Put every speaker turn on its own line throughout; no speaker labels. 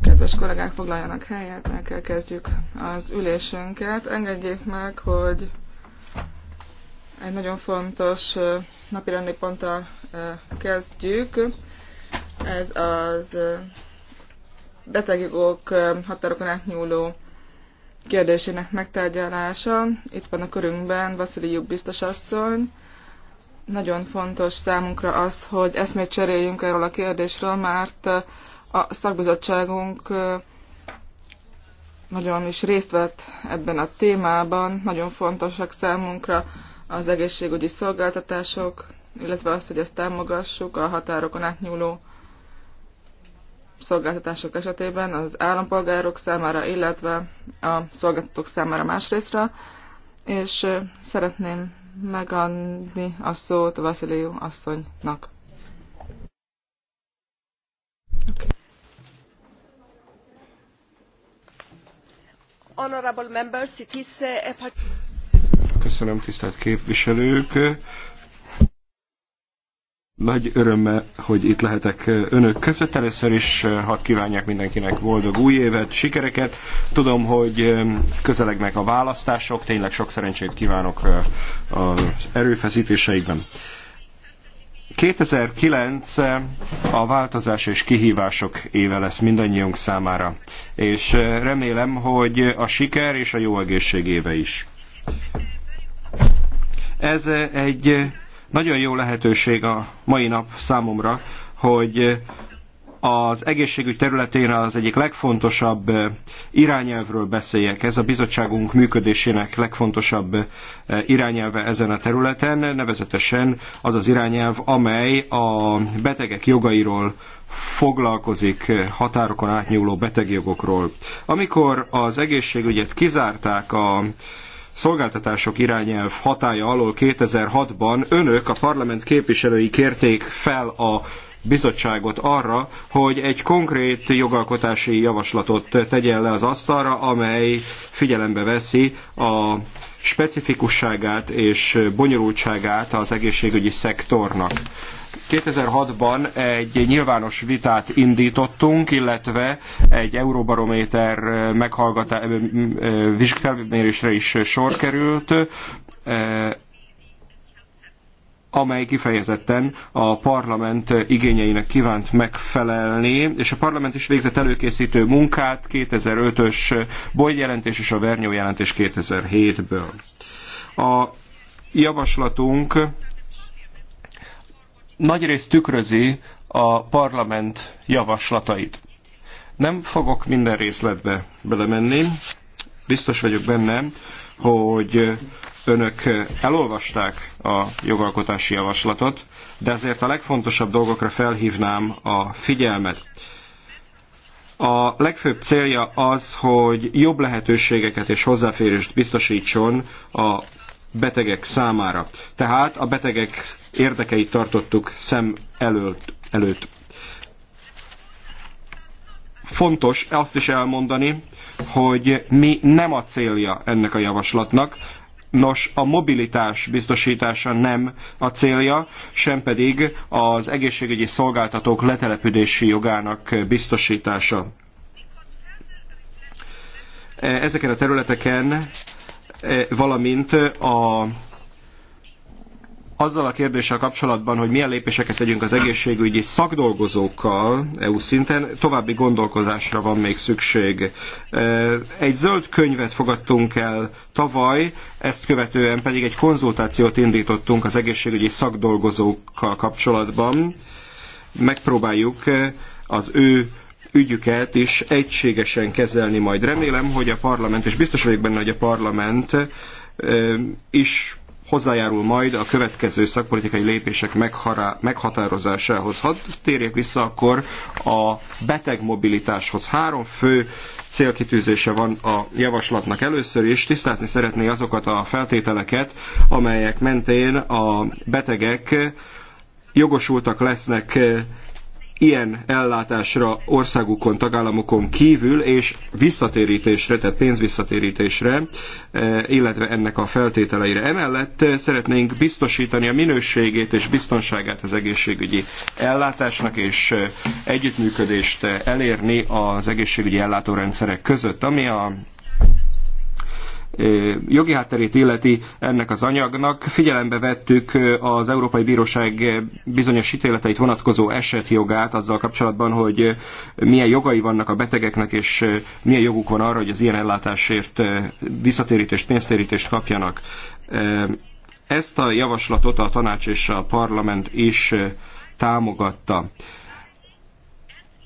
Kedves kollégák, foglaljanak helyet, el kell kezdjük az ülésünket. Engedjék meg, hogy egy nagyon fontos napirendi ponttal kezdjük. Ez az betegjogok határokon átnyúló kérdésének megtárgyalása. Itt van a körünkben Vasili Jubb asszony nagyon fontos számunkra az, hogy eszmét cseréljünk erről a kérdésről, mert a szakbizottságunk nagyon is részt vett ebben a témában. Nagyon fontosak számunkra az egészségügyi szolgáltatások, illetve azt, hogy ezt támogassuk a határokon átnyúló szolgáltatások esetében az állampolgárok számára, illetve a szolgáltatók számára másrésztre. és szeretném megadni a szót Vasziliu asszonynak. Okay. Honorable members, it is uh, a...
Köszönöm, tisztelt képviselők! Nagy örömmel, hogy itt lehetek önök között. Először is eh, hadd kívánják mindenkinek boldog új évet, sikereket. Tudom, hogy eh, közelegnek a választások, tényleg sok szerencsét kívánok eh, az erőfeszítéseikben. 2009 a változás és kihívások éve lesz mindannyiunk számára, és remélem, hogy a siker és a jó egészség éve is. Ez egy nagyon jó lehetőség a mai nap számomra, hogy az egészségügy területén az egyik legfontosabb irányelvről beszéljek. Ez a bizottságunk működésének legfontosabb irányelve ezen a területen, nevezetesen az az irányelv, amely a betegek jogairól foglalkozik határokon átnyúló betegjogokról. Amikor az egészségügyet kizárták a szolgáltatások irányelv hatája alól 2006-ban önök, a parlament képviselői kérték fel a bizottságot arra, hogy egy konkrét jogalkotási javaslatot tegyen le az asztalra, amely figyelembe veszi a specifikusságát és bonyolultságát az egészségügyi szektornak. 2006-ban egy nyilvános vitát indítottunk, illetve egy Euróbarométer meghallgatá, felmérésre is sor került, amely kifejezetten a parlament igényeinek kívánt megfelelni, és a parlament is végzett előkészítő munkát 2005-ös jelentés és a Vernyó jelentés 2007-ből. A javaslatunk nagyrészt tükrözi a parlament javaslatait. Nem fogok minden részletbe belemenni, biztos vagyok benne, hogy önök elolvasták a jogalkotási javaslatot, de azért a legfontosabb dolgokra felhívnám a figyelmet. A legfőbb célja az, hogy jobb lehetőségeket és hozzáférést biztosítson a betegek számára. Tehát a betegek érdekeit tartottuk szem előtt. előtt. Fontos azt is elmondani, hogy mi nem a célja ennek a javaslatnak, Nos, a mobilitás biztosítása nem a célja, sem pedig az egészségügyi szolgáltatók letelepülési jogának biztosítása. E, ezeken a területeken Eh, valamint eh, a azzal a kérdéssel kapcsolatban, hogy milyen lépéseket tegyünk az egészségügyi szakdolgozókkal EU szinten, további gondolkozásra van még szükség. Eh, egy zöld könyvet fogadtunk el tavaly, ezt követően pedig egy konzultációt indítottunk az egészségügyi szakdolgozókkal kapcsolatban. Megpróbáljuk az ő ügyüket is egységesen kezelni majd. Remélem, hogy a parlament, és biztos vagyok benne, hogy a parlament is hozzájárul majd a következő szakpolitikai lépések meghará, meghatározásához. Hadd térjek vissza akkor a beteg mobilitáshoz. Három fő célkitűzése van a javaslatnak először is. Tisztázni szeretné azokat a feltételeket, amelyek mentén a betegek jogosultak lesznek ilyen ellátásra országukon, tagállamokon kívül, és visszatérítésre, tehát pénzvisszatérítésre, eh, illetve ennek a feltételeire. Emellett eh, szeretnénk biztosítani a minőségét és biztonságát az egészségügyi ellátásnak, és eh, együttműködést elérni az egészségügyi ellátórendszerek között, ami a jogi hátterét illeti ennek az anyagnak. Figyelembe vettük az Európai Bíróság bizonyos ítéleteit vonatkozó esetjogát azzal kapcsolatban, hogy milyen jogai vannak a betegeknek, és milyen joguk van arra, hogy az ilyen ellátásért visszatérítést, pénztérítést kapjanak. Ezt a javaslatot a tanács és a parlament is támogatta.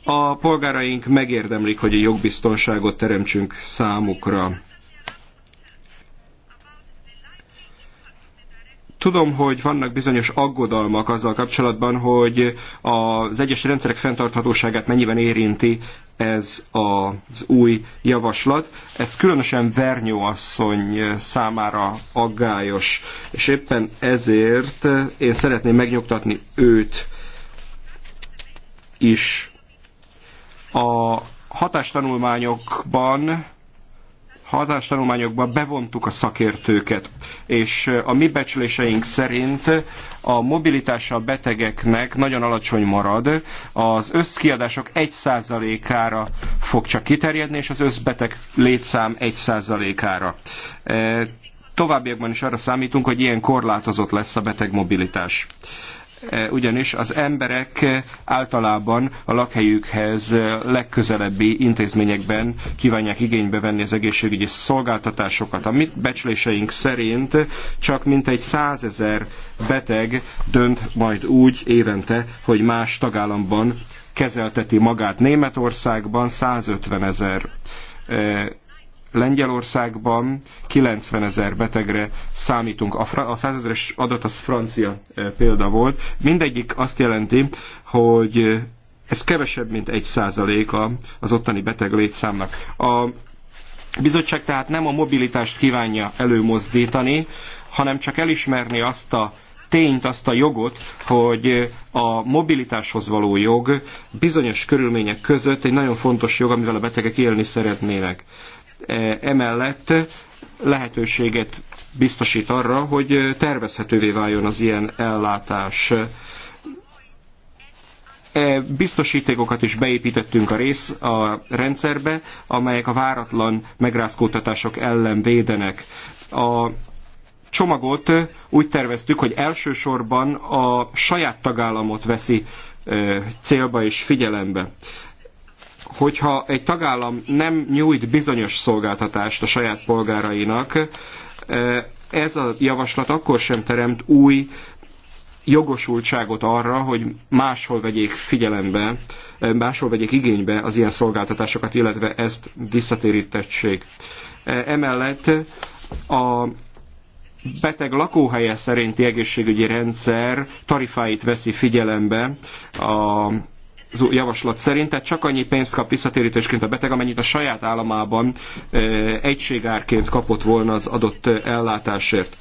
A polgáraink megérdemlik, hogy a jogbiztonságot teremtsünk számukra. Tudom, hogy vannak bizonyos aggodalmak azzal kapcsolatban, hogy az egyes rendszerek fenntarthatóságát mennyiben érinti ez az új javaslat. Ez különösen Vernyó asszony számára aggályos, és éppen ezért én szeretném megnyugtatni őt is. A hatástanulmányokban hatástanulmányokba bevontuk a szakértőket, és a mi becsléseink szerint a mobilitása a betegeknek nagyon alacsony marad, az összkiadások 1%-ára fog csak kiterjedni, és az összbeteg létszám 1%-ára. Továbbiakban is arra számítunk, hogy ilyen korlátozott lesz a beteg mobilitás. Eh, ugyanis az emberek eh, általában a lakhelyükhez eh, legközelebbi intézményekben kívánják igénybe venni az egészségügyi szolgáltatásokat. A mi becsléseink szerint csak mintegy százezer beteg dönt majd úgy évente, hogy más tagállamban kezelteti magát. Németországban 150 ezer Lengyelországban 90 ezer betegre számítunk. A, a 100 ezeres adat az francia eh, példa volt. Mindegyik azt jelenti, hogy ez kevesebb, mint egy százaléka az ottani beteg létszámnak. A bizottság tehát nem a mobilitást kívánja előmozdítani, hanem csak elismerni azt a tényt, azt a jogot, hogy a mobilitáshoz való jog bizonyos körülmények között egy nagyon fontos jog, amivel a betegek élni szeretnének. Eh, emellett lehetőséget biztosít arra, hogy tervezhetővé váljon az ilyen ellátás. E, biztosítékokat is beépítettünk a rész a rendszerbe, amelyek a váratlan megrázkódtatások ellen védenek. A csomagot úgy terveztük, hogy elsősorban a saját tagállamot veszi e, célba és figyelembe hogyha egy tagállam nem nyújt bizonyos szolgáltatást a saját polgárainak, eh, ez a javaslat akkor sem teremt új jogosultságot arra, hogy máshol vegyék figyelembe, eh, máshol vegyék igénybe az ilyen szolgáltatásokat, illetve ezt visszatérítettség. Eh, emellett a beteg lakóhelye szerinti egészségügyi rendszer tarifáit veszi figyelembe a javaslat szerint, tehát csak annyi pénzt kap visszatérítésként a beteg, amennyit a saját államában egységárként kapott volna az adott ellátásért.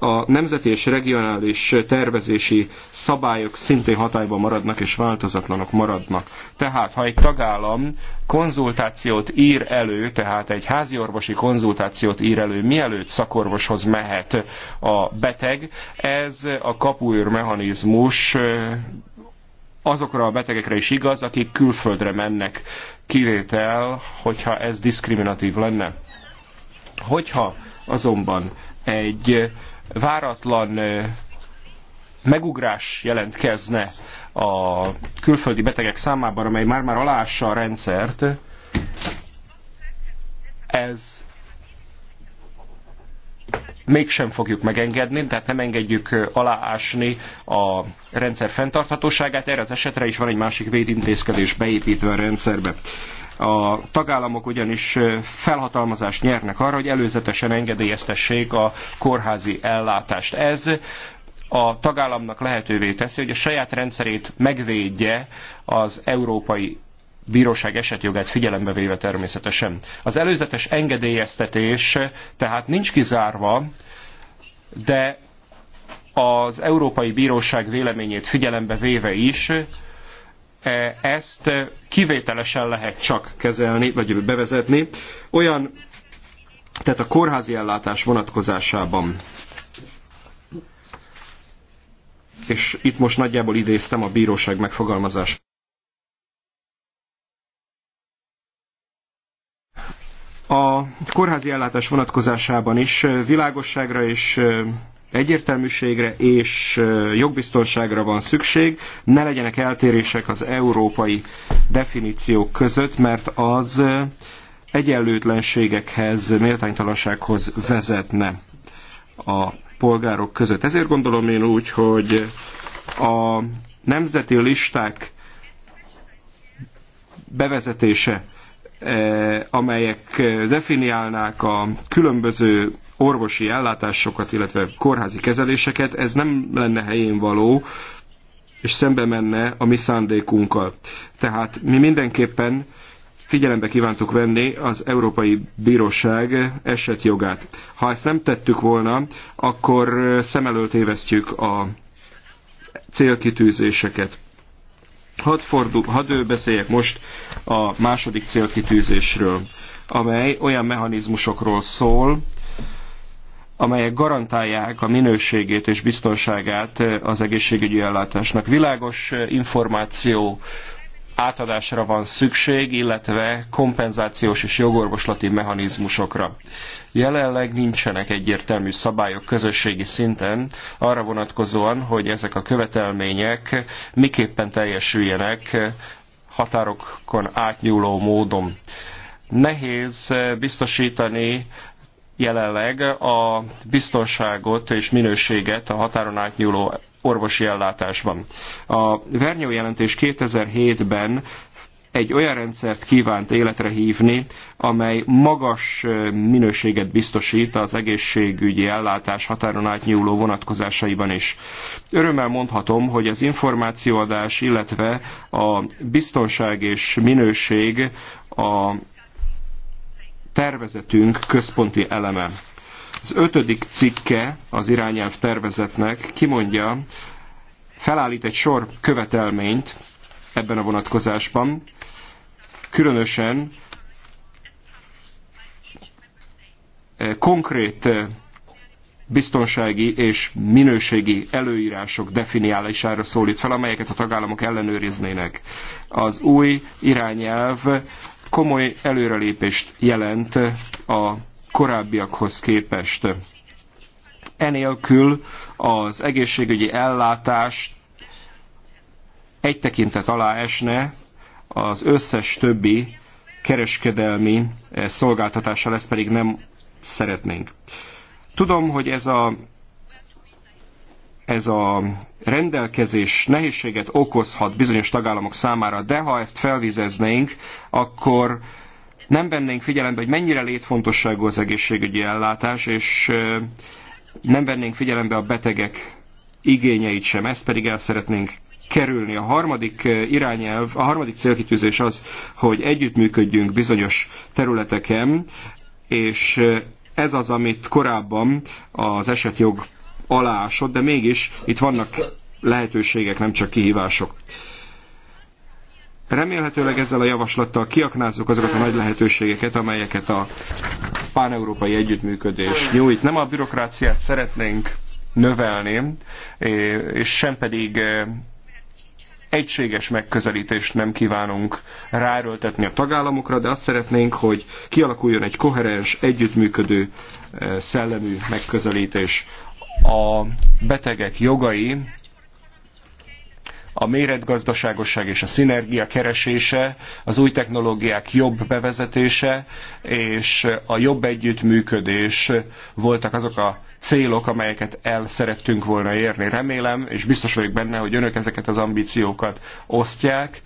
A nemzeti és regionális tervezési szabályok szintén hatályban maradnak és változatlanok maradnak. Tehát, ha egy tagállam konzultációt ír elő, tehát egy háziorvosi konzultációt ír elő, mielőtt szakorvoshoz mehet a beteg, ez a kapuőr mechanizmus azokra a betegekre is igaz, akik külföldre mennek, kivétel, hogyha ez diszkriminatív lenne. Hogyha azonban egy eh, váratlan eh, megugrás jelentkezne a külföldi betegek számában, amely már-már aláássa a rendszert, ez mégsem fogjuk megengedni, tehát nem engedjük aláásni a rendszer fenntarthatóságát. Erre az esetre is van egy másik védintézkedés beépítve a rendszerbe. A tagállamok ugyanis felhatalmazást nyernek arra, hogy előzetesen engedélyeztessék a kórházi ellátást. Ez a tagállamnak lehetővé teszi, hogy a saját rendszerét megvédje az európai bíróság esetjogát figyelembe véve természetesen. Az előzetes engedélyeztetés tehát nincs kizárva, de az Európai Bíróság véleményét figyelembe véve is e, ezt kivételesen lehet csak kezelni, vagy bevezetni. Olyan, tehát a kórházi ellátás vonatkozásában és itt most nagyjából idéztem a bíróság megfogalmazását. A kórházi ellátás vonatkozásában is világosságra és egyértelműségre és jogbiztonságra van szükség, ne legyenek eltérések az európai definíciók között, mert az egyenlőtlenségekhez, méltánytalansághoz vezetne a polgárok között. Ezért gondolom én úgy, hogy a nemzeti listák bevezetése Eh, amelyek eh, definiálnák a különböző orvosi ellátásokat, illetve kórházi kezeléseket, ez nem lenne helyén való, és szembe menne a mi szándékunkkal. Tehát mi mindenképpen figyelembe kívántuk venni az Európai Bíróság esetjogát. Ha ezt nem tettük volna, akkor eh, szem előtt évesztjük a célkitűzéseket. Hadd, fordul, hadd beszéljek most a második célkitűzésről, amely olyan mechanizmusokról szól, amelyek garantálják a minőségét és biztonságát az egészségügyi ellátásnak. Világos információ átadásra van szükség, illetve kompenzációs és jogorvoslati mechanizmusokra. Jelenleg nincsenek egyértelmű szabályok közösségi szinten arra vonatkozóan, hogy ezek a követelmények miképpen teljesüljenek határokon átnyúló módon. Nehéz biztosítani jelenleg a biztonságot és minőséget a határon átnyúló orvosi ellátásban. A Vernyó jelentés 2007-ben egy olyan rendszert kívánt életre hívni, amely magas minőséget biztosít az egészségügyi ellátás határon átnyúló vonatkozásaiban is. Örömmel mondhatom, hogy az információadás, illetve a biztonság és minőség a tervezetünk központi eleme. Az ötödik cikke az irányelv tervezetnek kimondja, felállít egy sor követelményt ebben a vonatkozásban, különösen eh, konkrét eh, biztonsági és minőségi előírások definiálására szólít fel, amelyeket a tagállamok ellenőriznének. Az új irányelv komoly előrelépést jelent a korábbiakhoz képest. Enélkül az egészségügyi ellátást egy tekintet alá esne az összes többi kereskedelmi eh, szolgáltatással ezt pedig nem szeretnénk. Tudom, hogy ez a, ez a rendelkezés nehézséget okozhat bizonyos tagállamok számára, de ha ezt felvizeznénk, akkor nem vennénk figyelembe, hogy mennyire létfontosságú az egészségügyi ellátás, és eh, nem vennénk figyelembe a betegek igényeit sem. Ezt pedig el szeretnénk kerülni. A harmadik eh, irányelv, a harmadik célkitűzés az, hogy együttműködjünk bizonyos területeken, és eh, ez az, amit korábban az esetjog alásod, de mégis itt vannak lehetőségek, nem csak kihívások. Remélhetőleg ezzel a javaslattal kiaknázzuk azokat a nagy lehetőségeket, amelyeket a páneurópai együttműködés nyújt. Nem a bürokráciát szeretnénk növelni, eh, és sem pedig egységes megközelítést nem kívánunk ráerőltetni a tagállamokra, de azt szeretnénk, hogy kialakuljon egy koherens, együttműködő eh, szellemű megközelítés. A betegek jogai, a méretgazdaságosság és a szinergia keresése, az új technológiák jobb bevezetése és a jobb együttműködés voltak azok a célok, amelyeket el szerettünk volna érni. Remélem, és biztos vagyok benne, hogy önök ezeket az ambíciókat osztják,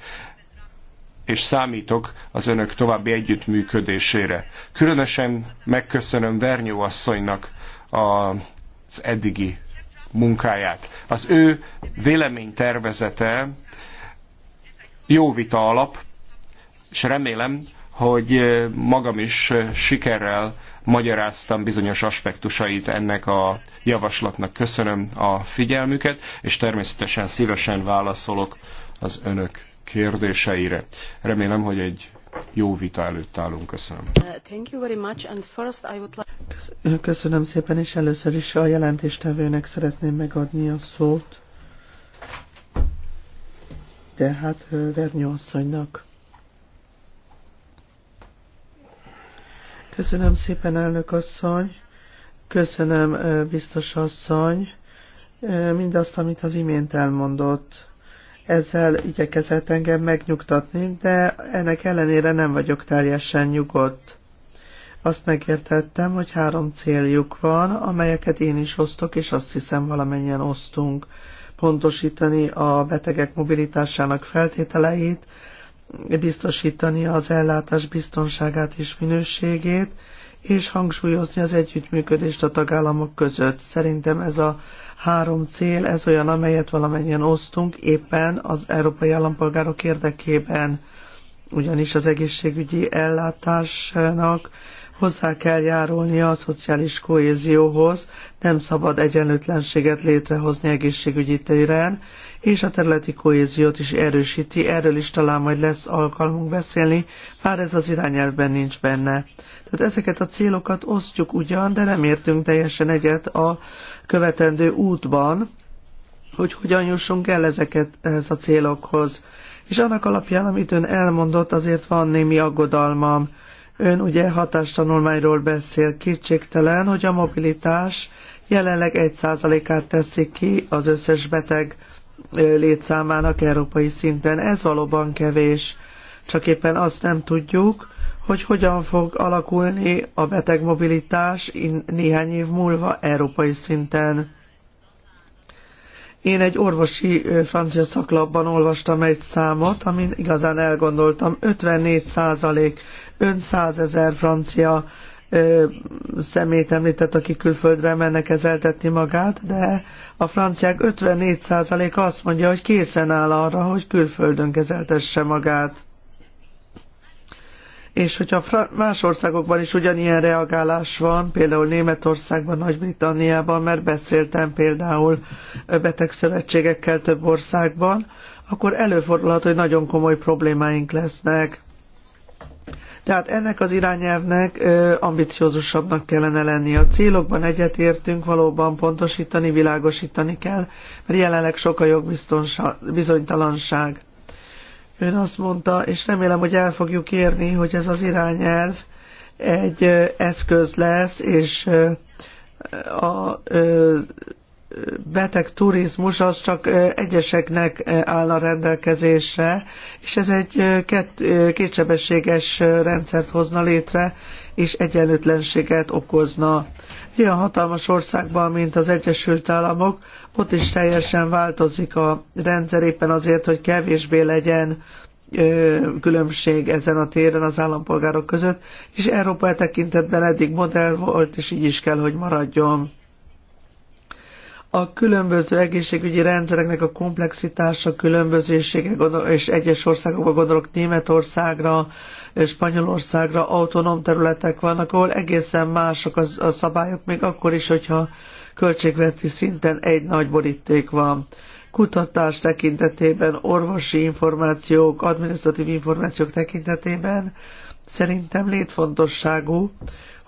és számítok az önök további együttműködésére. Különösen megköszönöm Vernyó asszonynak az eddigi munkáját. Az ő véleménytervezete jó vita alap, és remélem, hogy magam is sikerrel magyaráztam bizonyos aspektusait ennek a javaslatnak. Köszönöm a figyelmüket, és természetesen szívesen válaszolok az önök kérdéseire. Remélem, hogy egy jó vita előtt állunk. Köszönöm.
Uh, köszönöm szépen, és először is a jelentéstevőnek szeretném megadni a szót. Tehát uh, Vernyó asszonynak. Köszönöm szépen, elnök asszony. Köszönöm, biztos asszony. Mindazt, amit az imént elmondott, ezzel igyekezett engem megnyugtatni, de ennek ellenére nem vagyok teljesen nyugodt. Azt megértettem, hogy három céljuk van, amelyeket én is osztok, és azt hiszem valamennyien osztunk. Pontosítani a betegek mobilitásának feltételeit, biztosítani az ellátás biztonságát és minőségét, és hangsúlyozni az együttműködést a tagállamok között. Szerintem ez a három cél, ez olyan, amelyet valamennyien osztunk éppen az európai állampolgárok érdekében, ugyanis az egészségügyi ellátásnak hozzá kell járulnia a szociális kohézióhoz, nem szabad egyenlőtlenséget létrehozni egészségügyi téren, és a területi kohéziót is erősíti. Erről is talán majd lesz alkalmunk beszélni, bár ez az irányelvben nincs benne. Tehát ezeket a célokat osztjuk ugyan, de nem értünk teljesen egyet a követendő útban, hogy hogyan jussunk el ezeket ehhez a célokhoz. És annak alapján, amit ön elmondott, azért van némi aggodalmam. Ön ugye hatástanulmányról beszél, kétségtelen, hogy a mobilitás jelenleg 1%-át teszi ki az összes beteg létszámának európai szinten. Ez valóban kevés. Csak éppen azt nem tudjuk, hogy hogyan fog alakulni a betegmobilitás néhány év múlva európai szinten. Én egy orvosi francia szaklapban olvastam egy számot, amin igazán elgondoltam. 54 százalék, ön 100 ezer francia szemét említett, aki külföldre mennek ezeltetni magát, de a franciák 54%-a azt mondja, hogy készen áll arra, hogy külföldön kezeltesse magát. És hogyha más országokban is ugyanilyen reagálás van, például Németországban, Nagy-Britanniában, mert beszéltem például betegszövetségekkel több országban, akkor előfordulhat, hogy nagyon komoly problémáink lesznek tehát ennek az irányelvnek ambiciózusabbnak kellene lenni. A célokban egyetértünk, valóban pontosítani, világosítani kell, mert jelenleg sok a jogbizonytalanság. Ön azt mondta, és remélem, hogy el fogjuk érni, hogy ez az irányelv egy eszköz lesz, és a beteg turizmus az csak egyeseknek áll a rendelkezésre, és ez egy két, kétsebességes rendszert hozna létre, és egyenlőtlenséget okozna. Olyan hatalmas országban, mint az Egyesült Államok, ott is teljesen változik a rendszer éppen azért, hogy kevésbé legyen különbség ezen a téren az állampolgárok között, és Európa tekintetben eddig modell volt, és így is kell, hogy maradjon a különböző egészségügyi rendszereknek a komplexitása, különbözősége, és egyes országokban gondolok Németországra, Spanyolországra, autonóm területek vannak, ahol egészen mások a szabályok, még akkor is, hogyha költségveti szinten egy nagy boríték van. Kutatás tekintetében, orvosi információk, adminisztratív információk tekintetében szerintem létfontosságú,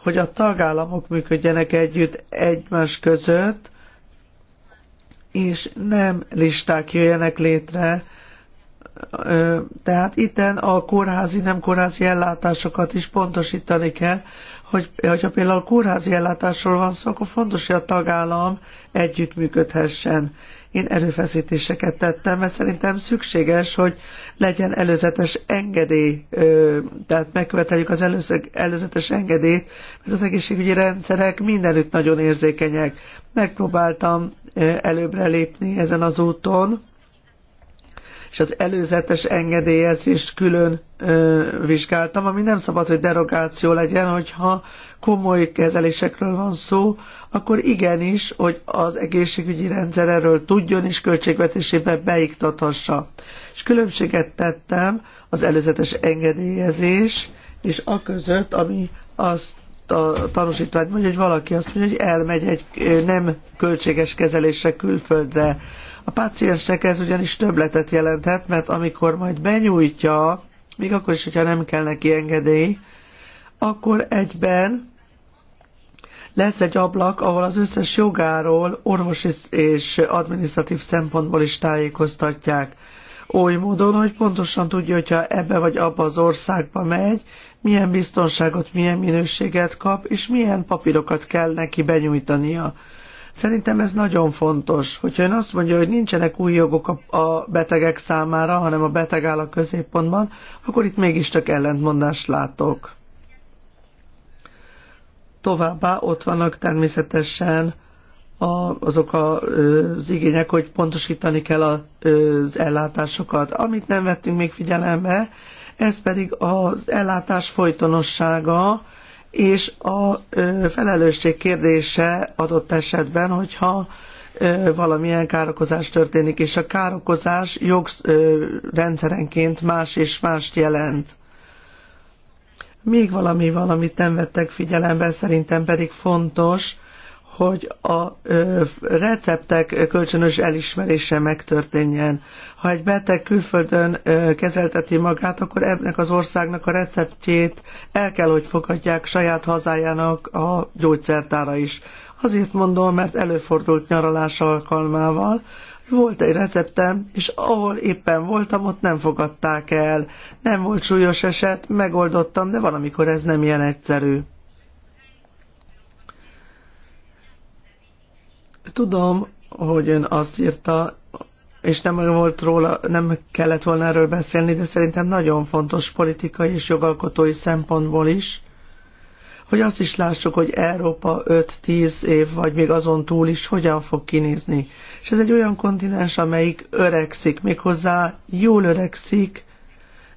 hogy a tagállamok működjenek együtt egymás között, és nem listák jöjjenek létre, tehát itten a kórházi, nem kórházi ellátásokat is pontosítani kell, hogy hogyha például kórházi ellátásról van szó, akkor fontos, hogy a tagállam együttműködhessen. Én erőfeszítéseket tettem, mert szerintem szükséges, hogy legyen előzetes engedély, tehát megköveteljük az előzetes engedélyt, mert az egészségügyi rendszerek mindenütt nagyon érzékenyek. Megpróbáltam előbbre lépni ezen az úton, és az előzetes engedélyezést külön ö, vizsgáltam, ami nem szabad, hogy derogáció legyen, hogyha komoly kezelésekről van szó, akkor igenis, hogy az egészségügyi rendszer erről tudjon és költségvetésébe beiktathassa. És különbséget tettem az előzetes engedélyezés és a között, ami azt a tanúsítvány mondja, hogy valaki azt mondja, hogy elmegy egy nem költséges kezelésre külföldre. A páciensnek ez ugyanis többletet jelenthet, mert amikor majd benyújtja, még akkor is, hogyha nem kell neki engedély, akkor egyben lesz egy ablak, ahol az összes jogáról orvosi és administratív szempontból is tájékoztatják. Oly módon, hogy pontosan tudja, hogyha ebbe vagy abba az országba megy, milyen biztonságot, milyen minőséget kap, és milyen papírokat kell neki benyújtania. Szerintem ez nagyon fontos, hogyha ön azt mondja, hogy nincsenek új jogok a, a betegek számára, hanem a beteg áll a középpontban, akkor itt mégiscsak ellentmondást látok. Továbbá ott vannak természetesen a, azok a, az igények, hogy pontosítani kell a, az ellátásokat. Amit nem vettünk még figyelembe, ez pedig az ellátás folytonossága és a felelősség kérdése adott esetben, hogyha valamilyen károkozás történik, és a károkozás jogrendszerenként más és mást jelent. Még valami valamit nem vettek figyelembe, szerintem pedig fontos, hogy a receptek kölcsönös elismerése megtörténjen. Ha egy beteg külföldön kezelteti magát, akkor ennek az országnak a receptjét el kell, hogy fogadják saját hazájának a gyógyszertára is. Azért mondom, mert előfordult nyaralás alkalmával, volt egy receptem, és ahol éppen voltam, ott nem fogadták el. Nem volt súlyos eset, megoldottam, de valamikor ez nem ilyen egyszerű. Tudom, hogy ön azt írta, és nem volt róla, nem kellett volna erről beszélni, de szerintem nagyon fontos politikai és jogalkotói szempontból is, hogy azt is lássuk, hogy Európa 5-10 év, vagy még azon túl is hogyan fog kinézni. És ez egy olyan kontinens, amelyik öregszik, méghozzá jól öregszik,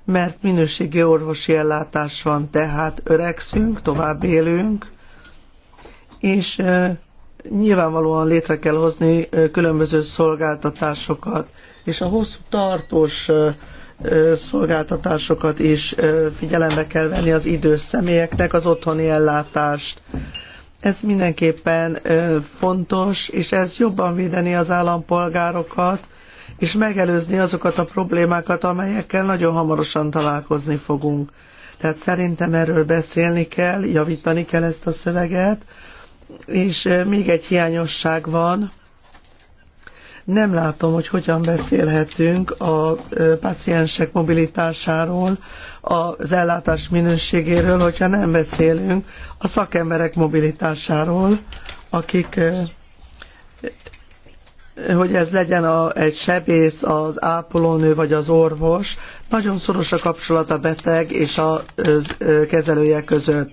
mert minőségi orvosi ellátás van, tehát öregszünk, tovább élünk, és nyilvánvalóan létre kell hozni különböző szolgáltatásokat, és a hosszú tartós szolgáltatásokat is figyelembe kell venni az idős személyeknek az otthoni ellátást. Ez mindenképpen fontos, és ez jobban védeni az állampolgárokat, és megelőzni azokat a problémákat, amelyekkel nagyon hamarosan találkozni fogunk. Tehát szerintem erről beszélni kell, javítani kell ezt a szöveget, és még egy hiányosság van, nem látom, hogy hogyan beszélhetünk a paciensek mobilitásáról, az ellátás minőségéről, hogyha nem beszélünk a szakemberek mobilitásáról, akik hogy ez legyen a, egy sebész, az ápolónő vagy az orvos, nagyon szoros a kapcsolat a beteg és a kezelője között.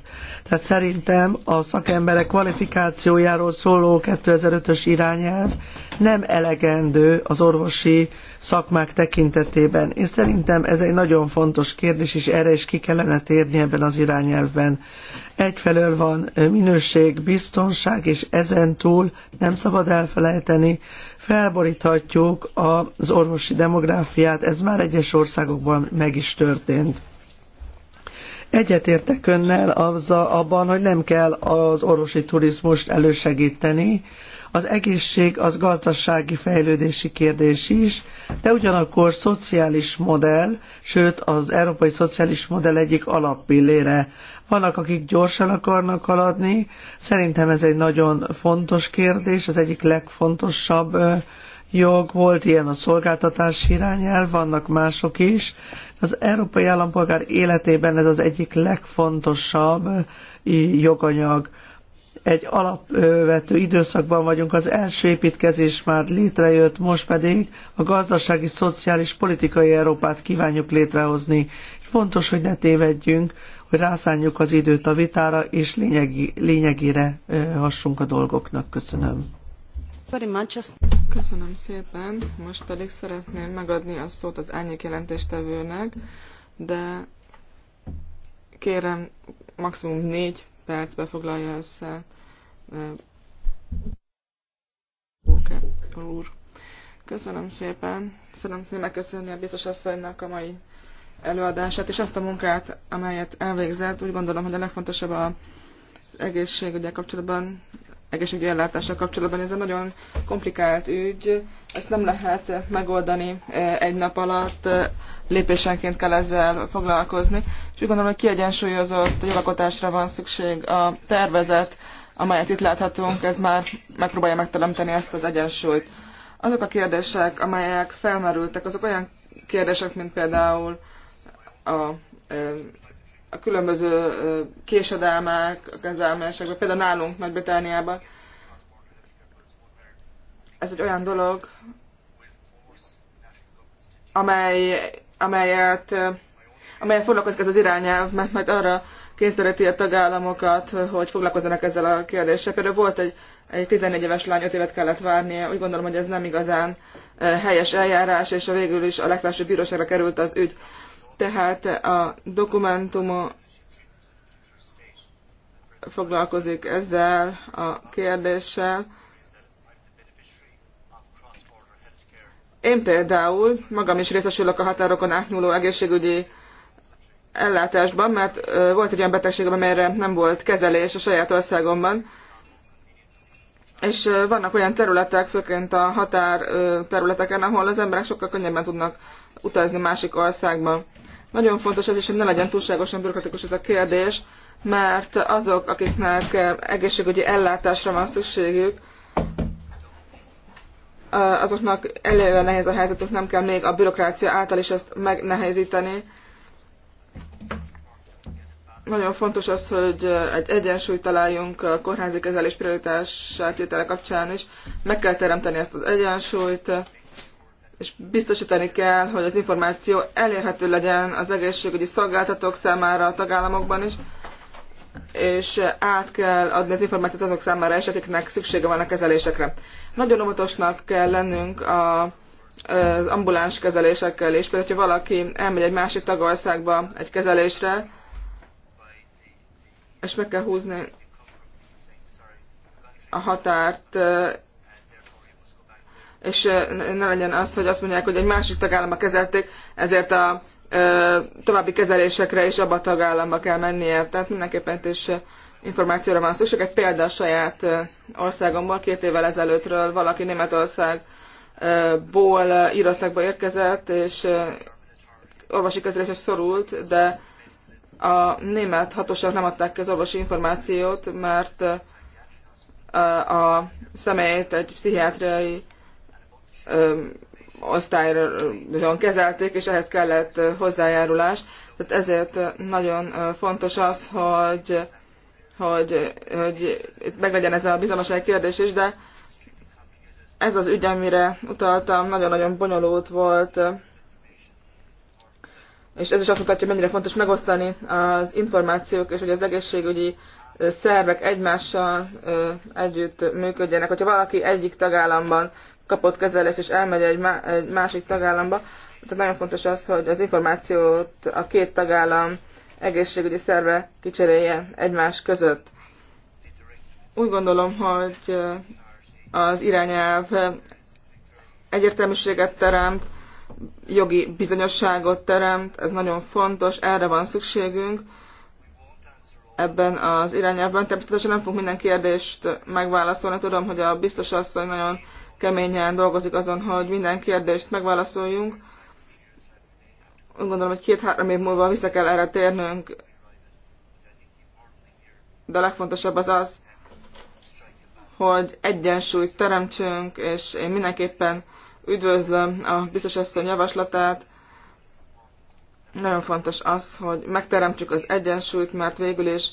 Tehát szerintem a szakemberek kvalifikációjáról szóló 2005-ös irányelv nem elegendő az orvosi szakmák tekintetében. Én szerintem ez egy nagyon fontos kérdés, és erre is ki kellene térni ebben az irányelvben. Egyfelől van minőség, biztonság, és ezen túl nem szabad elfelejteni, felboríthatjuk az orvosi demográfiát, ez már egyes országokban meg is történt. Egyetértek önnel azzal abban, hogy nem kell az orvosi turizmust elősegíteni. Az egészség az gazdasági fejlődési kérdés is, de ugyanakkor szociális modell, sőt az európai szociális modell egyik alappillére. Vannak, akik gyorsan akarnak haladni. Szerintem ez egy nagyon fontos kérdés, az egyik legfontosabb jog, volt ilyen a szolgáltatás irányelv, vannak mások is. Az európai állampolgár életében ez az egyik legfontosabb eh, joganyag. Egy alapvető időszakban vagyunk, az első építkezés már létrejött, most pedig a gazdasági, szociális, politikai Európát kívánjuk létrehozni. Fontos, hogy ne tévedjünk, hogy rászánjuk az időt a vitára, és lényegi, lényegére eh, hassunk a dolgoknak. Köszönöm.
Köszönöm szépen. Most pedig szeretném megadni a szót az ennyi jelentéstevőnek, de kérem, maximum négy percbe foglalja össze Bóke úr. Köszönöm szépen. Szeretném megköszönni a biztos asszonynak a mai előadását, és azt a munkát, amelyet elvégzett. Úgy gondolom, hogy a legfontosabb az egészségügyel kapcsolatban egészségügyi ellátással kapcsolatban. Ez egy nagyon komplikált ügy, ezt nem lehet megoldani eh, egy nap alatt, eh, lépésenként kell ezzel foglalkozni. És úgy gondolom, hogy kiegyensúlyozott jogalkotásra van szükség. A tervezet, amelyet itt láthatunk, ez már megpróbálja megteremteni ezt az egyensúlyt. Azok a kérdések, amelyek felmerültek, azok olyan kérdések, mint például a eh, a különböző késedelmek, a kezelmesekben, például nálunk Nagy-Britániában. Ez egy olyan dolog, amely, amelyet, amelyet foglalkozik ez az irányelv, mert majd arra kényszeríti a tagállamokat, hogy foglalkozzanak ezzel a kérdéssel. Például volt egy, egy 14 éves lány, 5 évet kellett várnia, úgy gondolom, hogy ez nem igazán helyes eljárás, és a végül is a legfelsőbb bíróságra került az ügy tehát a dokumentum foglalkozik ezzel a kérdéssel. Én például magam is részesülök a határokon átnyúló egészségügyi ellátásban, mert volt egy olyan betegségem, amelyre nem volt kezelés a saját országomban, és vannak olyan területek, főként a határ területeken, ahol az emberek sokkal könnyebben tudnak utazni másik országba. Nagyon fontos ez is, hogy ne legyen túlságosan bürokratikus ez a kérdés, mert azok, akiknek egészségügyi ellátásra van szükségük, azoknak eleve nehéz a helyzetük, nem kell még a bürokrácia által is ezt megnehezíteni. Nagyon fontos az, hogy egy egyensúlyt találjunk a kórházi kezelés prioritását tétele kapcsán is. Meg kell teremteni ezt az egyensúlyt és biztosítani kell, hogy az információ elérhető legyen az egészségügyi szolgáltatók számára a tagállamokban is, és át kell adni az információt azok számára is, akiknek szüksége van a kezelésekre. Nagyon óvatosnak kell lennünk a, az ambuláns kezelésekkel is. Például, hogyha valaki elmegy egy másik tagországba egy kezelésre, és meg kell húzni a határt és ne legyen az, hogy azt mondják, hogy egy másik tagállama kezelték, ezért a további kezelésekre is abba a tagállamba kell mennie. Tehát mindenképpen itt is információra van szükség. Egy példa a saját országomból, két évvel ezelőttről valaki Németországból Írországba érkezett, és orvosi kezelésre szorult, de a német hatóság nem adták ki az orvosi információt, mert a személyt egy pszichiátriai osztályon kezelték, és ehhez kellett hozzájárulás. Tehát ezért nagyon fontos az, hogy, hogy, hogy itt meglegyen ez a bizonyosság kérdés is, de ez az ügy, amire utaltam, nagyon-nagyon bonyolult volt, és ez is azt mutatja, mennyire fontos megosztani az információk, és hogy az egészségügyi szervek egymással együtt működjenek. Hogyha valaki egyik tagállamban kapott kezelést, és elmegy egy, má- egy másik tagállamba. Tehát nagyon fontos az, hogy az információt a két tagállam egészségügyi szerve kicserélje egymás között. Úgy gondolom, hogy az irányelv egyértelműséget teremt, jogi bizonyosságot teremt, ez nagyon fontos, erre van szükségünk ebben az irányelvben. Természetesen nem fogunk minden kérdést megválaszolni, tudom, hogy a biztos asszony nagyon keményen dolgozik azon, hogy minden kérdést megválaszoljunk. Úgy gondolom, hogy két-három év múlva vissza kell erre térnünk, de a legfontosabb az az, hogy egyensúlyt teremtsünk, és én mindenképpen üdvözlöm a biztos asszony javaslatát. Nagyon fontos az, hogy megteremtsük az egyensúlyt, mert végül is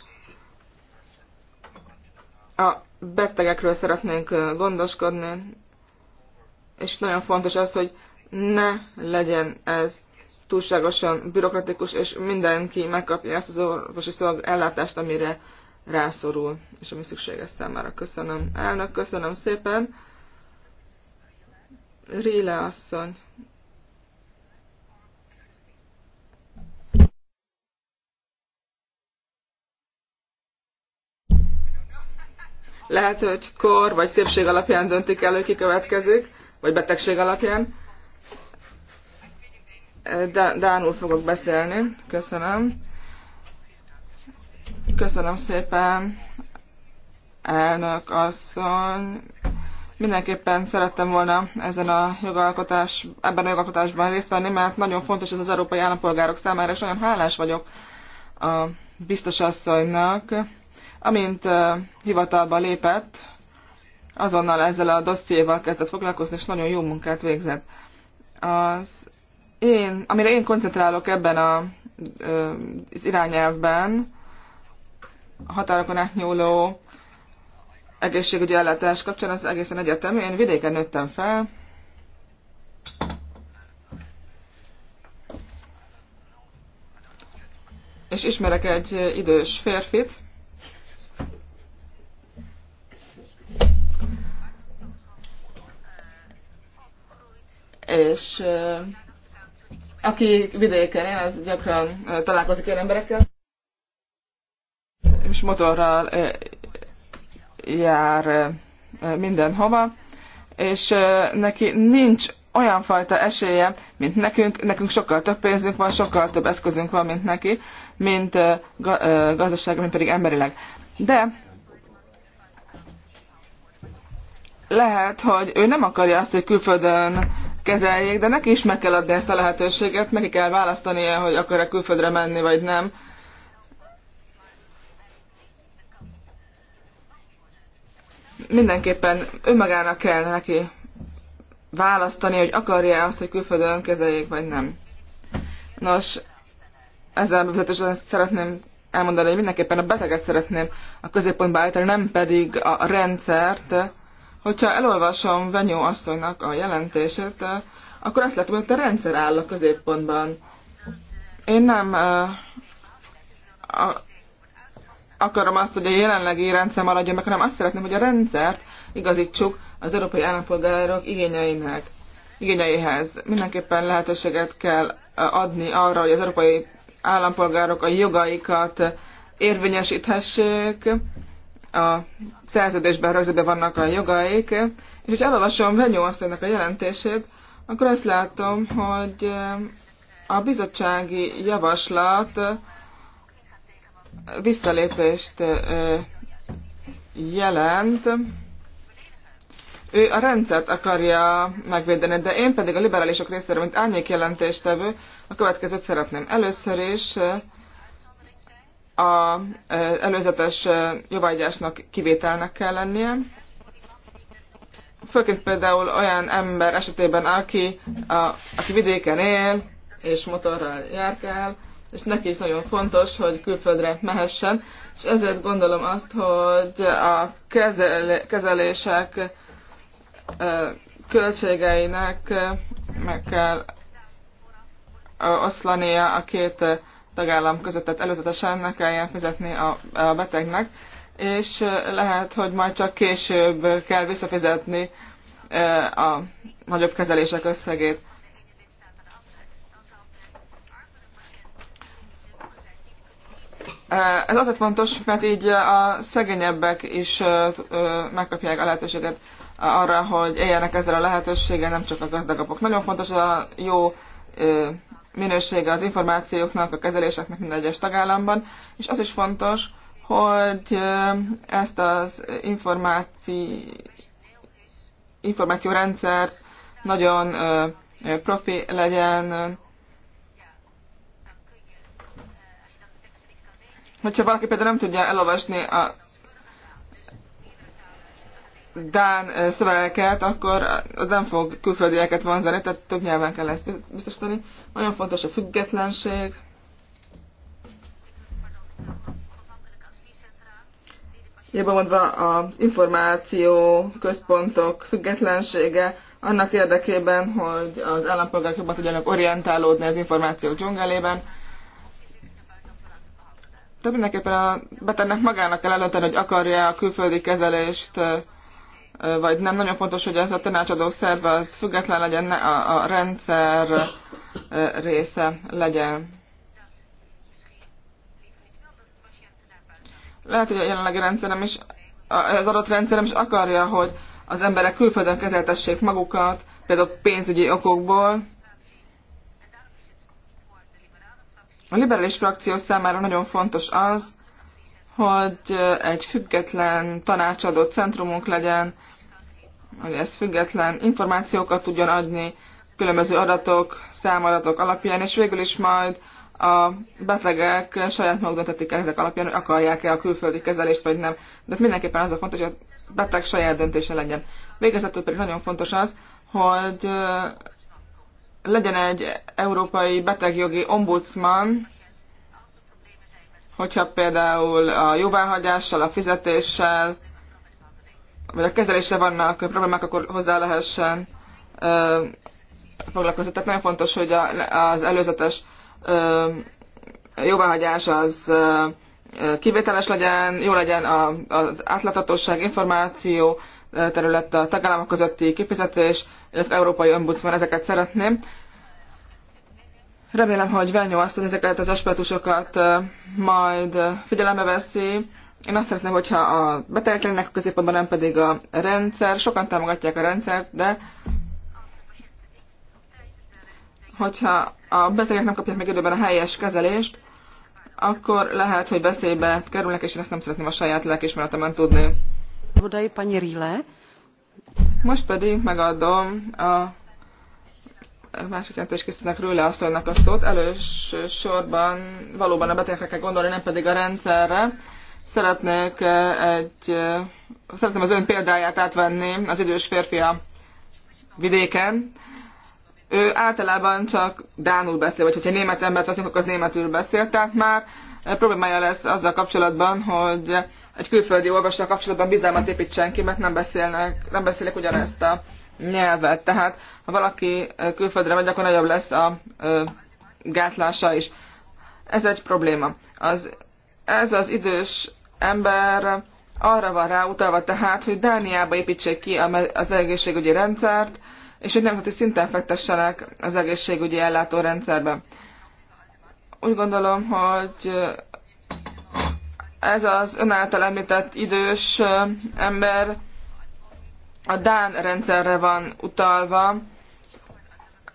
a betegekről szeretnénk gondoskodni, és nagyon fontos az, hogy ne legyen ez túlságosan bürokratikus, és mindenki megkapja ezt az orvosi szolg ellátást, amire rászorul, és ami szükséges számára. Köszönöm. Elnök, köszönöm szépen. Réle asszony. Lehet, hogy kor vagy szépség alapján döntik elő, ki következik vagy betegség alapján. Dánul fogok beszélni. Köszönöm. Köszönöm szépen, elnök asszony. Mindenképpen szerettem volna ezen a jogalkotás, ebben a jogalkotásban részt venni, mert nagyon fontos ez az európai állampolgárok számára, és nagyon hálás vagyok a biztos asszonynak. Amint hivatalba lépett, azonnal ezzel a dossziéval kezdett foglalkozni, és nagyon jó munkát végzett. Az én, amire én koncentrálok ebben a, az irányelvben, a határokon átnyúló egészségügyi ellátás kapcsán, az egészen egyetemű. Én vidéken nőttem fel, és ismerek egy idős férfit, és aki vidéken él, az gyakran találkozik ilyen emberekkel, és motorral jár mindenhova, és neki nincs olyan fajta esélye, mint nekünk, nekünk sokkal több pénzünk van, sokkal több eszközünk van, mint neki, mint gazdaság, mint pedig emberileg. De lehet, hogy ő nem akarja azt, hogy külföldön kezeljék, de neki is meg kell adni ezt a lehetőséget, neki kell választania, hogy akar-e külföldre menni, vagy nem. Mindenképpen önmagának kell neki választani, hogy akarja azt, hogy külföldön kezeljék, vagy nem. Nos, ezzel bevezetősen szeretném elmondani, hogy mindenképpen a beteget szeretném a középpontba állítani, nem pedig a rendszert, Hogyha elolvasom Venyó asszonynak a jelentését, eh, akkor azt látom, hogy a rendszer áll a középpontban. Én nem eh, a, akarom azt, hogy a jelenlegi rendszer maradjon meg, hanem azt szeretném, hogy a rendszert igazítsuk az európai állampolgárok igényeinek, igényeihez. Mindenképpen lehetőséget kell eh, adni arra, hogy az európai állampolgárok a jogaikat érvényesíthessék, a szerződésben rögzítve vannak a jogaik, és hogy elolvasom Venyó a jelentését, akkor azt látom, hogy eh, a bizottsági javaslat eh, visszalépést eh, jelent. Ő a rendszert akarja megvédeni, de én pedig a liberálisok részéről, mint árnyék jelentéstevő, a következőt szeretném. Először is a előzetes jobbágyásnak kivételnek kell lennie. Főként például olyan ember esetében, aki, a, aki vidéken él, és motorral járkál, és neki is nagyon fontos, hogy külföldre mehessen, és ezért gondolom azt, hogy a kezelések költségeinek meg kell oszlania a két tagállam között, tehát előzetesen ne kelljen fizetni a, a betegnek, és lehet, hogy majd csak később kell visszafizetni a nagyobb kezelések összegét. Ez azért fontos, mert így a szegényebbek is megkapják a lehetőséget arra, hogy éljenek ezzel a lehetőséggel, nem csak a gazdagabbak. Nagyon fontos a jó minősége az információknak, a kezeléseknek minden egyes tagállamban, és az is fontos, hogy ezt az információ, információrendszert nagyon profi legyen, hogyha valaki például nem tudja elolvasni a Dán szövegeket, akkor az nem fog külföldieket vonzani, tehát több nyelven kell ezt biztosítani. Nagyon fontos a függetlenség. Jobban mondva az információ központok függetlensége annak érdekében, hogy az állampolgárok jobban tudjanak orientálódni az információ dzsungelében. Tehát mindenképpen a betegnek magának kell eldönteni, hogy akarja a külföldi kezelést vagy nem. Nagyon fontos, hogy ez a tanácsadó szerve az független legyen, ne a, a rendszer része legyen. Lehet, hogy a jelenlegi rendszerem is, az adott rendszerem is akarja, hogy az emberek külföldön kezeltessék magukat, például pénzügyi okokból. A liberális frakció számára nagyon fontos az, hogy egy független tanácsadó centrumunk legyen, hogy ez független információkat tudjon adni, különböző adatok, számadatok alapján, és végül is majd a betegek saját maguk döntetik el ezek alapján, hogy akarják-e a külföldi kezelést, vagy nem. De hát mindenképpen az a fontos, hogy a beteg saját döntése legyen. Végezetül pedig nagyon fontos az, hogy legyen egy európai betegjogi ombudsman, hogyha például a jóváhagyással, a fizetéssel, vagy a kezelése vannak problémák, akkor hozzá lehessen foglalkozni. Tehát nagyon fontos, hogy az előzetes jóváhagyás az kivételes legyen, jó legyen az átláthatóság, információ terület, a tagállamok közötti kifizetés, illetve európai ombudsman, ezeket szeretném. Remélem, hogy Velnyó asszony ezeket az aspektusokat majd figyelembe veszi, én azt szeretném, hogyha a betegek lennek a középpontban, nem pedig a rendszer. Sokan támogatják a rendszert, de hogyha a betegek nem kapják meg időben a helyes kezelést, akkor lehet, hogy veszélybe kerülnek, és én ezt nem szeretném a saját lelkismeretemen tudni. Most pedig megadom a másik jelentés készítnek Rőle asszonynak a szót. Elősorban valóban a betegekre kell gondolni, nem pedig a rendszerre. Szeretnék eh, egy, eh, szeretném az ön példáját átvenni az idős férfi a vidéken. Ő általában csak dánul beszél, vagy hogyha német embert veszünk, akkor az németül beszél, tehát már eh, problémája lesz azzal kapcsolatban, hogy egy külföldi olvasó kapcsolatban bizalmat építsen ki, mert nem beszélnek, nem beszélek ugyanezt a nyelvet. Tehát ha valaki külföldre megy, akkor nagyobb lesz a gátlása is. Ez egy probléma. Az, ez az idős ember arra van rá utalva tehát, hogy Dániába építsék ki az egészségügyi rendszert, és hogy nemzeti szinten fektessenek az egészségügyi ellátórendszerbe. Úgy gondolom, hogy ez az ön által említett idős ember a Dán rendszerre van utalva,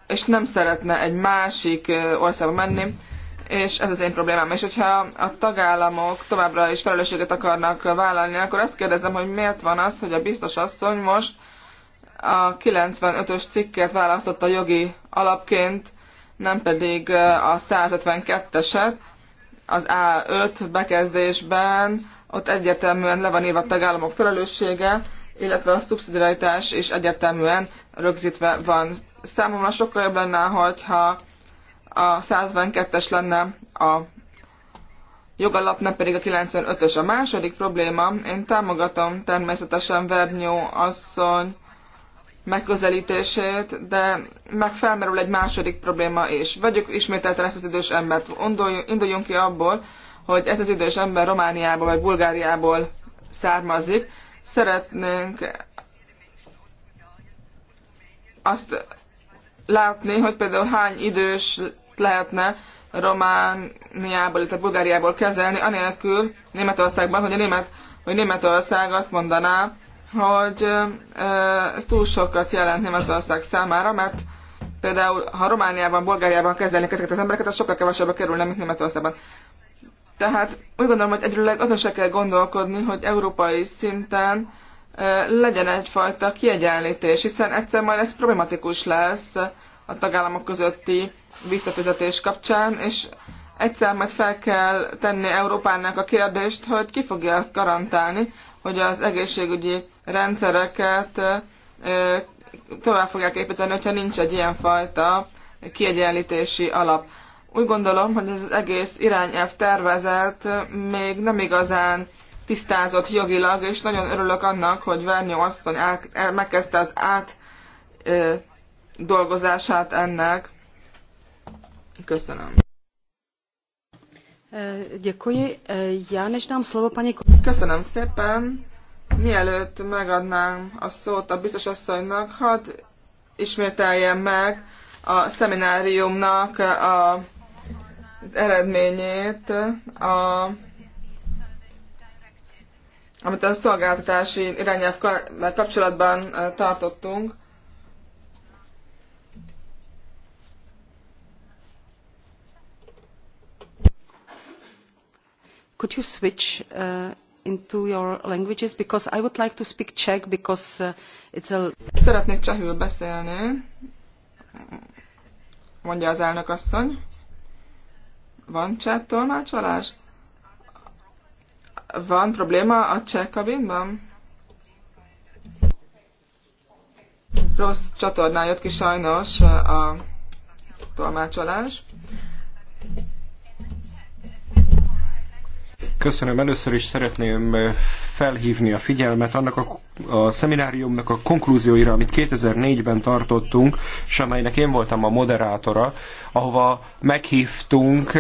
és nem szeretne egy másik országba menni, és ez az én problémám. És hogyha a tagállamok továbbra is felelősséget akarnak vállalni, akkor azt kérdezem, hogy miért van az, hogy a biztos asszony most a 95-ös cikket választotta jogi alapként, nem pedig a 152-eset az A5 bekezdésben, ott egyértelműen le van írva a tagállamok felelőssége, illetve a szubszidiaritás is egyértelműen rögzítve van. Számomra sokkal jobb lenne, hogyha a 152-es lenne a jogalap, nem pedig a 95-ös. A második probléma, én támogatom természetesen Vernyó asszony megközelítését, de meg felmerül egy második probléma is. Vegyük ismételten ezt az idős embert. Induljunk ki abból, hogy ez az idős ember Romániából vagy Bulgáriából származik. Szeretnénk azt látni, hogy például hány idős lehetne Romániából, illetve Bulgáriából kezelni, anélkül Németországban, hogy, a Német, hogy Németország azt mondaná, hogy ez túl sokat jelent Németország számára, mert például ha Romániában, Bulgáriában kezelnék ezeket az embereket, az sokkal kevesebbe kerülne, mint Németországban. Tehát úgy gondolom, hogy egyrőleg azon se kell gondolkodni, hogy európai szinten legyen egyfajta kiegyenlítés, hiszen egyszer majd ez problematikus lesz a tagállamok közötti visszafizetés kapcsán, és egyszer majd fel kell tenni Európának a kérdést, hogy ki fogja azt garantálni, hogy az egészségügyi rendszereket tovább fogják építeni, hogyha nincs egy ilyenfajta kiegyenlítési alap. Úgy gondolom, hogy ez az egész irányelv tervezet még nem igazán tisztázott jogilag, és nagyon örülök annak, hogy Vernyó asszony át, megkezdte az át dolgozását ennek. Köszönöm. E, děkuji. E, já než dám slovo paní... Köszönöm szépen. Mielőtt megadnám a szót a biztos asszonynak, hadd ismételjem meg a szemináriumnak a, az eredményét, a, amit a szolgáltatási irányelv kapcsolatban e, tartottunk.
could you switch uh,
into your languages because I would like to speak Czech because uh, it's a Szeretnék csehül beszélni. Mondja az elnök asszony. Van cseh tolmácsolás? Van probléma a cseh kabinban? Rossz csatornán jött ki sajnos uh, a tolmácsolás.
Köszönöm. Először is szeretném felhívni a figyelmet annak a, a szemináriumnak a konklúzióira, amit 2004-ben tartottunk, és amelynek én voltam a moderátora, ahova meghívtunk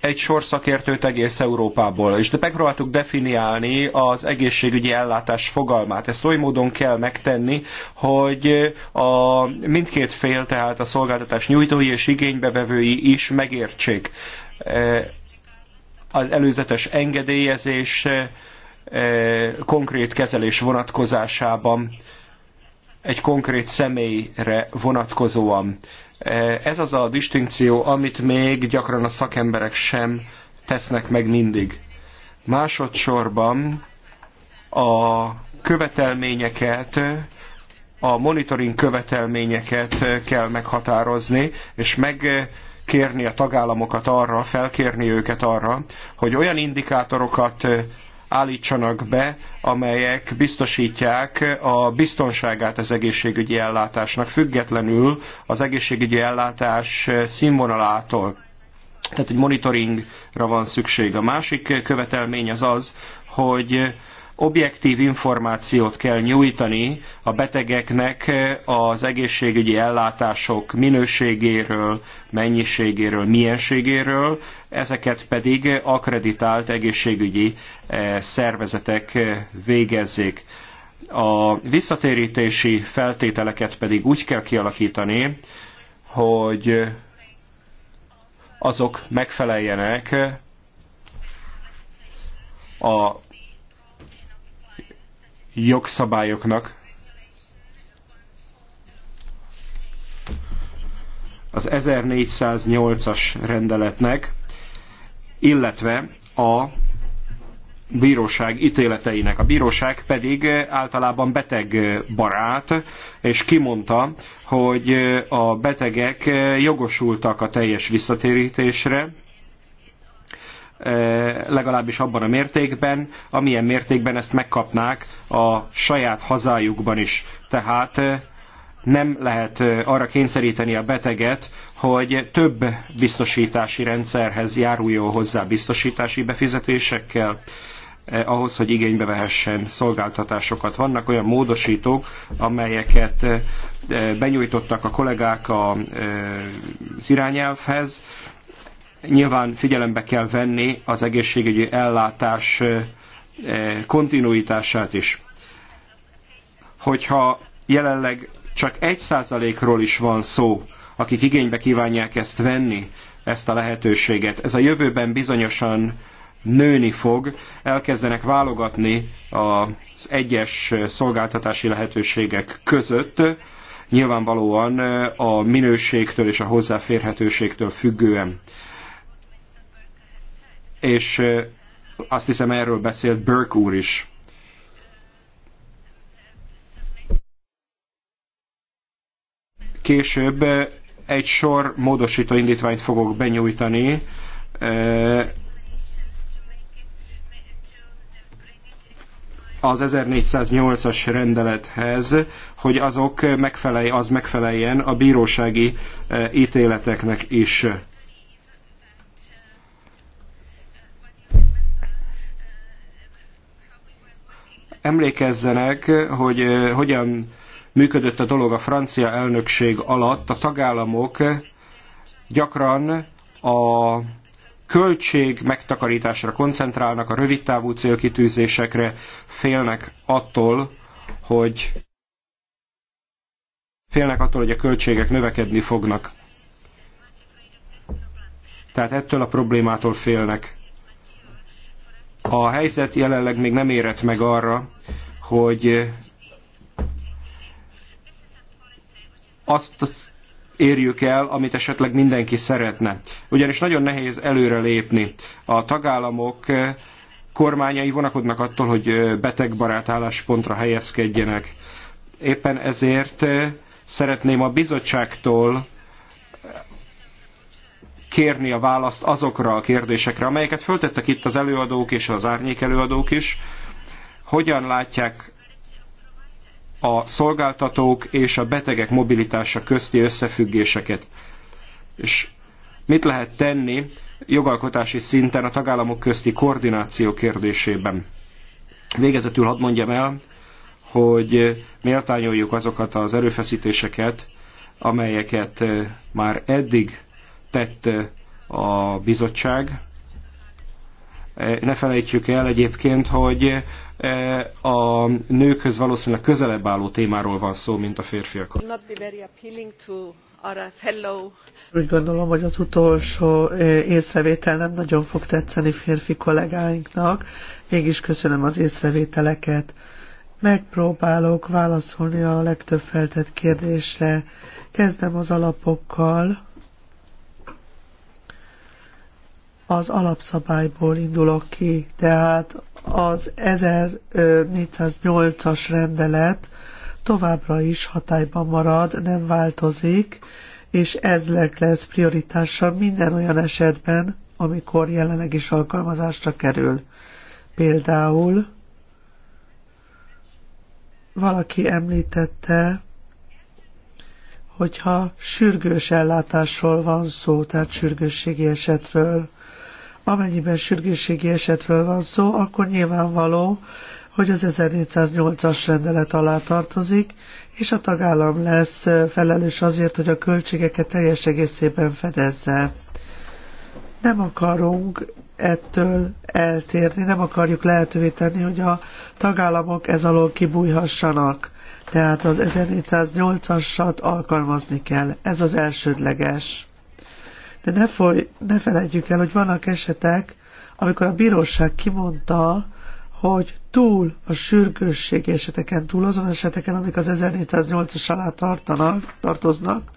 egy sor szakértőt egész Európából, és de megpróbáltuk definiálni az egészségügyi ellátás fogalmát. Ezt oly módon kell megtenni, hogy a mindkét fél, tehát a szolgáltatás nyújtói és igénybevevői is megértsék az előzetes engedélyezés eh, konkrét kezelés vonatkozásában egy konkrét személyre vonatkozóan. Eh, ez az a distinkció, amit még gyakran a szakemberek sem tesznek meg mindig. Másodszorban a követelményeket, a monitoring követelményeket kell meghatározni, és meg eh, kérni a tagállamokat arra, felkérni őket arra, hogy olyan indikátorokat állítsanak be, amelyek biztosítják a biztonságát az egészségügyi ellátásnak, függetlenül az egészségügyi ellátás színvonalától. Tehát egy monitoringra van szükség. A másik követelmény az az, hogy objektív információt kell nyújtani a betegeknek az egészségügyi ellátások minőségéről, mennyiségéről, mienségéről, ezeket pedig akreditált egészségügyi eh, szervezetek eh, végezzék. A visszatérítési feltételeket pedig úgy kell kialakítani, hogy azok megfeleljenek a jogszabályoknak az 1408-as rendeletnek, illetve a bíróság ítéleteinek. A bíróság pedig általában beteg barát, és kimondta, hogy a betegek jogosultak a teljes visszatérítésre, legalábbis abban a mértékben, amilyen mértékben ezt megkapnák a saját hazájukban is. Tehát nem lehet arra kényszeríteni a beteget, hogy több biztosítási rendszerhez járuljon hozzá biztosítási befizetésekkel, ahhoz, hogy igénybe vehessen szolgáltatásokat. Vannak olyan módosítók, amelyeket benyújtottak a kollégák a, az irányelvhez, Nyilván figyelembe kell venni az egészségügyi ellátás kontinuitását is. Hogyha jelenleg csak 1%-ról is van szó, akik igénybe kívánják ezt venni, ezt a lehetőséget. Ez a jövőben bizonyosan nőni fog, elkezdenek válogatni az egyes szolgáltatási lehetőségek között, nyilvánvalóan a minőségtől és a hozzáférhetőségtől függően és azt hiszem erről beszélt Burke úr is. Később egy sor módosító indítványt fogok benyújtani, az 1408-as rendelethez, hogy azok megfelelj, az megfeleljen a bírósági ítéleteknek is. emlékezzenek, hogy hogyan működött a dolog a francia elnökség alatt. A tagállamok gyakran a költség megtakarításra koncentrálnak, a rövidtávú célkitűzésekre félnek attól, hogy félnek attól, hogy a költségek növekedni fognak. Tehát ettől a problémától félnek. A helyzet jelenleg még nem érett meg arra, hogy azt érjük el, amit esetleg mindenki szeretne. Ugyanis nagyon nehéz előrelépni. A tagállamok kormányai vonakodnak attól, hogy betegbarát álláspontra helyezkedjenek. Éppen ezért szeretném a bizottságtól kérni a választ azokra a kérdésekre, amelyeket föltettek itt az előadók és az árnyék előadók is. Hogyan látják a szolgáltatók és a betegek mobilitása közti összefüggéseket? És mit lehet tenni jogalkotási szinten a tagállamok közti koordináció kérdésében? Végezetül hadd mondjam el, hogy méltányoljuk azokat az erőfeszítéseket, amelyeket eh, már eddig tett a bizottság. E, ne felejtsük el egyébként, hogy e, a nőkhöz valószínűleg közelebb álló témáról van szó, mint a férfiak.
Úgy gondolom, hogy az utolsó e, észrevétel nem nagyon fog tetszeni férfi kollégáinknak, mégis köszönöm az észrevételeket. Megpróbálok válaszolni a legtöbb feltett kérdésre. Kezdem az alapokkal. az alapszabályból indulok ki, tehát az 1408-as rendelet továbbra is hatályban marad, nem változik, és ez lesz prioritása minden olyan esetben, amikor jelenleg is alkalmazásra kerül. Például valaki említette, hogyha sürgős ellátásról van szó, tehát sürgősségi esetről, Amennyiben sürgősségi esetről van szó, akkor nyilvánvaló, hogy az 1408-as rendelet alá tartozik, és a tagállam lesz felelős azért, hogy a költségeket teljes egészében fedezze. Nem akarunk ettől eltérni, nem akarjuk lehetővé tenni, hogy a tagállamok ez alól kibújhassanak. Tehát az 1408-asat alkalmazni kell. Ez az elsődleges de ne, foly, ne felejtjük el, hogy vannak esetek, amikor a bíróság kimondta, hogy túl a sürgősségi eseteken, túl azon eseteken, amik az 1408-as alá tartanak, tartoznak,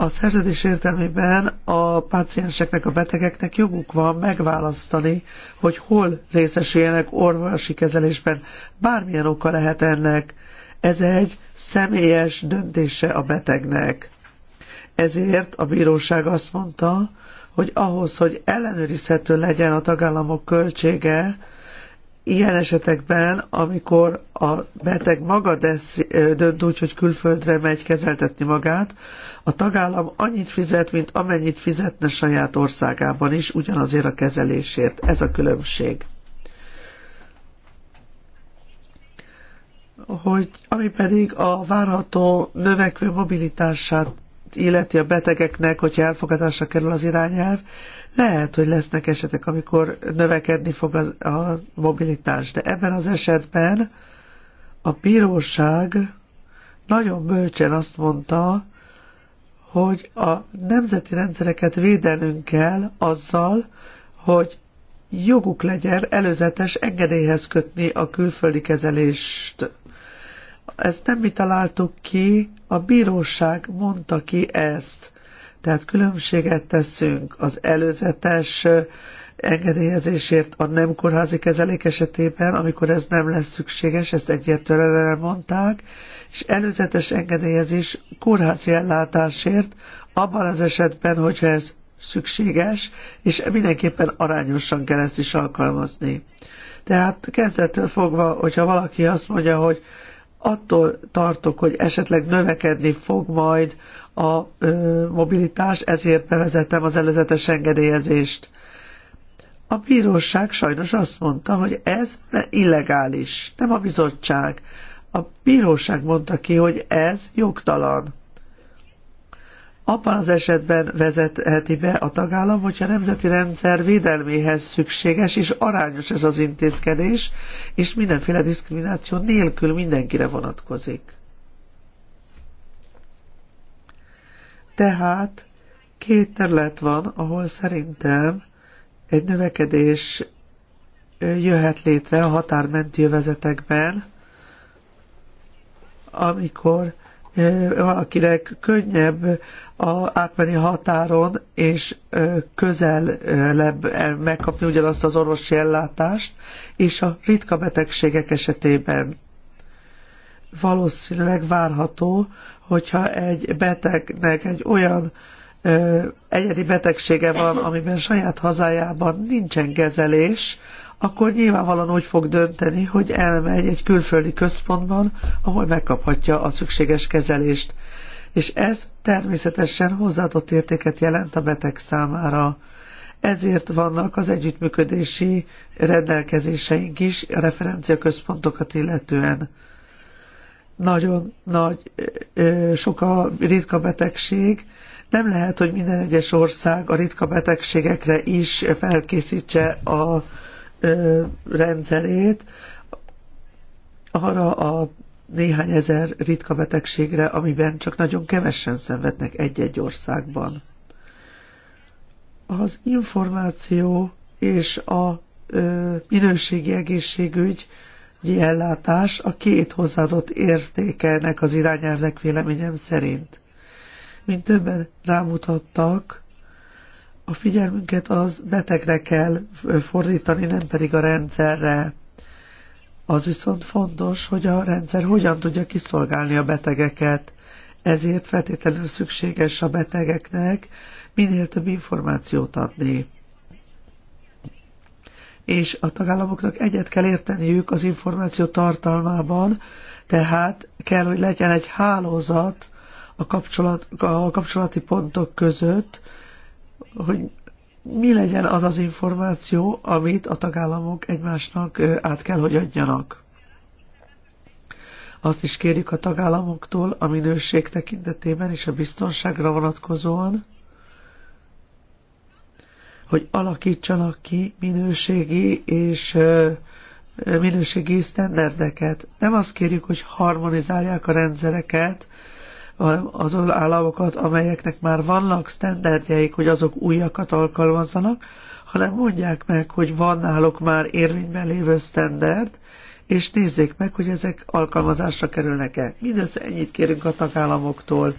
a szerződés értelmében a pácienseknek, a betegeknek joguk van megválasztani, hogy hol részesüljenek orvosi kezelésben. Bármilyen oka lehet ennek. Ez egy személyes döntése a betegnek. Ezért a bíróság azt mondta, hogy ahhoz, hogy ellenőrizhető legyen a tagállamok költsége, ilyen esetekben, amikor a beteg maga desz, dönt úgy, hogy külföldre megy kezeltetni magát, a tagállam annyit fizet, mint amennyit fizetne saját országában is, ugyanazért a kezelésért. Ez a különbség. Hogy, ami pedig a várható növekvő mobilitását illeti a betegeknek, hogyha elfogadásra kerül az irányelv, lehet, hogy lesznek esetek, amikor növekedni fog az, a mobilitás, de ebben az esetben a bíróság nagyon bölcsen azt mondta, hogy a nemzeti rendszereket védenünk kell azzal, hogy joguk legyen előzetes engedélyhez kötni a külföldi kezelést ezt nem mi találtuk ki, a bíróság mondta ki ezt. Tehát különbséget teszünk az előzetes engedélyezésért a nem kórházi kezelék esetében, amikor ez nem lesz szükséges, ezt egyértelműen elmondták, és előzetes engedélyezés kórházi ellátásért abban az esetben, hogyha ez szükséges, és mindenképpen arányosan kell ezt is alkalmazni. Tehát kezdettől fogva, hogyha valaki azt mondja, hogy attól tartok, hogy esetleg növekedni fog majd a mobilitás, ezért bevezettem az előzetes engedélyezést. A bíróság sajnos azt mondta, hogy ez illegális, nem a bizottság. A bíróság mondta ki, hogy ez jogtalan abban az esetben vezetheti be a tagállam, hogyha a nemzeti rendszer védelméhez szükséges és arányos ez az intézkedés, és mindenféle diszkrimináció nélkül mindenkire vonatkozik. Tehát két terület van, ahol szerintem egy növekedés jöhet létre a határmenti övezetekben, amikor valakinek könnyebb a, átmeni határon, és közelebb megkapni ugyanazt az orvosi ellátást, és a ritka betegségek esetében valószínűleg várható, hogyha egy betegnek egy olyan egyedi betegsége van, amiben saját hazájában nincsen kezelés, akkor nyilvánvalóan úgy fog dönteni, hogy elmegy egy külföldi központban, ahol megkaphatja a szükséges kezelést. És ez természetesen hozzáadott értéket jelent a beteg számára. Ezért vannak az együttműködési rendelkezéseink is a referenciaközpontokat illetően. Nagyon nagy, sok a ritka betegség, nem lehet, hogy minden egyes ország a ritka betegségekre is felkészítse a rendszerét arra a néhány ezer ritka betegségre, amiben csak nagyon kevesen szenvednek egy-egy országban. Az információ és a ö, minőségi egészségügy ellátás a két hozzáadott értékelnek az irányelvnek véleményem szerint. Mint többen rámutattak, a figyelmünket az betegre kell fordítani, nem pedig a rendszerre. Az viszont fontos, hogy a rendszer hogyan tudja kiszolgálni a betegeket. Ezért feltétlenül szükséges a betegeknek minél több információt adni. És a tagállamoknak egyet kell érteniük az információ tartalmában, tehát kell, hogy legyen egy hálózat a, kapcsolat, a kapcsolati pontok között, hogy mi legyen az az információ, amit a tagállamok egymásnak át kell, hogy adjanak. Azt is kérjük a tagállamoktól a minőség tekintetében és a biztonságra vonatkozóan, hogy alakítsanak ki minőségi és minőségi sztenderdeket. Nem azt kérjük, hogy harmonizálják a rendszereket, azon államokat, amelyeknek már vannak standardjeik, hogy azok újakat alkalmazzanak, hanem mondják meg, hogy van náluk már érvényben lévő standard, és nézzék meg, hogy ezek alkalmazásra kerülnek-e. Mindössze ennyit kérünk a tagállamoktól,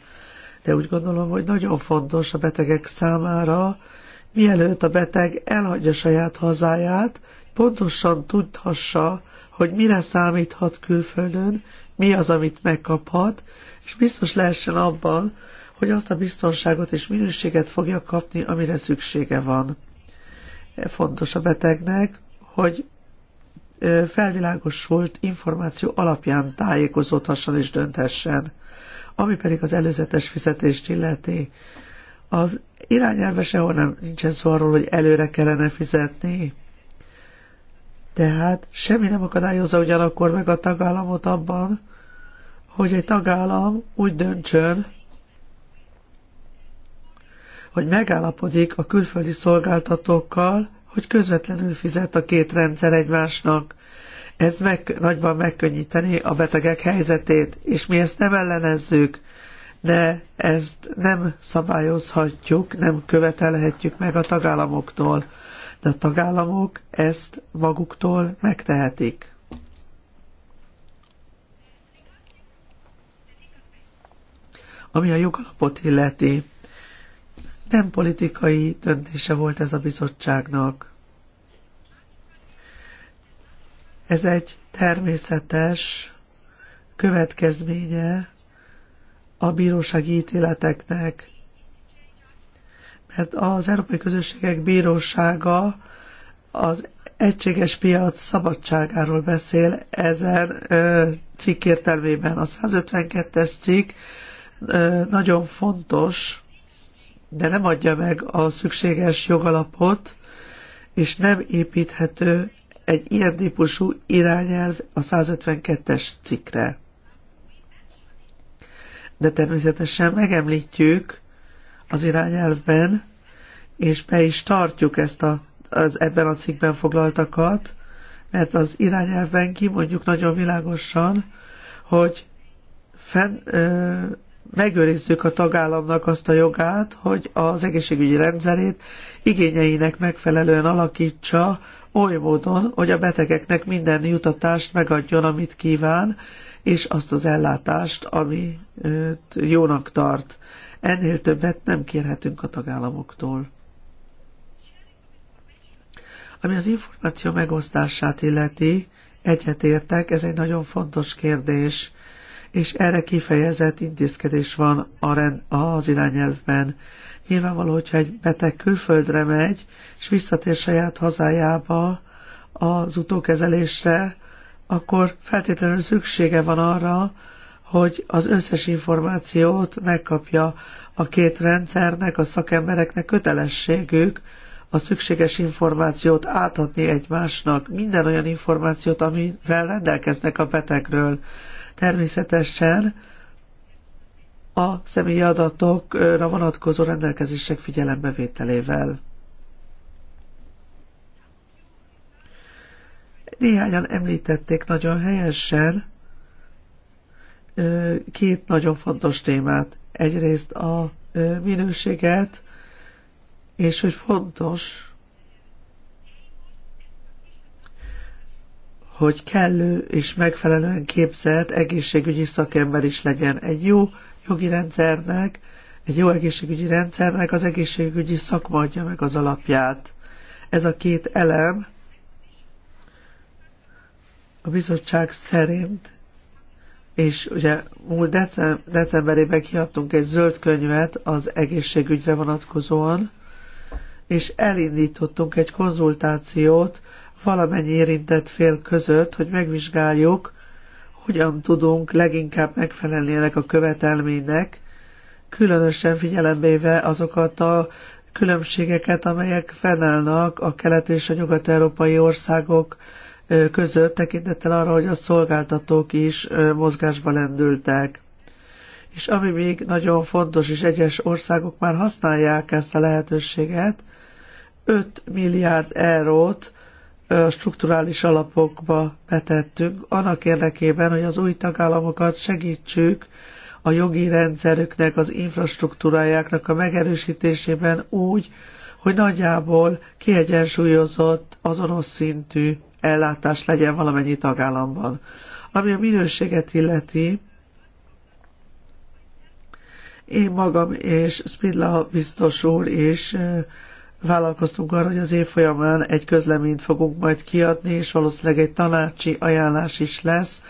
de úgy gondolom, hogy nagyon fontos a betegek számára, mielőtt a beteg elhagyja saját hazáját, pontosan tudhassa, hogy mire számíthat külföldön, mi az, amit megkaphat, és biztos lehessen abban, hogy azt a biztonságot és minőséget fogja kapni, amire szüksége van. E, fontos a betegnek, hogy e, felvilágosult információ alapján tájékozódhasson és dönthessen, ami pedig az előzetes fizetést illeti. Az irányelve sehol nem nincsen szó arról, hogy előre kellene fizetni. Tehát semmi nem akadályozza ugyanakkor meg a tagállamot abban, hogy egy tagállam úgy döntsön, hogy megállapodik a külföldi szolgáltatókkal, hogy közvetlenül fizet a két rendszer egymásnak. Ez meg, nagyban megkönnyíteni a betegek helyzetét, és mi ezt nem ellenezzük, de ezt nem szabályozhatjuk, nem követelhetjük meg a tagállamoktól, de a tagállamok ezt maguktól megtehetik. Ami a jogalapot illeti, nem politikai döntése volt ez a bizottságnak. Ez egy természetes következménye a bírósági ítéleteknek, mert az Európai Közösségek Bírósága az egységes piac szabadságáról beszél ezen cikk értelmében. A 152-es cikk nagyon fontos, de nem adja meg a szükséges jogalapot, és nem építhető egy ilyen típusú irányelv a 152-es cikkre. De természetesen megemlítjük az irányelvben, és be is tartjuk ezt a, az ebben a cikkben foglaltakat, mert az irányelvben kimondjuk nagyon világosan, hogy fenn, ö, megőrizzük a tagállamnak azt a jogát, hogy az egészségügyi rendszerét igényeinek megfelelően alakítsa oly módon, hogy a betegeknek minden jutatást megadjon, amit kíván, és azt az ellátást, ami jónak tart. Ennél többet nem kérhetünk a tagállamoktól. Ami az információ megosztását illeti, egyetértek, ez egy nagyon fontos kérdés és erre kifejezett intézkedés van a az irányelvben. Nyilvánvaló, hogyha egy beteg külföldre megy, és visszatér saját hazájába az utókezelésre, akkor feltétlenül szüksége van arra, hogy az összes információt megkapja a két rendszernek, a szakembereknek kötelességük a szükséges információt átadni egymásnak, minden olyan információt, amivel rendelkeznek a betegről. Természetesen a személyi adatokra vonatkozó rendelkezések figyelembevételével. Néhányan említették nagyon helyesen két nagyon fontos témát. Egyrészt a minőséget, és hogy fontos hogy kellő és megfelelően képzett egészségügyi szakember is legyen egy jó jogi rendszernek, egy jó egészségügyi rendszernek az egészségügyi szakma adja meg az alapját. Ez a két elem a bizottság szerint, és ugye múlt decem- decemberében kiadtunk egy zöld könyvet az egészségügyre vonatkozóan, és elindítottunk egy konzultációt valamennyi érintett fél között, hogy megvizsgáljuk, hogyan tudunk leginkább megfelelni ennek a követelménynek, különösen figyelembe azokat a különbségeket, amelyek fennállnak a kelet és a nyugat-európai országok között, tekintettel arra, hogy a szolgáltatók is mozgásba lendültek. És ami még nagyon fontos, és egyes országok már használják ezt a lehetőséget, 5 milliárd eurót strukturális alapokba betettünk, annak érdekében, hogy az új tagállamokat segítsük a jogi rendszerüknek, az infrastruktúrájáknak a megerősítésében úgy, hogy nagyjából kiegyensúlyozott, azonos szintű ellátás legyen valamennyi tagállamban. Ami a minőséget illeti, én magam és Spidla biztos úr is vállalkoztunk arra, hogy az év folyamán egy közleményt fogunk majd kiadni, és valószínűleg egy tanácsi ajánlás is lesz,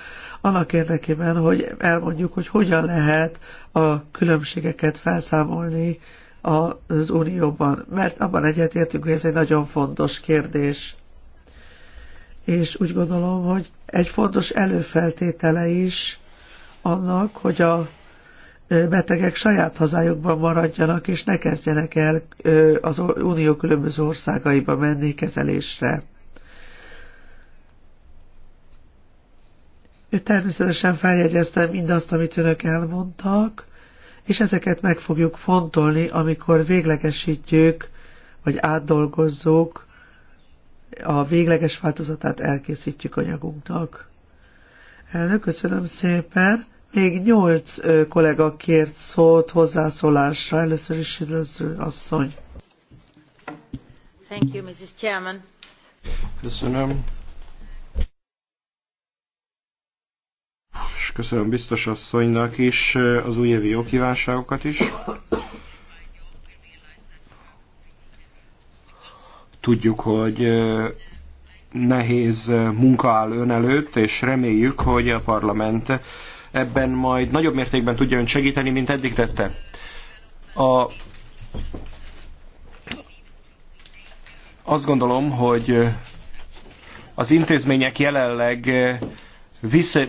annak érdekében, hogy elmondjuk, hogy hogyan lehet a különbségeket felszámolni az Unióban. Mert abban egyetértünk, hogy ez egy nagyon fontos kérdés. És úgy gondolom, hogy egy fontos előfeltétele is annak, hogy a betegek saját hazájukban maradjanak, és ne kezdjenek el az unió különböző országaiba menni kezelésre. Természetesen feljegyeztem mindazt, amit önök elmondtak, és ezeket meg fogjuk fontolni, amikor véglegesítjük, vagy átdolgozzuk, a végleges változatát elkészítjük anyagunknak. Elnök, köszönöm szépen! Még nyolc kollega kért szót hozzászólásra. Először is Sidlőző asszony. Thank you, Mrs. Chairman.
Köszönöm. És köszönöm biztos asszonynak is az újévi jó kívánságokat is. Tudjuk, hogy nehéz munka áll ön előtt, és reméljük, hogy a parlament ebben majd nagyobb mértékben tudja ön segíteni, mint eddig tette. A... Azt gondolom, hogy az intézmények jelenleg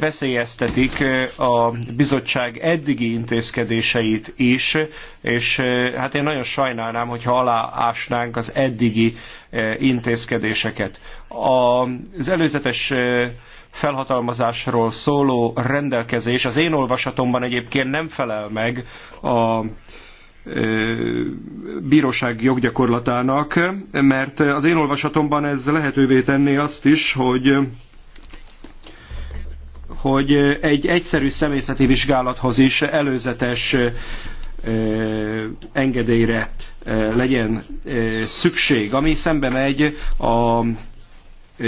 veszélyeztetik a bizottság eddigi intézkedéseit is, és hát én nagyon sajnálnám, hogyha aláásnánk az eddigi intézkedéseket. Az előzetes felhatalmazásról szóló rendelkezés az én olvasatomban egyébként nem felel meg a bíróság joggyakorlatának, mert az én olvasatomban ez lehetővé tenné azt is, hogy hogy egy egyszerű személyzeti vizsgálathoz is előzetes engedélyre legyen szükség, ami szembe megy a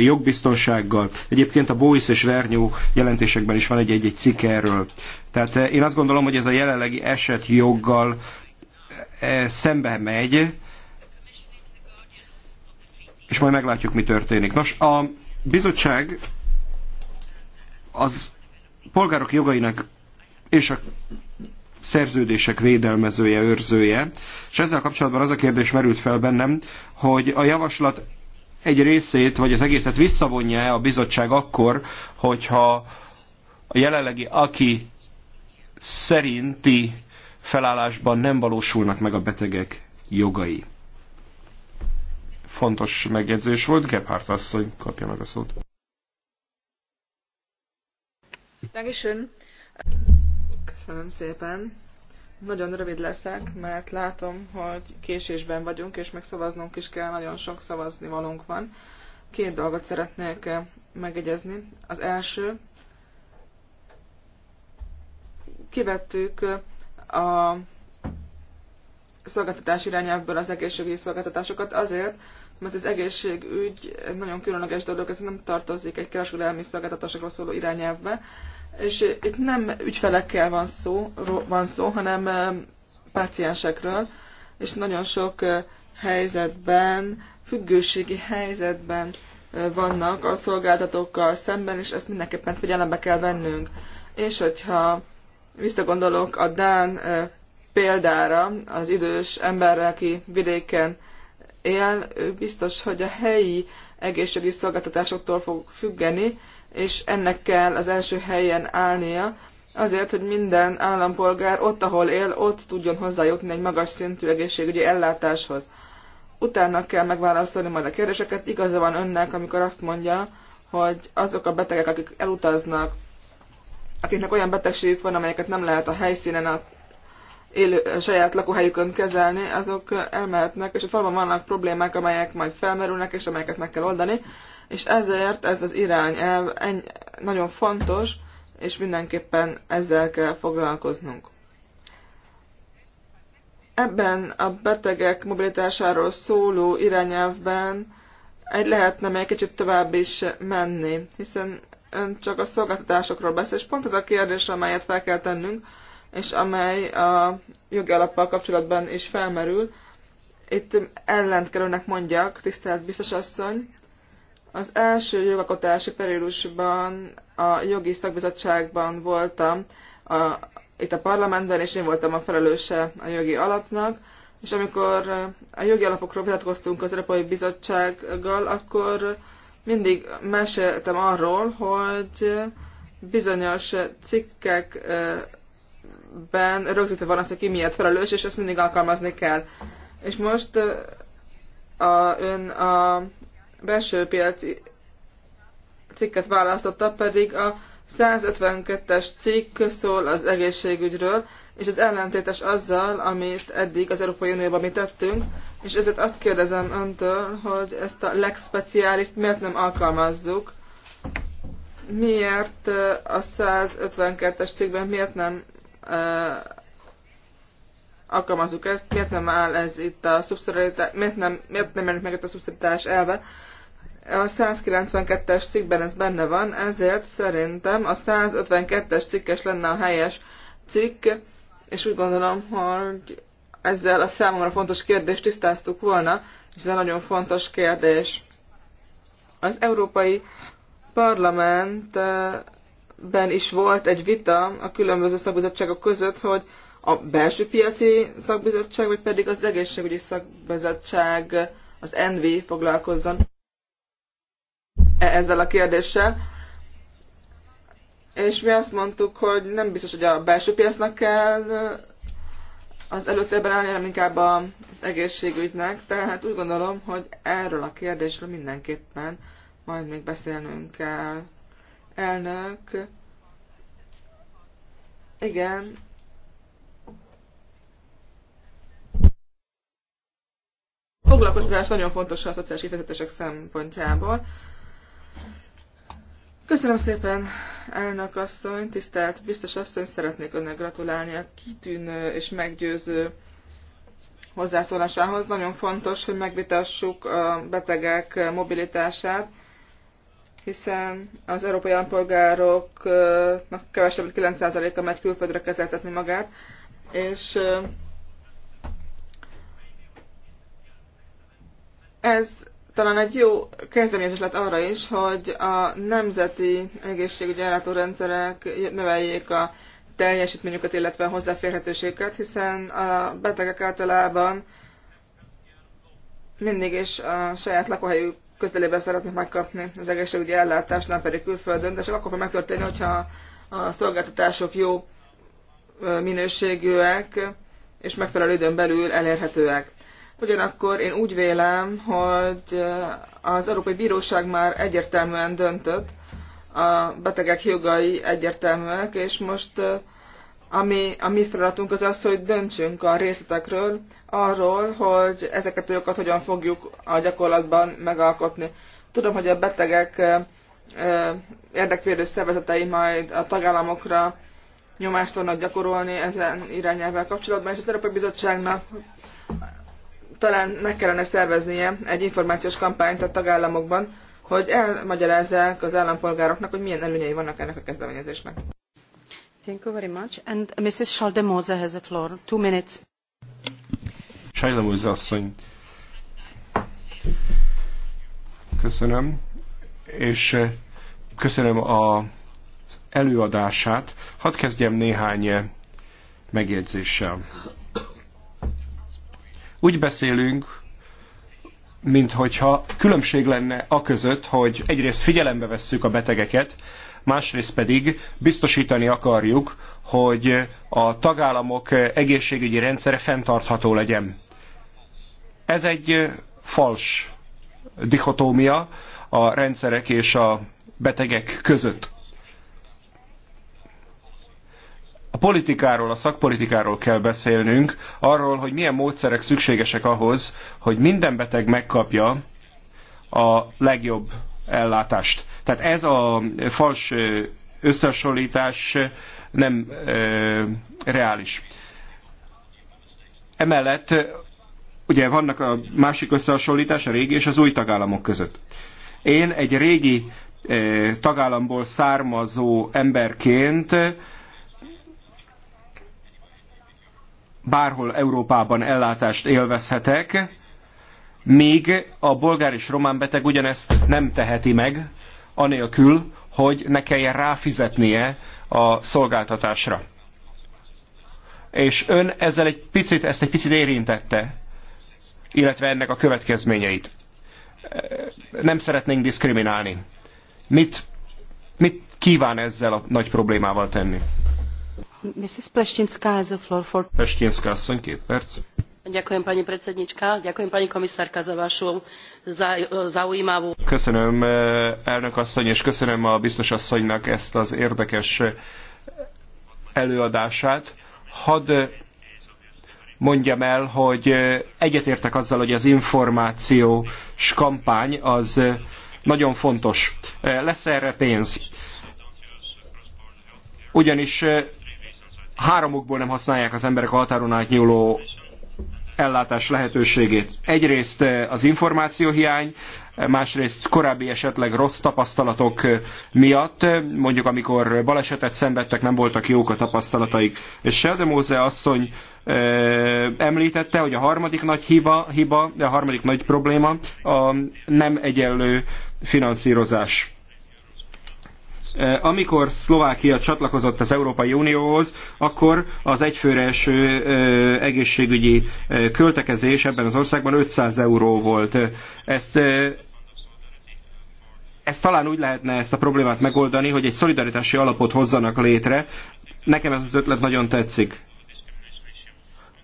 jogbiztonsággal. Egyébként a Bois és Vernyó jelentésekben is van egy-egy cikk erről. Tehát eh, én azt gondolom, hogy ez a jelenlegi eset joggal eh, szembe megy, és majd meglátjuk, mi történik. Nos, a bizottság az polgárok jogainak és a szerződések védelmezője, őrzője. És ezzel kapcsolatban az a kérdés merült fel bennem, hogy a javaslat egy részét, vagy az egészet visszavonja-e a bizottság akkor, hogyha a jelenlegi aki szerinti felállásban nem valósulnak meg a betegek jogai. Fontos megjegyzés volt, Gebhardt asszony kapja meg a szót.
Köszönöm szépen. Nagyon rövid leszek, mert látom, hogy késésben vagyunk, és meg szavaznunk is kell, nagyon sok szavazni valunk van. Két dolgot szeretnék eh, megegyezni. Az első, kivettük eh, a szolgáltatás irányából az egészségügyi szolgáltatásokat azért, mert az egészségügy nagyon különleges dolog, ez nem tartozik egy kereskedelmi szolgáltatásokról szóló irányelvbe, és itt nem ügyfelekkel van szó, van szó hanem páciensekről, és nagyon sok helyzetben, függőségi helyzetben vannak a szolgáltatókkal szemben, és ezt mindenképpen figyelembe kell vennünk. És hogyha visszagondolok a Dán példára, az idős emberre, aki vidéken él, ő biztos, hogy a helyi egészségügyi szolgáltatásoktól fog függeni, és ennek kell az első helyen állnia, azért, hogy minden állampolgár ott, ahol él, ott tudjon hozzájutni egy magas szintű egészségügyi ellátáshoz. Utána kell megválaszolni majd a kérdéseket. Igaza van önnek, amikor azt mondja, hogy azok a betegek, akik elutaznak, akiknek olyan betegségük van, amelyeket nem lehet a helyszínen a élő, a saját lakóhelyükön kezelni, azok elmehetnek, és ott valóban vannak problémák, amelyek majd felmerülnek, és amelyeket meg kell oldani és ezért ez az irányelv nagyon fontos, és mindenképpen ezzel kell foglalkoznunk. Ebben a betegek mobilitásáról szóló irányelvben egy lehetne még kicsit tovább is menni, hiszen ön csak a szolgáltatásokról beszél, és pont ez a kérdés, amelyet fel kell tennünk, és amely a jogállappal kapcsolatban is felmerül. Itt ellent kell mondjak, tisztelt biztos asszony, az első jogakotási periódusban a jogi szakbizottságban voltam, a, itt a parlamentben, és én voltam a felelőse a jogi alapnak, és amikor a jogi alapokról vitatkoztunk az Európai Bizottsággal, akkor mindig meséltem arról, hogy bizonyos cikkekben rögzítve van az, hogy ki miért felelős, és ezt mindig alkalmazni kell. És most a, ön a belső piaci cikket választotta, pedig a 152-es cikk szól az egészségügyről, és ez ellentétes azzal, amit eddig az Európai Unióban mi tettünk, és ezért azt kérdezem öntől, hogy ezt a legspeciálist miért nem alkalmazzuk, miért a 152-es cikkben miért nem e, alkalmazzuk ezt, miért nem áll ez itt a szubszidiaritás, miért nem, miért nem meg itt a szubszidiaritás elve, a 192-es cikkben ez benne van, ezért szerintem a 152-es cikkes lenne a helyes cikk, és úgy gondolom, hogy ezzel a számomra fontos kérdést tisztáztuk volna, és ez egy nagyon fontos kérdés. Az Európai Parlamentben is volt egy vita a különböző szakbizottságok között, hogy a belső piaci szakbizottság, vagy pedig az egészségügyi szakbizottság, az NV foglalkozzon E- ezzel a kérdéssel. És mi azt mondtuk, hogy nem biztos, hogy a belső piacnak kell az előttérben állni, hanem inkább az egészségügynek. Tehát úgy gondolom, hogy erről a kérdésről mindenképpen majd még beszélnünk kell. Elnök. Igen. Foglalkoztatás nagyon fontos a szociális kifizetések szempontjából. Köszönöm szépen, elnök asszony, tisztelt biztos asszony, szeretnék önnek gratulálni a kitűnő és meggyőző hozzászólásához. Nagyon fontos, hogy megvitassuk a betegek mobilitását, hiszen az európai állampolgároknak kevesebb, mint 9%-a megy külföldre kezeltetni magát, és ez talán egy jó kezdeményezés lett arra is, hogy a nemzeti egészségügyi ellátórendszerek növeljék a teljesítményüket, illetve a hozzáférhetőségüket, hiszen a betegek általában mindig is a saját lakóhelyük közelében szeretnék megkapni az egészségügyi ellátást, nem pedig külföldön, de csak akkor fog megtörténni, hogyha a szolgáltatások jó minőségűek és megfelelő időn belül elérhetőek. Ugyanakkor én úgy vélem, hogy eh, az Európai Bíróság már egyértelműen döntött, a betegek jogai egyértelműek, és most eh, ami, a mi feladatunk az az, hogy döntsünk a részletekről, arról, hogy ezeket a jogokat hogyan fogjuk a gyakorlatban megalkotni. Tudom, hogy a betegek eh, érdekvédő szervezetei majd a tagállamokra nyomást vannak gyakorolni ezen irányelvvel kapcsolatban, és az Európai Bizottságnak talán meg kellene szerveznie egy információs kampányt a tagállamokban, hogy elmagyarázzák az állampolgároknak, hogy milyen előnyei vannak ennek a kezdeményezésnek.
Thank you very much. And uh, Mrs. Schaldemose has a floor. Two minutes.
Schaldemose asszony. Köszönöm. És uh, köszönöm az előadását. Hadd kezdjem néhány uh, megjegyzéssel. Úgy beszélünk, minthogyha különbség lenne a között, hogy egyrészt figyelembe vesszük a betegeket, másrészt pedig biztosítani akarjuk, hogy a tagállamok egészségügyi rendszere fenntartható legyen. Ez egy fals dichotómia a rendszerek és a betegek között. a politikáról, a szakpolitikáról kell beszélnünk, arról, hogy milyen módszerek szükségesek ahhoz, hogy minden beteg megkapja a legjobb ellátást. Tehát ez a fals összehasonlítás nem ö, reális. Emellett ugye vannak a másik összehasonlítás a régi és az új tagállamok között. Én egy régi ö, tagállamból származó emberként bárhol Európában ellátást élvezhetek, míg a bolgár és román beteg ugyanezt nem teheti meg, anélkül, hogy ne kelljen ráfizetnie a szolgáltatásra. És ön ezzel egy picit, ezt egy picit érintette, illetve ennek a következményeit. Nem szeretnénk diszkriminálni. Mit, mit kíván ezzel a nagy problémával tenni?
Mrs. Pleštinská has the floor for...
Pleštinská asszony, két
Ďakujem pani predsednička, ďakujem pani komisárka za vašu zaujímavú...
Köszönöm eh, elnök asszony, és köszönöm a biztos asszonynak ezt az érdekes eh, előadását. Hadd eh, mondjam el, hogy egyetértek azzal, hogy az információs kampány az nagyon fontos. Lesz erre pénz. Ugyanis háromokból nem használják az emberek a határon nyúló ellátás lehetőségét. Egyrészt eh, az információhiány, eh, másrészt korábbi esetleg rossz tapasztalatok eh, miatt, mondjuk amikor balesetet szenvedtek, nem voltak jók a tapasztalataik. És Seldemóze asszony említette, hogy a harmadik nagy hiba, hiba, de a harmadik nagy probléma a nem egyenlő finanszírozás. Amikor Szlovákia csatlakozott az Európai Unióhoz, akkor az egyfőre eső egészségügyi költekezés ebben az országban 500 euró volt. Ezt ezt talán úgy lehetne ezt a problémát megoldani, hogy egy szolidaritási alapot hozzanak létre. Nekem ez az ötlet nagyon tetszik.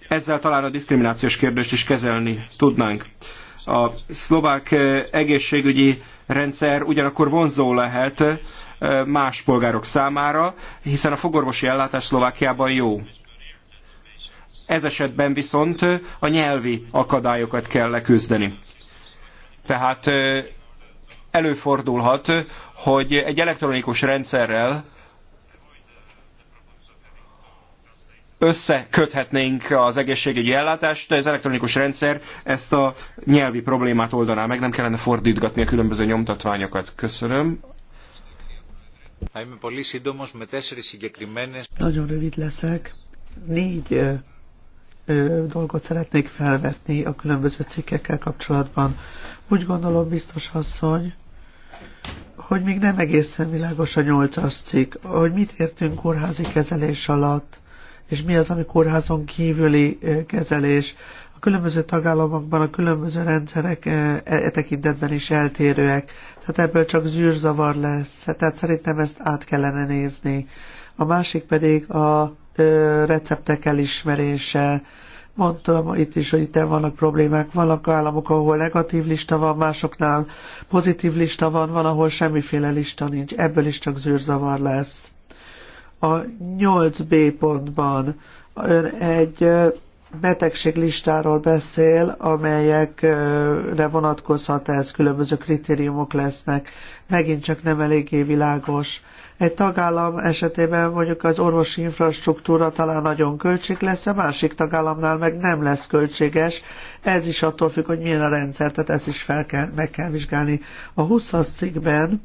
Ezzel talán a diszkriminációs kérdést is kezelni tudnánk. A szlovák egészségügyi rendszer ugyanakkor vonzó lehet, más polgárok számára, hiszen a fogorvosi ellátás Szlovákiában jó. Ez esetben viszont a nyelvi akadályokat kell leküzdeni. Tehát előfordulhat, hogy egy elektronikus rendszerrel összeköthetnénk az egészségügyi ellátást, de az elektronikus rendszer ezt a nyelvi problémát oldaná meg, nem kellene fordítgatni a különböző nyomtatványokat. Köszönöm. Nagyon
rövid leszek. Négy ö, ö, dolgot szeretnék felvetni a különböző cikkekkel kapcsolatban. Úgy gondolom, biztos asszony, hogy még nem egészen világos a nyolcas cikk, hogy mit értünk kórházi kezelés alatt, és mi az, ami kórházon kívüli kezelés. A különböző tagállamokban a különböző rendszerek e, e tekintetben is eltérőek tehát ebből csak zűrzavar lesz. Hát, tehát szerintem ezt át kellene nézni. A másik pedig a ö, receptek elismerése. Mondtam itt is, hogy itt vannak problémák. Vannak államok, ahol negatív lista van, másoknál pozitív lista van, van, ahol semmiféle lista nincs. Ebből is csak zűrzavar lesz. A 8B pontban ön egy betegséglistáról beszél, amelyekre vonatkozhat ez, különböző kritériumok lesznek. Megint csak nem eléggé világos. Egy tagállam esetében mondjuk az orvosi infrastruktúra talán nagyon költség lesz, a másik tagállamnál meg nem lesz költséges. Ez is attól függ, hogy milyen a rendszer, tehát ezt is fel kell, meg kell vizsgálni. A 20-as cikkben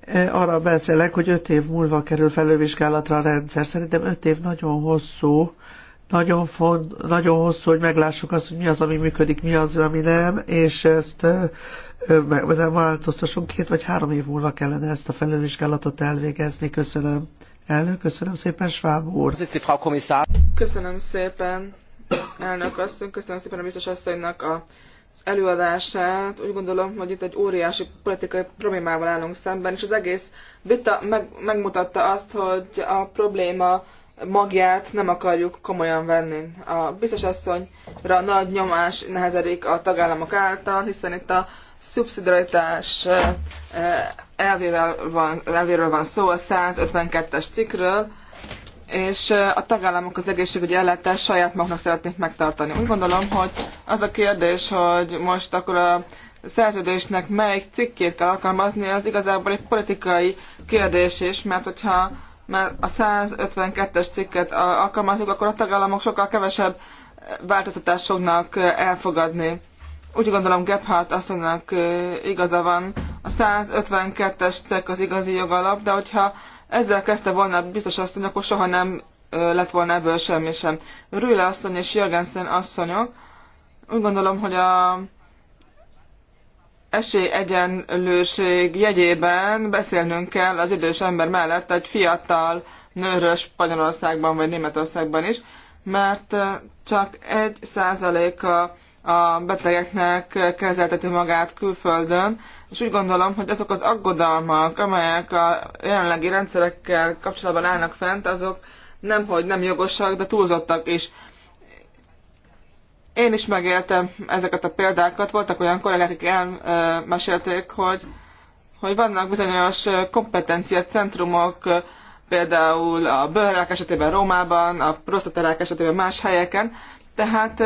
eh, arra beszélek, hogy 5 év múlva kerül felővizsgálatra a rendszer. Szerintem 5 év nagyon hosszú, nagyon, font, nagyon hosszú, hogy meglássuk azt, hogy mi az, ami működik, mi az, ami nem, és ezt ezen változtassunk. Két vagy három év múlva kellene ezt a felülvizsgálatot elvégezni. Köszönöm. Elnök, köszönöm szépen, Schwab úr.
Köszönöm szépen, elnök asszony, köszönöm szépen a biztos asszonynak a az előadását. Úgy gondolom, hogy itt egy óriási politikai problémával állunk szemben, és az egész vita meg, megmutatta azt, hogy a probléma magját nem akarjuk komolyan venni. A biztos asszonyra nagy nyomás nehezedik a tagállamok által, hiszen itt a szubszidaritás eh, elvével van, elvéről van szó, a 152-es cikkről, és eh, a tagállamok az egészségügyi ellátás saját maguknak szeretnék megtartani. Úgy gondolom, hogy az a kérdés, hogy most akkor a szerződésnek melyik cikkét kell alkalmazni, az igazából egy politikai kérdés is, mert hogyha mert a 152-es cikket alkalmazunk, akkor a tagállamok sokkal kevesebb eh, változtatást fognak eh, elfogadni. Úgy gondolom Gebhardt asszonynak eh, igaza van. A 152-es cikk az igazi jogalap, de hogyha ezzel kezdte volna biztos asszony, akkor soha nem lett volna ebből semmi sem. Rüle asszony és Jörgensen asszonyok. Úgy gondolom, hogy a esélyegyenlőség jegyében beszélnünk kell az idős ember mellett egy fiatal nőről Spanyolországban vagy Németországban is, mert csak egy százaléka a betegeknek kezelteti magát külföldön, és úgy gondolom, hogy azok az aggodalmak, amelyek a jelenlegi rendszerekkel kapcsolatban állnak fent, azok nemhogy nem jogosak, de túlzottak is. Én is megéltem ezeket a példákat. Voltak olyan kollégák, akik elmesélték, hogy, hogy vannak bizonyos kompetenciát centrumok, például a bőrrák esetében Rómában, a prostaterák esetében más helyeken. Tehát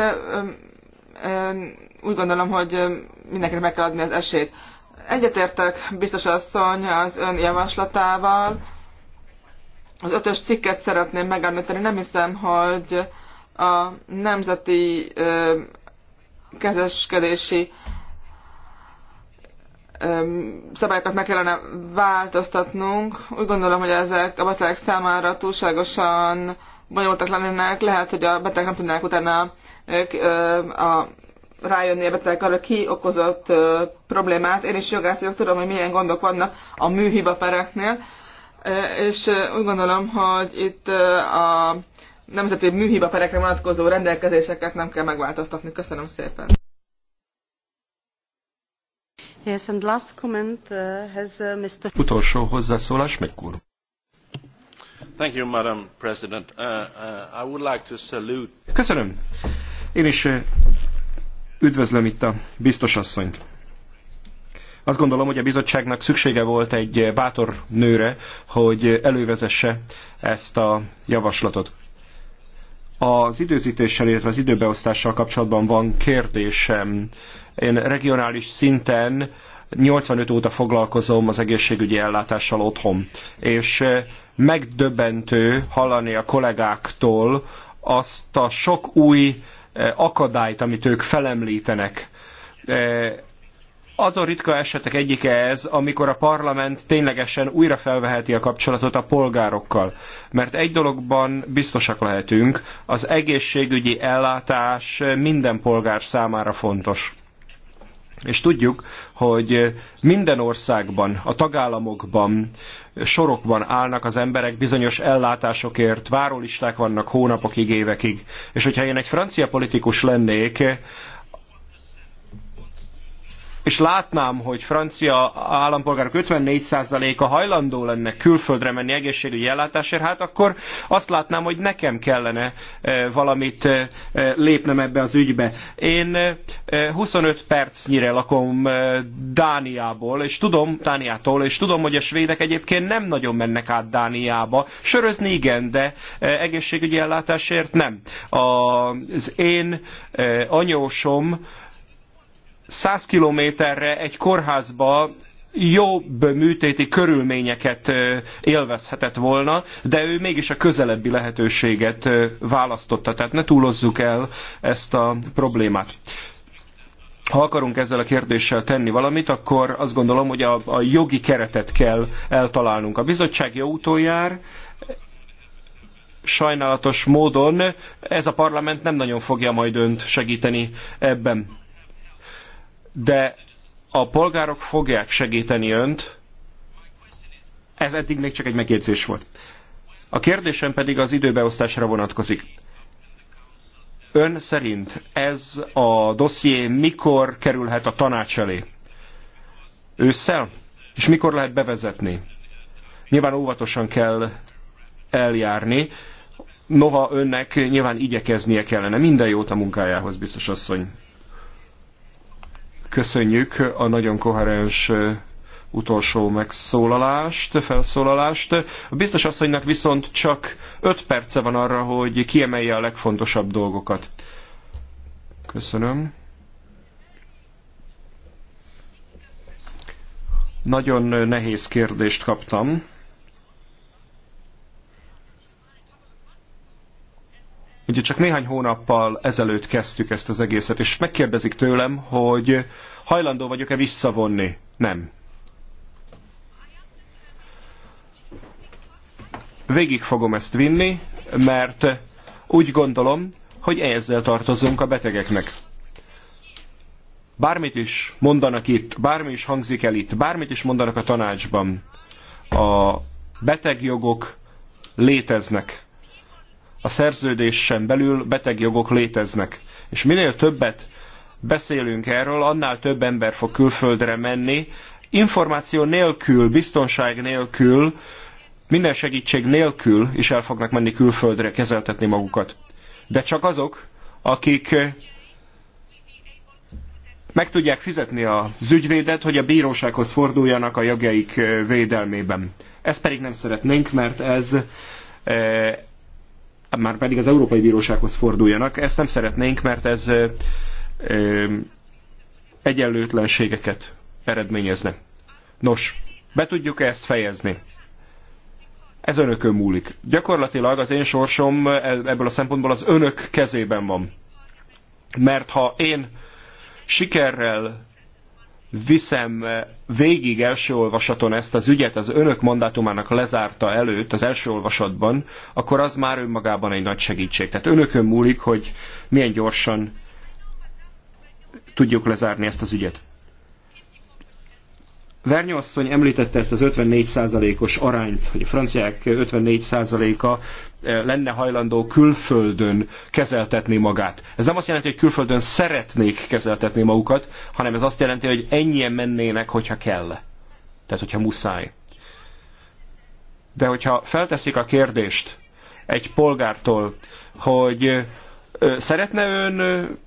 úgy gondolom, hogy mindenkinek meg kell adni az esélyt. Egyetértek biztos asszony az ön javaslatával. Az ötös cikket szeretném megemlíteni. Nem hiszem, hogy a nemzeti ö, kezeskedési ö, szabályokat meg kellene változtatnunk. Úgy gondolom, hogy ezek a betegek számára túlságosan bonyolultak lennének. Lehet, hogy a betegek nem tudnák utána ö, a, rájönni a beteg arra, ki okozott ö, problémát. Én is jogász vagyok, tudom, hogy milyen gondok vannak a műhiba pereknél. És úgy gondolom, hogy itt a nemzeti műhiba perekre vonatkozó rendelkezéseket nem kell megváltoztatni. Köszönöm szépen.
Yes, and last comment uh, has uh, Mr.
Utolsó hozzászólás, Mekkor. Thank you, Madam President. Uh, uh, I would like to salute... Köszönöm. Én is uh, üdvözlöm itt a biztos asszonyt. Azt gondolom, hogy a bizottságnak szüksége volt egy uh, bátor nőre, hogy uh, elővezesse ezt a javaslatot. Az időzítéssel, illetve az időbeosztással kapcsolatban van kérdésem. Én regionális szinten 85 óta foglalkozom az egészségügyi ellátással otthon, és megdöbbentő hallani a kollégáktól azt a sok új eh, akadályt, amit ők felemlítenek eh, azon ritka esetek egyike ez, amikor a parlament ténylegesen újra felveheti a kapcsolatot a polgárokkal. Mert egy dologban biztosak lehetünk, az egészségügyi ellátás minden polgár számára fontos. És tudjuk, hogy minden országban, a tagállamokban sorokban állnak az emberek bizonyos ellátásokért, várólisták vannak hónapokig, évekig. És hogyha én egy francia politikus lennék, és látnám, hogy francia állampolgárok 54%-a hajlandó lenne külföldre menni egészségügyi ellátásért, hát akkor azt látnám, hogy nekem kellene e, valamit e, e, lépnem ebbe az ügybe. Én 25 percnyire lakom Dániából, és tudom, Dániától, és tudom, hogy a svédek egyébként nem nagyon mennek át Dániába. Sörözni igen, de egészségügyi ellátásért nem. Az én anyósom 100 kilométerre egy kórházba jobb műtéti körülményeket élvezhetett volna, de ő mégis a közelebbi lehetőséget választotta. Tehát ne túlozzuk el ezt a problémát ha akarunk ezzel a kérdéssel tenni valamit, akkor azt gondolom, hogy a, a jogi keretet kell eltalálnunk. A bizottság jó utoljár, sajnálatos módon ez a parlament nem nagyon fogja majd önt segíteni ebben de a polgárok fogják segíteni önt. Ez eddig még csak egy megjegyzés volt. A kérdésem pedig az időbeosztásra vonatkozik. Ön szerint ez a dosszié mikor kerülhet a tanács elé? Ősszel? És mikor lehet bevezetni? Nyilván óvatosan kell eljárni. Noha önnek nyilván igyekeznie kellene. Minden jót a munkájához, biztos asszony. Köszönjük a nagyon koherens utolsó megszólalást, felszólalást. A biztos asszonynak viszont csak 5 perce van arra, hogy kiemelje a legfontosabb dolgokat. Köszönöm. Nagyon nehéz kérdést kaptam. Ugye csak néhány hónappal ezelőtt kezdtük ezt az egészet, és megkérdezik tőlem, hogy hajlandó vagyok-e visszavonni. Nem. Végig fogom ezt vinni, mert úgy gondolom, hogy ezzel tartozunk a betegeknek. Bármit is mondanak itt, bármi is hangzik el itt, bármit is mondanak a tanácsban, a betegjogok léteznek a szerződésen belül betegjogok léteznek. És minél többet beszélünk erről, annál több ember fog külföldre menni, információ nélkül, biztonság nélkül, minden segítség nélkül is el fognak menni külföldre kezeltetni magukat. De csak azok, akik meg tudják fizetni az ügyvédet, hogy a bírósághoz forduljanak a jogjaik védelmében. Ezt pedig nem szeretnénk, mert ez eh, már pedig az Európai Bírósághoz forduljanak. Ezt nem szeretnénk, mert ez egyenlőtlenségeket eredményezne. Nos, be tudjuk -e ezt fejezni? Ez önökön múlik. Gyakorlatilag az én sorsom e-, ebből a szempontból az önök kezében van. Mert ha én sikerrel viszem eh, végig első olvasaton ezt az ügyet az önök mandátumának lezárta előtt, az első olvasatban, akkor az már önmagában egy nagy segítség. Tehát önökön múlik, hogy milyen gyorsan tudjuk lezárni ezt az ügyet asszony említette ezt az 54%-os arányt, hogy a franciák 54%-a eh, lenne hajlandó külföldön kezeltetni magát. Ez nem azt jelenti, hogy külföldön szeretnék kezeltetni magukat, hanem ez azt jelenti, hogy ennyien mennének, hogyha kell. Tehát, hogyha muszáj. De hogyha felteszik a kérdést egy polgártól, hogy eh, eh, szeretne ön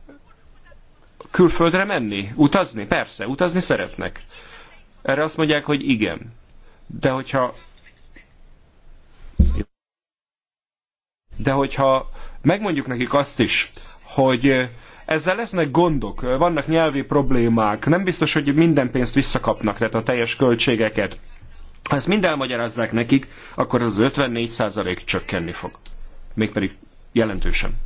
külföldre menni? Utazni? Persze, utazni szeretnek erre azt mondják, hogy igen. De hogyha de hogyha megmondjuk nekik azt is, hogy eh, ezzel lesznek gondok, eh, vannak nyelvi problémák, nem biztos, hogy minden pénzt visszakapnak, tehát a teljes költségeket. Ha ezt mind elmagyarázzák nekik, akkor az 54% csökkenni fog. Mégpedig jelentősen.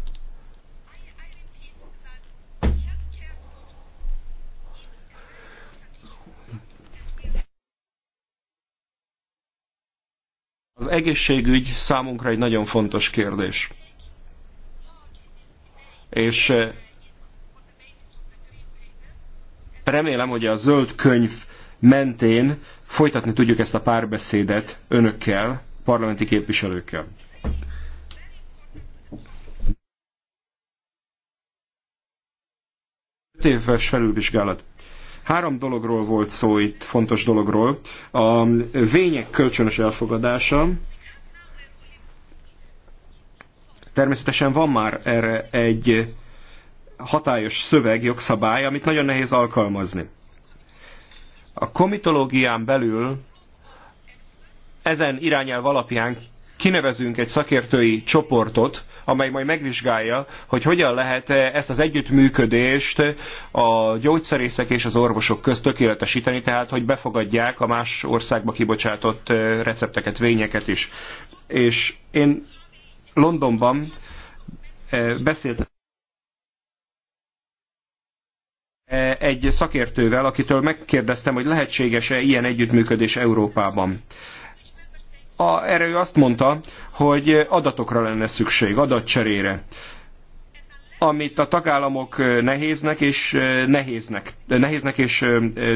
Az egészségügy számunkra egy nagyon fontos kérdés. És eh, remélem, hogy a zöld könyv mentén folytatni tudjuk ezt a párbeszédet önökkel, parlamenti képviselőkkel. Öt éves felülvizsgálat. Három dologról volt szó itt, fontos dologról. A vények kölcsönös elfogadása, Természetesen van már erre egy hatályos szöveg, jogszabály, amit nagyon nehéz alkalmazni. A komitológián belül ezen irányelv alapján kinevezünk egy szakértői csoportot, amely majd megvizsgálja, hogy hogyan lehet ezt az együttműködést a gyógyszerészek és az orvosok közt tökéletesíteni, tehát hogy befogadják a más országba kibocsátott recepteket, vényeket is. És én Londonban beszéltem egy szakértővel, akitől megkérdeztem, hogy lehetséges-e ilyen együttműködés Európában a, erre ő azt mondta, hogy adatokra lenne szükség, adatcserére amit a tagállamok nehéznek és nehéznek, nehéznek és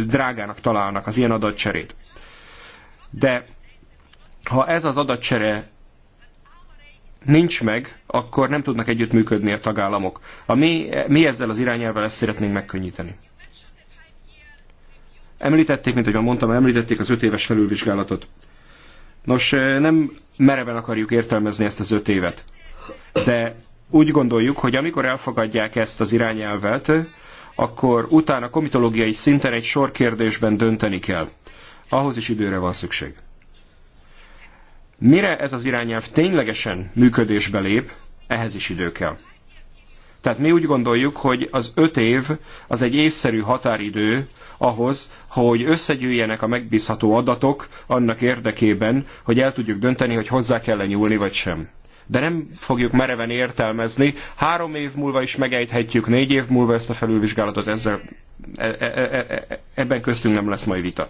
drágának találnak az ilyen adatcserét. De ha ez az adatcsere nincs meg, akkor nem tudnak együttműködni a tagállamok. A mi, mi ezzel az irányelvel ezt szeretnénk megkönnyíteni. Említették, mint ahogy mondtam, említették az öt éves felülvizsgálatot. Nos, nem mereven akarjuk értelmezni ezt az öt évet, de úgy gondoljuk, hogy amikor elfogadják ezt az irányelvet, akkor utána komitológiai szinten egy sor kérdésben dönteni kell. Ahhoz is időre van szükség. Mire ez az irányelv ténylegesen működésbe lép, ehhez is idő kell. Tehát mi úgy gondoljuk, hogy az öt év az egy észszerű határidő ahhoz, hogy összegyűjjenek a megbízható adatok annak érdekében, hogy el tudjuk dönteni, hogy hozzá kell -e nyúlni vagy sem de nem fogjuk mereven értelmezni. Három év múlva is megejthetjük, négy év múlva ezt a felülvizsgálatot, ezzel, e e, e, e, e, ebben köztünk nem lesz majd vita.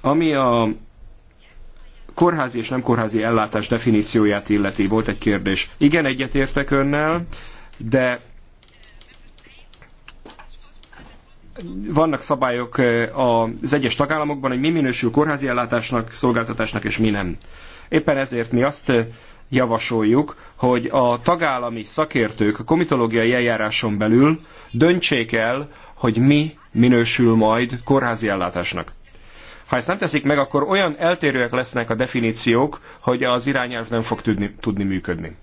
Ami a kórházi és nem kórházi ellátás definícióját illeti, volt egy kérdés. Igen, egyetértek önnel, de vannak szabályok az egyes tagállamokban, hogy mi minősül kórházi ellátásnak, szolgáltatásnak és mi nem. Éppen ezért mi azt javasoljuk, hogy a tagállami szakértők a komitológiai eljáráson belül döntsék el, hogy mi minősül majd kórházi ellátásnak. Ha ezt nem teszik meg, akkor olyan eltérőek lesznek a definíciók, hogy az irányelv nem fog tudni, tudni működni.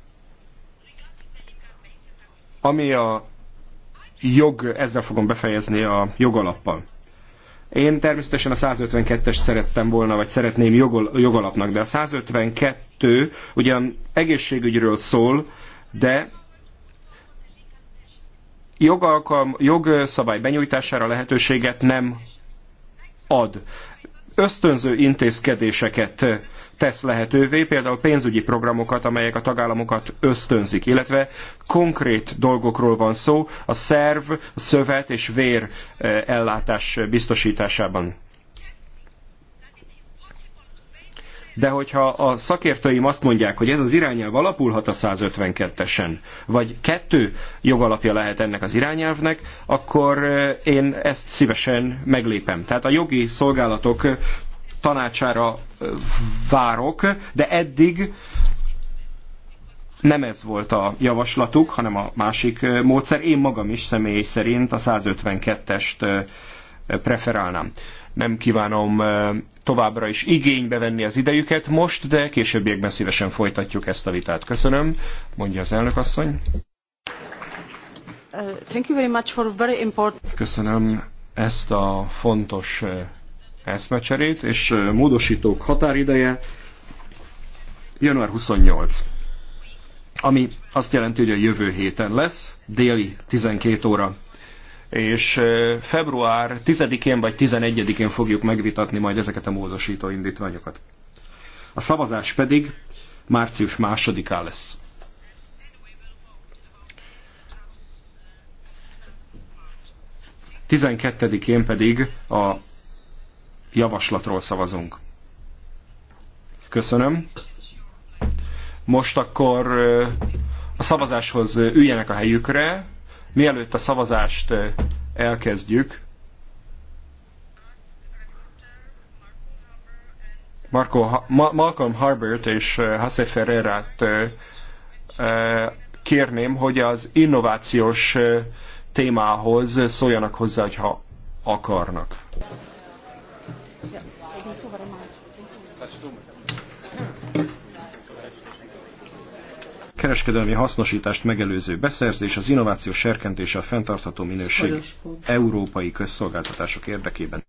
Ami a jog, ezzel fogom befejezni a jogalappal. Én természetesen a 152-es szerettem volna, vagy szeretném jogol, jogalapnak, de a 152 ugyan egészségügyről szól, de jogalkalm, jogszabály benyújtására lehetőséget nem ad. Ösztönző intézkedéseket tesz lehetővé, például pénzügyi programokat, amelyek a tagállamokat ösztönzik, illetve konkrét dolgokról van szó a szerv, a szövet és vér eh, ellátás biztosításában. de hogyha a szakértőim azt mondják, hogy ez az irányelv alapulhat a 152-esen, vagy kettő jogalapja lehet ennek az irányelvnek, akkor eh, én ezt szívesen meglépem. Tehát a jogi szolgálatok tanácsára várok, de eddig nem ez volt a javaslatuk, hanem a másik módszer. Én magam is személy szerint a 152-est preferálnám. Nem kívánom továbbra is igénybe venni az idejüket most, de későbbiekben szívesen folytatjuk ezt a vitát. Köszönöm, mondja az elnök asszony.
Uh,
Köszönöm ezt a fontos eszmecserét, és módosítók határideje január 28. Ami azt jelenti, hogy a jövő héten lesz, déli 12 óra. És február 10-én vagy 11-én fogjuk megvitatni majd ezeket a módosító indítványokat. A szavazás pedig március 2-án lesz. Tizenkettedikén pedig a javaslatról szavazunk. Köszönöm. Most akkor a szavazáshoz üljenek a helyükre. Mielőtt a szavazást elkezdjük, Marco, Ma, Malcolm Harbert és Hase Ferrerát kérném, hogy az innovációs témához szóljanak hozzá, ha akarnak. Kereskedelmi hasznosítást megelőző beszerzés, az innováció serkentése a fenntartható minőség európai közszolgáltatások érdekében.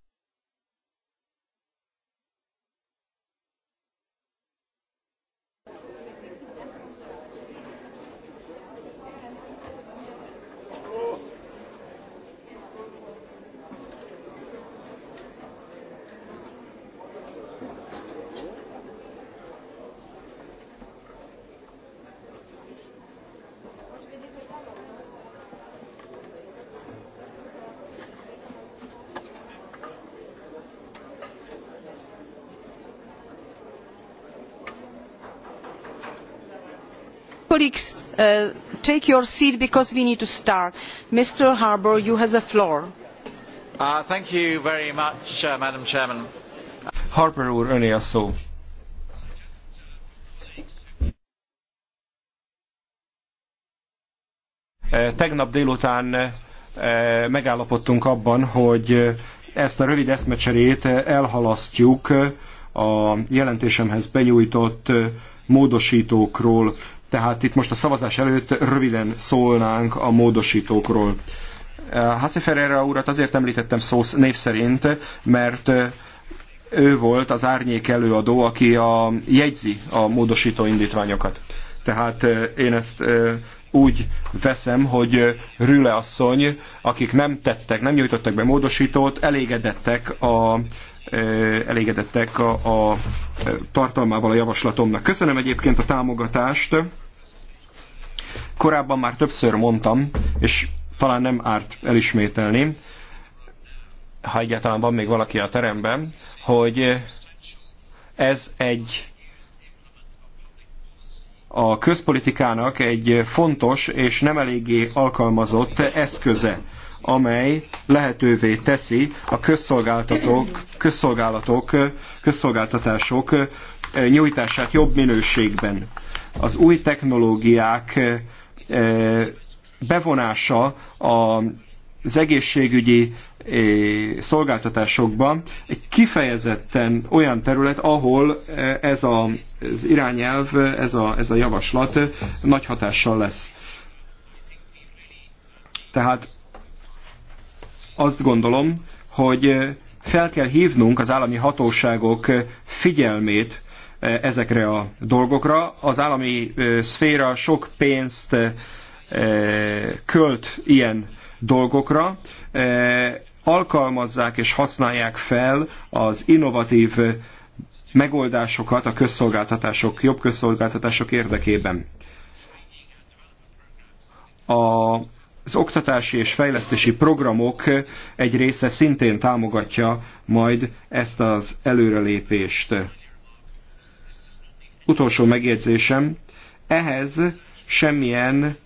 colleagues uh, take your seat because we need to start. mr harbour you have the floor.
Uh, thank you very much uh, madam president. úr Tegnap délután megállapodtunk abban, hogy ezt a rövid eszmecserét elhalasztjuk a jelentésemhez benyújtott módosítókról. Tehát itt most a szavazás előtt röviden szólnánk a módosítókról. Eh, Hassi Ferreira urat azért említettem szó név szerint, mert eh, ő volt az árnyék előadó, aki a, jegyzi a módosító indítványokat. Tehát eh, én ezt úgy veszem, hogy Rüle asszony, akik nem tettek, nem nyújtottak be módosítót, elégedettek a elégedettek a, a tartalmával a javaslatomnak. Köszönöm egyébként a támogatást. Korábban már többször mondtam, és talán nem árt elismételni, ha egyáltalán van még valaki a teremben, hogy ez egy a közpolitikának egy fontos és nem eléggé alkalmazott eszköze, amely lehetővé teszi a közszolgáltatók, közszolgálatok, közszolgáltatások nyújtását jobb minőségben. Az új technológiák eh, bevonása az egészségügyi Eh, szolgáltatásokban egy kifejezetten olyan terület, ahol eh, ez a, az irányelv, ez a, ez a javaslat eh, nagy hatással lesz. Tehát azt gondolom, hogy fel kell hívnunk az állami hatóságok figyelmét ezekre a dolgokra. Az állami szféra sok pénzt költ ilyen dolgokra, alkalmazzák és használják fel az innovatív megoldásokat a közszolgáltatások, jobb közszolgáltatások érdekében. A, az oktatási és fejlesztési programok egy része szintén támogatja majd ezt az előrelépést. Utolsó megjegyzésem, ehhez semmilyen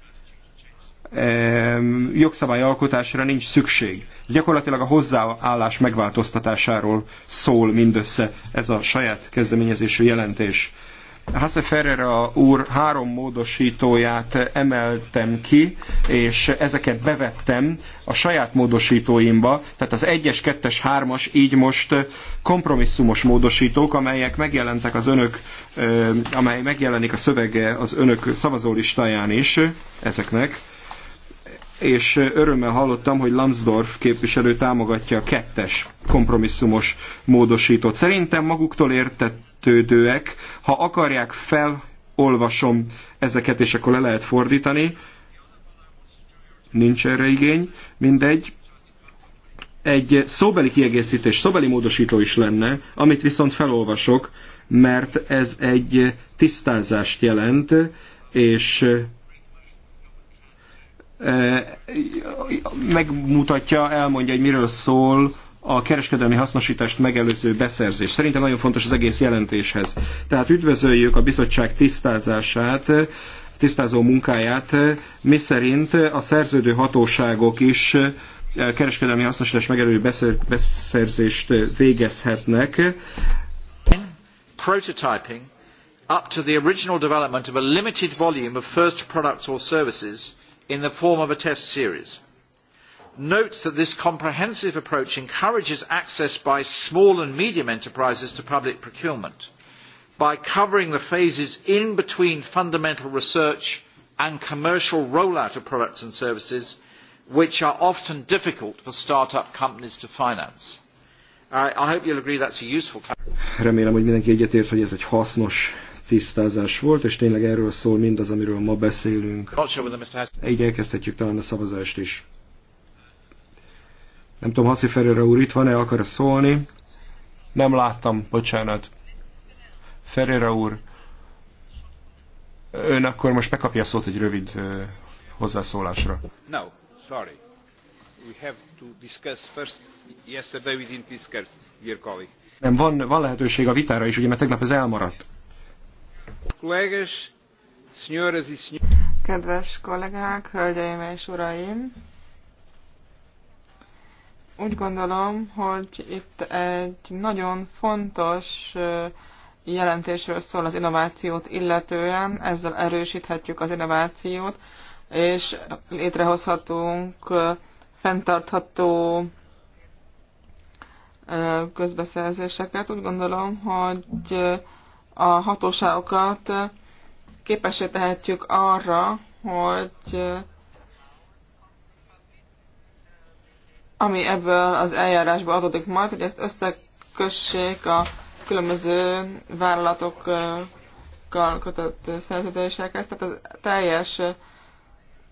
jogszabályalkotásra nincs szükség. Ez gyakorlatilag a hozzáállás megváltoztatásáról szól mindössze ez a saját kezdeményezésű jelentés. Hasse Ferreira úr három módosítóját emeltem ki, és ezeket bevettem a saját módosítóimba, tehát az 1-es, 2-es, 3-as, így most kompromisszumos módosítók, amelyek megjelentek az önök, amely megjelenik a szövege az önök szavazólistáján is ezeknek és örömmel hallottam, hogy Lambsdorff képviselő támogatja a kettes kompromisszumos módosítót. Szerintem maguktól értetődőek, ha akarják felolvasom ezeket, és akkor le lehet fordítani. Nincs erre igény, mindegy. Egy szóbeli kiegészítés, szóbeli módosító is lenne, amit viszont felolvasok, mert ez egy tisztázást jelent, és megmutatja, elmondja, hogy miről szól a kereskedelmi hasznosítást megelőző beszerzés. Szerintem nagyon fontos az egész jelentéshez. Tehát üdvözöljük a bizottság tisztázását, tisztázó munkáját, miszerint a szerződő hatóságok is kereskedelmi hasznosítás megelőző beszerzést végezhetnek. Prototyping up to the original development of a limited volume of first products or services in the form of a test series Note that this comprehensive approach encourages access by small and medium enterprises to public procurement by covering the phases in between fundamental research and commercial rollout of products and services, which are often difficult for start-up companies to finance. I, I hope you'll agree that's a useful... Remélem, hogy mindenki egyetért, hogy ez egy hasznos tisztázás volt, és tényleg erről szól mindaz, amiről ma beszélünk. Így elkezdhetjük talán a szavazást is. Nem tudom, Haszi Ferreira úr itt van-e, akar -e szólni? Nem láttam, bocsánat. Ferreira úr, ön akkor most megkapja a szót egy rövid uh, hozzászólásra. No, sorry. We have to discuss first. Yesterday within this dear colleague. Nem, van, van lehetőség a vitára is, ugye, mert tegnap ez elmaradt senhoras e senhores. Kedves
kollégák, hölgyeim és uraim! Úgy gondolom, hogy itt egy nagyon fontos jelentésről szól az innovációt illetően, ezzel erősíthetjük az innovációt, és létrehozhatunk fenntartható közbeszerzéseket. Úgy gondolom, hogy a hatóságokat képessé tehetjük arra, hogy ami ebből az eljárásból adódik majd, hogy ezt összekössék a különböző vállalatokkal kötött szerződésekhez. Tehát a teljes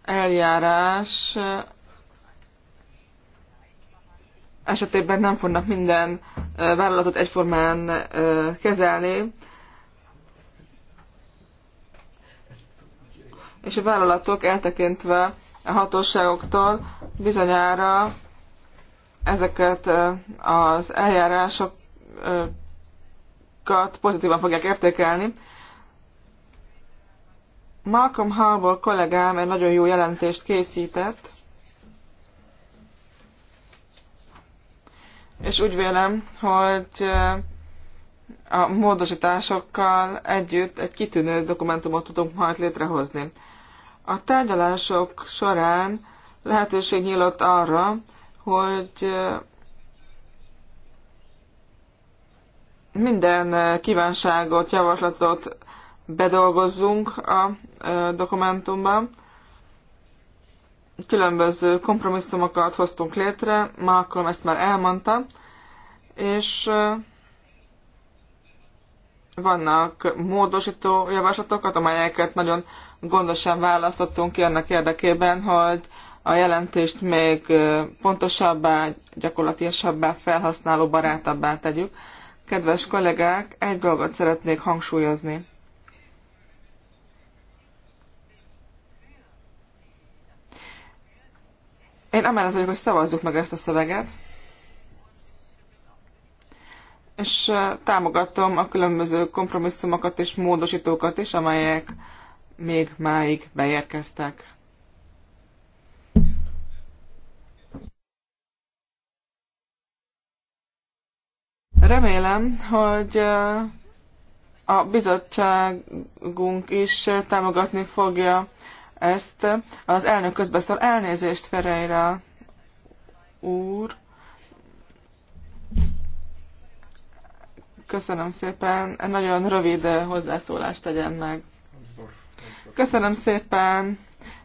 eljárás esetében nem fognak minden vállalatot egyformán kezelni, és a vállalatok eltekintve a hatóságoktól bizonyára ezeket az eljárásokat pozitívan fogják értékelni. Malcolm Harbour kollégám egy nagyon jó jelentést készített, és úgy vélem, hogy a módosításokkal együtt egy kitűnő dokumentumot tudunk majd létrehozni. A tárgyalások során lehetőség nyílott arra, hogy minden kívánságot, javaslatot bedolgozzunk a dokumentumban. Különböző kompromisszumokat hoztunk létre, akkor ezt már elmondta, és vannak módosító javaslatokat, amelyeket nagyon gondosan választottunk ki annak érdekében, hogy a jelentést még pontosabbá, gyakorlatilasabbá, felhasználó barátabbá tegyük. Kedves kollégák, egy dolgot szeretnék hangsúlyozni. Én amellett vagyok, hogy szavazzuk meg ezt a szöveget, és támogatom a különböző kompromisszumokat és módosítókat is, amelyek még máig beérkeztek. Remélem, hogy uh, a bizottságunk is támogatni fogja ezt. Az elnök közbeszól elnézést Ferreira úr. Köszönöm szépen. Nagyon rövid hozzászólást tegyen meg. Köszönöm szépen,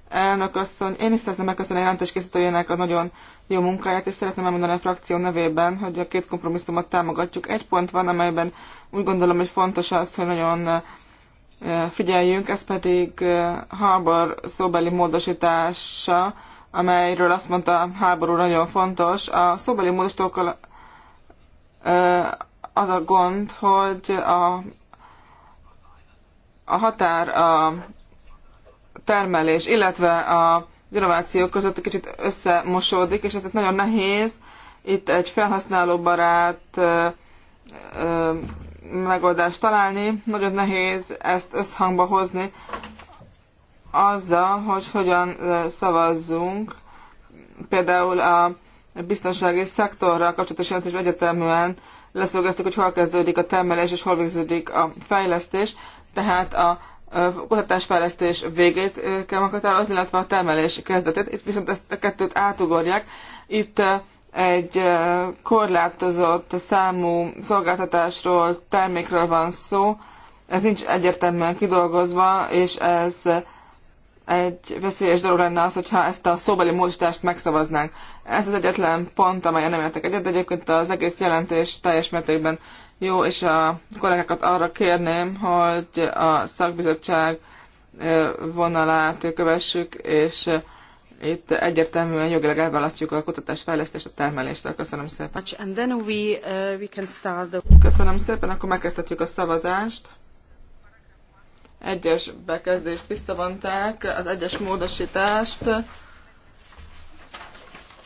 elnök asszony. Én is szeretném megköszönni a jelentéskészítőjének a nagyon jó munkáját, és szeretném elmondani a frakció nevében, hogy a két kompromisszumot támogatjuk. Egy pont van, amelyben úgy gondolom, hogy fontos az, hogy nagyon eh, figyeljünk, ez pedig eh, Harbor szóbeli módosítása, amelyről azt mondta a háború nagyon fontos. A szóbeli módosítókkal eh, az a gond, hogy a a határ a termelés, illetve a az innovációk között kicsit összemosódik, és ezért nagyon nehéz itt egy felhasználóbarát megoldást találni, nagyon nehéz ezt összhangba hozni azzal, hogy hogyan szavazzunk. Például a biztonsági szektorral kapcsolatos jelentésben egyeteműen leszögeztük, hogy hol kezdődik a termelés és hol végződik a fejlesztés tehát a kutatásfejlesztés végét kell meghatározni, illetve a termelés kezdetét. Itt viszont ezt a kettőt átugorják. Itt egy korlátozott számú szolgáltatásról, termékről van szó. Ez nincs egyértelműen kidolgozva, és ez egy veszélyes dolog lenne az, hogyha ezt a szóbeli módosítást megszavaznánk. Ez az egyetlen pont, amelyen nem értek egyet, de egyébként az egész jelentés teljes mértékben jó, és a kollégákat arra kérném, hogy a szakbizottság vonalát kövessük, és itt egyértelműen jogileg elválasztjuk a kutatás fejlesztést a termeléstől. Köszönöm szépen. And then we, uh, we can start the... Köszönöm szépen, akkor megkezdhetjük a szavazást. Egyes bekezdést visszavonták, az egyes módosítást,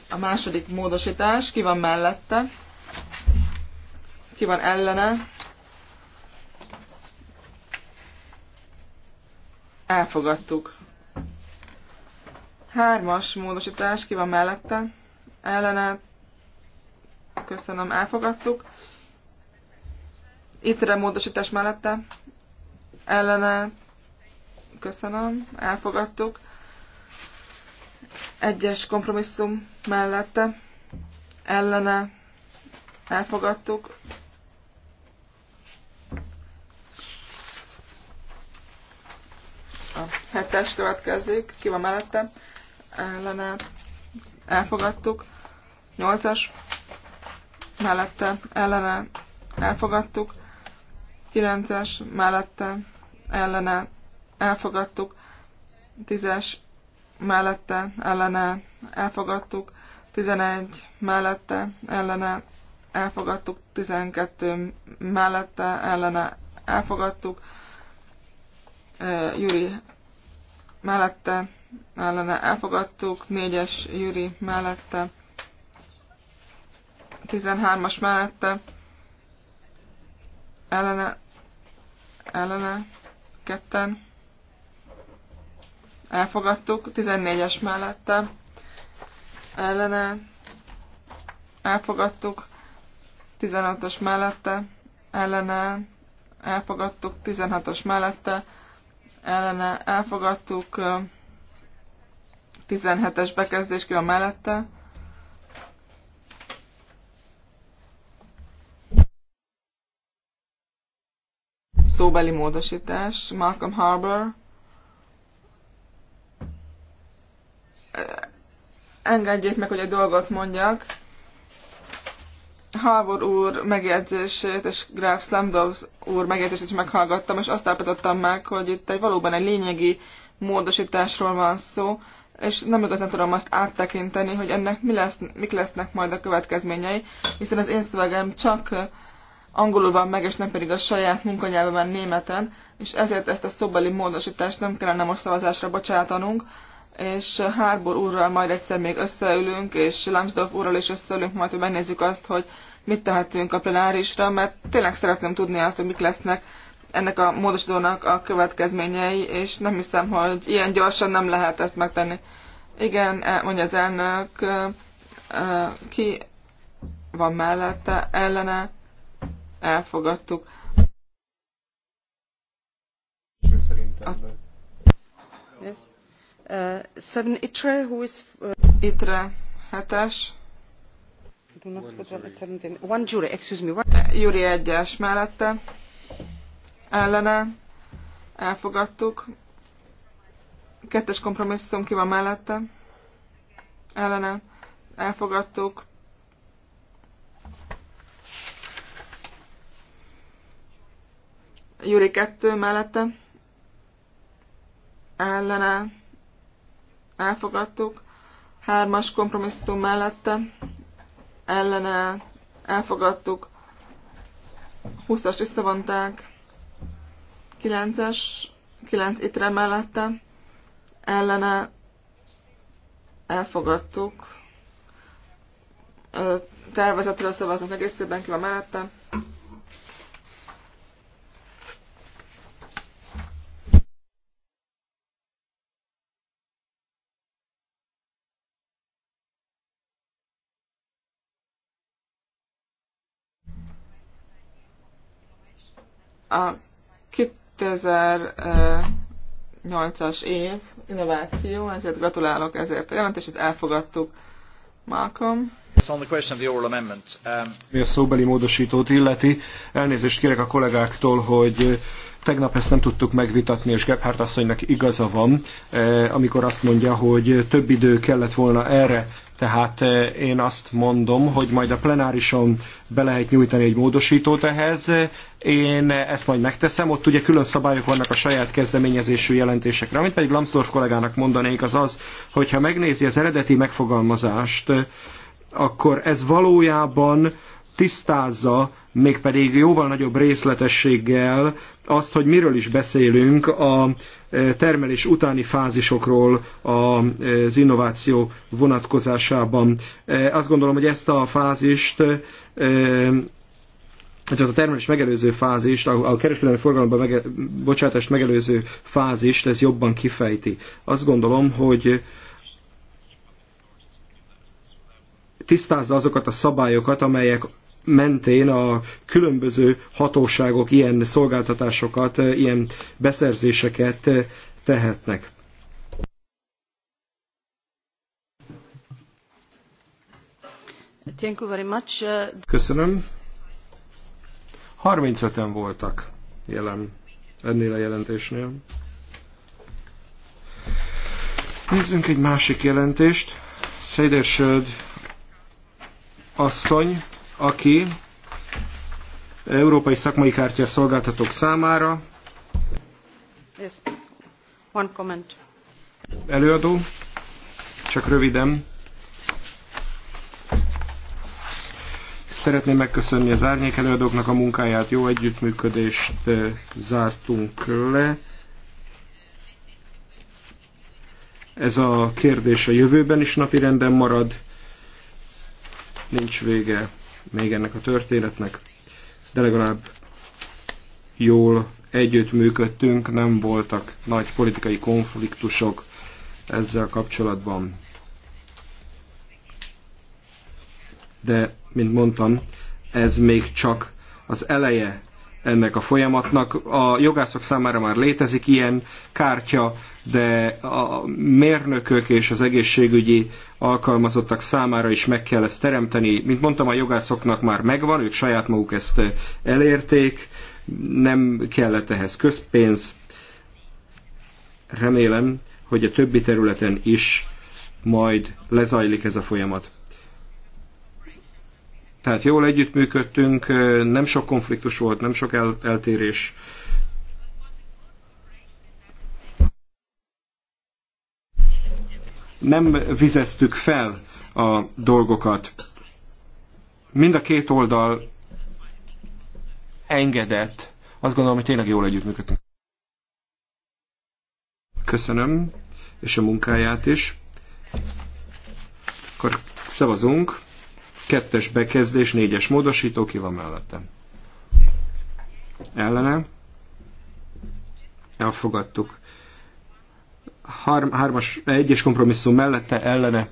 a második módosítás, ki van mellette? ki van ellene. Elfogadtuk. Hármas módosítás, ki van mellette? Ellene. Köszönöm, elfogadtuk. Ittre módosítás mellette. Ellene. Köszönöm, elfogadtuk. Egyes kompromisszum mellette. Ellene. Elfogadtuk. hetes következik, ki van mellette, ellene elfogadtuk, nyolcas mellette, ellene elfogadtuk, kilences mellette, ellene elfogadtuk, tízes mellette, ellene elfogadtuk, tizenegy mellette, ellene elfogadtuk, tizenkettő mellette, ellene elfogadtuk, Júri mellette ellene elfogadtuk, 4-es Jüri mellette, 13-as mellette, ellene, ellene, ketten, elfogadtuk, 14-es mellette, ellene, elfogadtuk, 15 os mellette, ellene, elfogadtuk, 16-os mellette, ellene elfogadtuk, 17-es bekezdés ki a mellette. Szóbeli módosítás, Malcolm Harbour. Engedjék meg, hogy egy dolgot mondjak. Harvard úr megjegyzését és Graf Slamdovs úr megjegyzését is meghallgattam, és azt állapítottam meg, hogy itt egy valóban egy lényegi módosításról van szó, és nem igazán tudom azt áttekinteni, hogy ennek mi lesz, mik lesznek majd a következményei, hiszen az én szövegem csak angolul van meg, és nem pedig a saját munkanyelvemen németen, és ezért ezt a szobeli módosítást nem kellene most szavazásra bocsátanunk, és Harbor úrral majd egyszer még összeülünk, és Lambsdorff úrral is összeülünk, majd hogy megnézzük azt, hogy mit tehetünk a plenárisra, mert tényleg szeretném tudni azt, hogy mik lesznek ennek a módosítónak a következményei, és nem hiszem, hogy ilyen gyorsan nem lehet ezt megtenni. Igen, e, mondja az elnök, e, e, ki van mellette, ellene, elfogadtuk. Yes. Uh, seven itre, who is... Uh... Itre hetes do not put Robert 17. One jury, excuse me. Júri egyes mellette, ellene, elfogadtuk. Kettes kompromisszum ki van mellette, ellene, elfogadtuk. Júri kettő mellette, ellene, elfogadtuk hármas kompromisszum mellette ellene elfogadtuk, 20-as visszavonták, 9-es, 9 itre mellette ellene elfogadtuk, tervezetről szavaznak egészében, ki van mellette, A 2008-as év innováció, ezért gratulálok ezért a ezt elfogadtuk. Malcolm. Um,
Mi a szóbeli módosítót illeti, elnézést kérek a kollégáktól, hogy eh, tegnap ezt nem tudtuk megvitatni, és Gebhardt asszonynak igaza van, eh, amikor azt mondja, hogy több idő kellett volna erre. Tehát eh, én azt mondom, hogy majd a plenárison be lehet nyújtani egy módosítót ehhez. Én ezt majd megteszem. Ott ugye külön szabályok vannak a saját kezdeményezésű jelentésekre. Amit pedig Lambsdorff kollégának mondanék, az az, hogyha megnézi az eredeti megfogalmazást, akkor ez valójában tisztázza, mégpedig jóval nagyobb részletességgel azt, hogy miről is beszélünk a termelés utáni fázisokról az innováció vonatkozásában. E, azt gondolom, hogy ezt a fázist e, tehát a termelés megelőző fázist, a kereskedelmi forgalomban mege, bocsátást megelőző fázist, ez jobban kifejti. Azt gondolom, hogy tisztázza azokat a szabályokat, amelyek mentén a különböző hatóságok ilyen szolgáltatásokat, ilyen beszerzéseket tehetnek.
Thank you very much.
Köszönöm. 35-en voltak jelen ennél a jelentésnél. Nézzünk egy másik jelentést. Szeidersöld asszony aki európai szakmai kártya szolgáltatók számára.
Yes. One comment.
Előadó, csak röviden. Szeretném megköszönni az árnyék előadóknak a munkáját, jó együttműködést eh, zártunk le. Ez a kérdés a jövőben is napirenden marad, nincs vége még ennek a történetnek, de legalább jól együtt működtünk, nem voltak nagy politikai konfliktusok ezzel kapcsolatban. De, mint mondtam, ez még csak az eleje ennek a folyamatnak. A jogászok számára már létezik ilyen kártya, de a mérnökök és az egészségügyi alkalmazottak számára is meg kell ezt teremteni. Mint mondtam, a jogászoknak már megvan, ők saját maguk ezt elérték, nem kellett ehhez közpénz. Remélem, hogy a többi területen is majd lezajlik ez a folyamat. Tehát jól együttműködtünk, nem sok konfliktus volt, nem sok el, eltérés. Nem vizeztük fel a dolgokat. Mind a két oldal engedett. Azt gondolom, hogy tényleg jól együttműködtünk. Köszönöm, és a munkáját is. Akkor szavazunk. Kettes bekezdés, négyes módosító, ki van mellette? Ellene. Elfogadtuk. Hár, hármas, egyes kompromisszum mellette, ellene.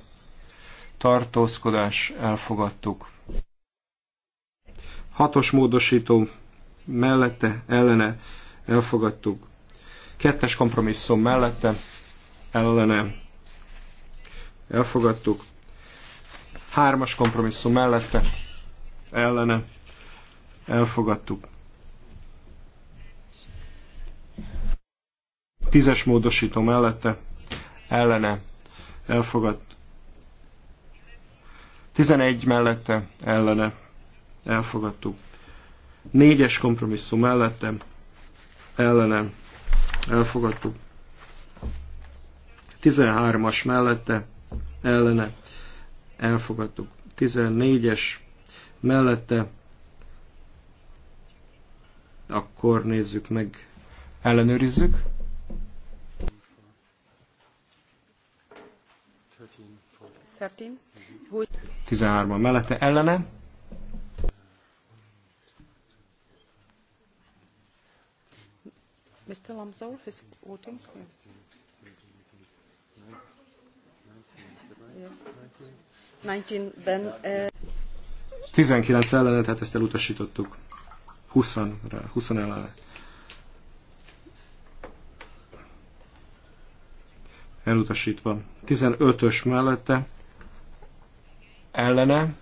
Tartózkodás, elfogadtuk. Hatos módosító mellette, ellene, elfogadtuk. Kettes kompromisszum mellette, ellene, elfogadtuk. Hármas kompromisszum mellette, ellene, elfogadtuk. Tízes módosító mellette, ellene, elfogadt. Tizenegy mellette, ellene, elfogadtuk. Négyes kompromisszum mellette, ellene, elfogadtuk. Tizenhármas mellette ellene elfogadtuk. 14-es mellette, akkor nézzük meg, ellenőrizzük. Tizenhárman mellette ellene. Mr. Lamsdorff is
voting. Yes.
19-ben... 19 ellene, tehát ezt elutasítottuk. 20, 20 ellenet. Elutasítva. 15-ös mellette ellene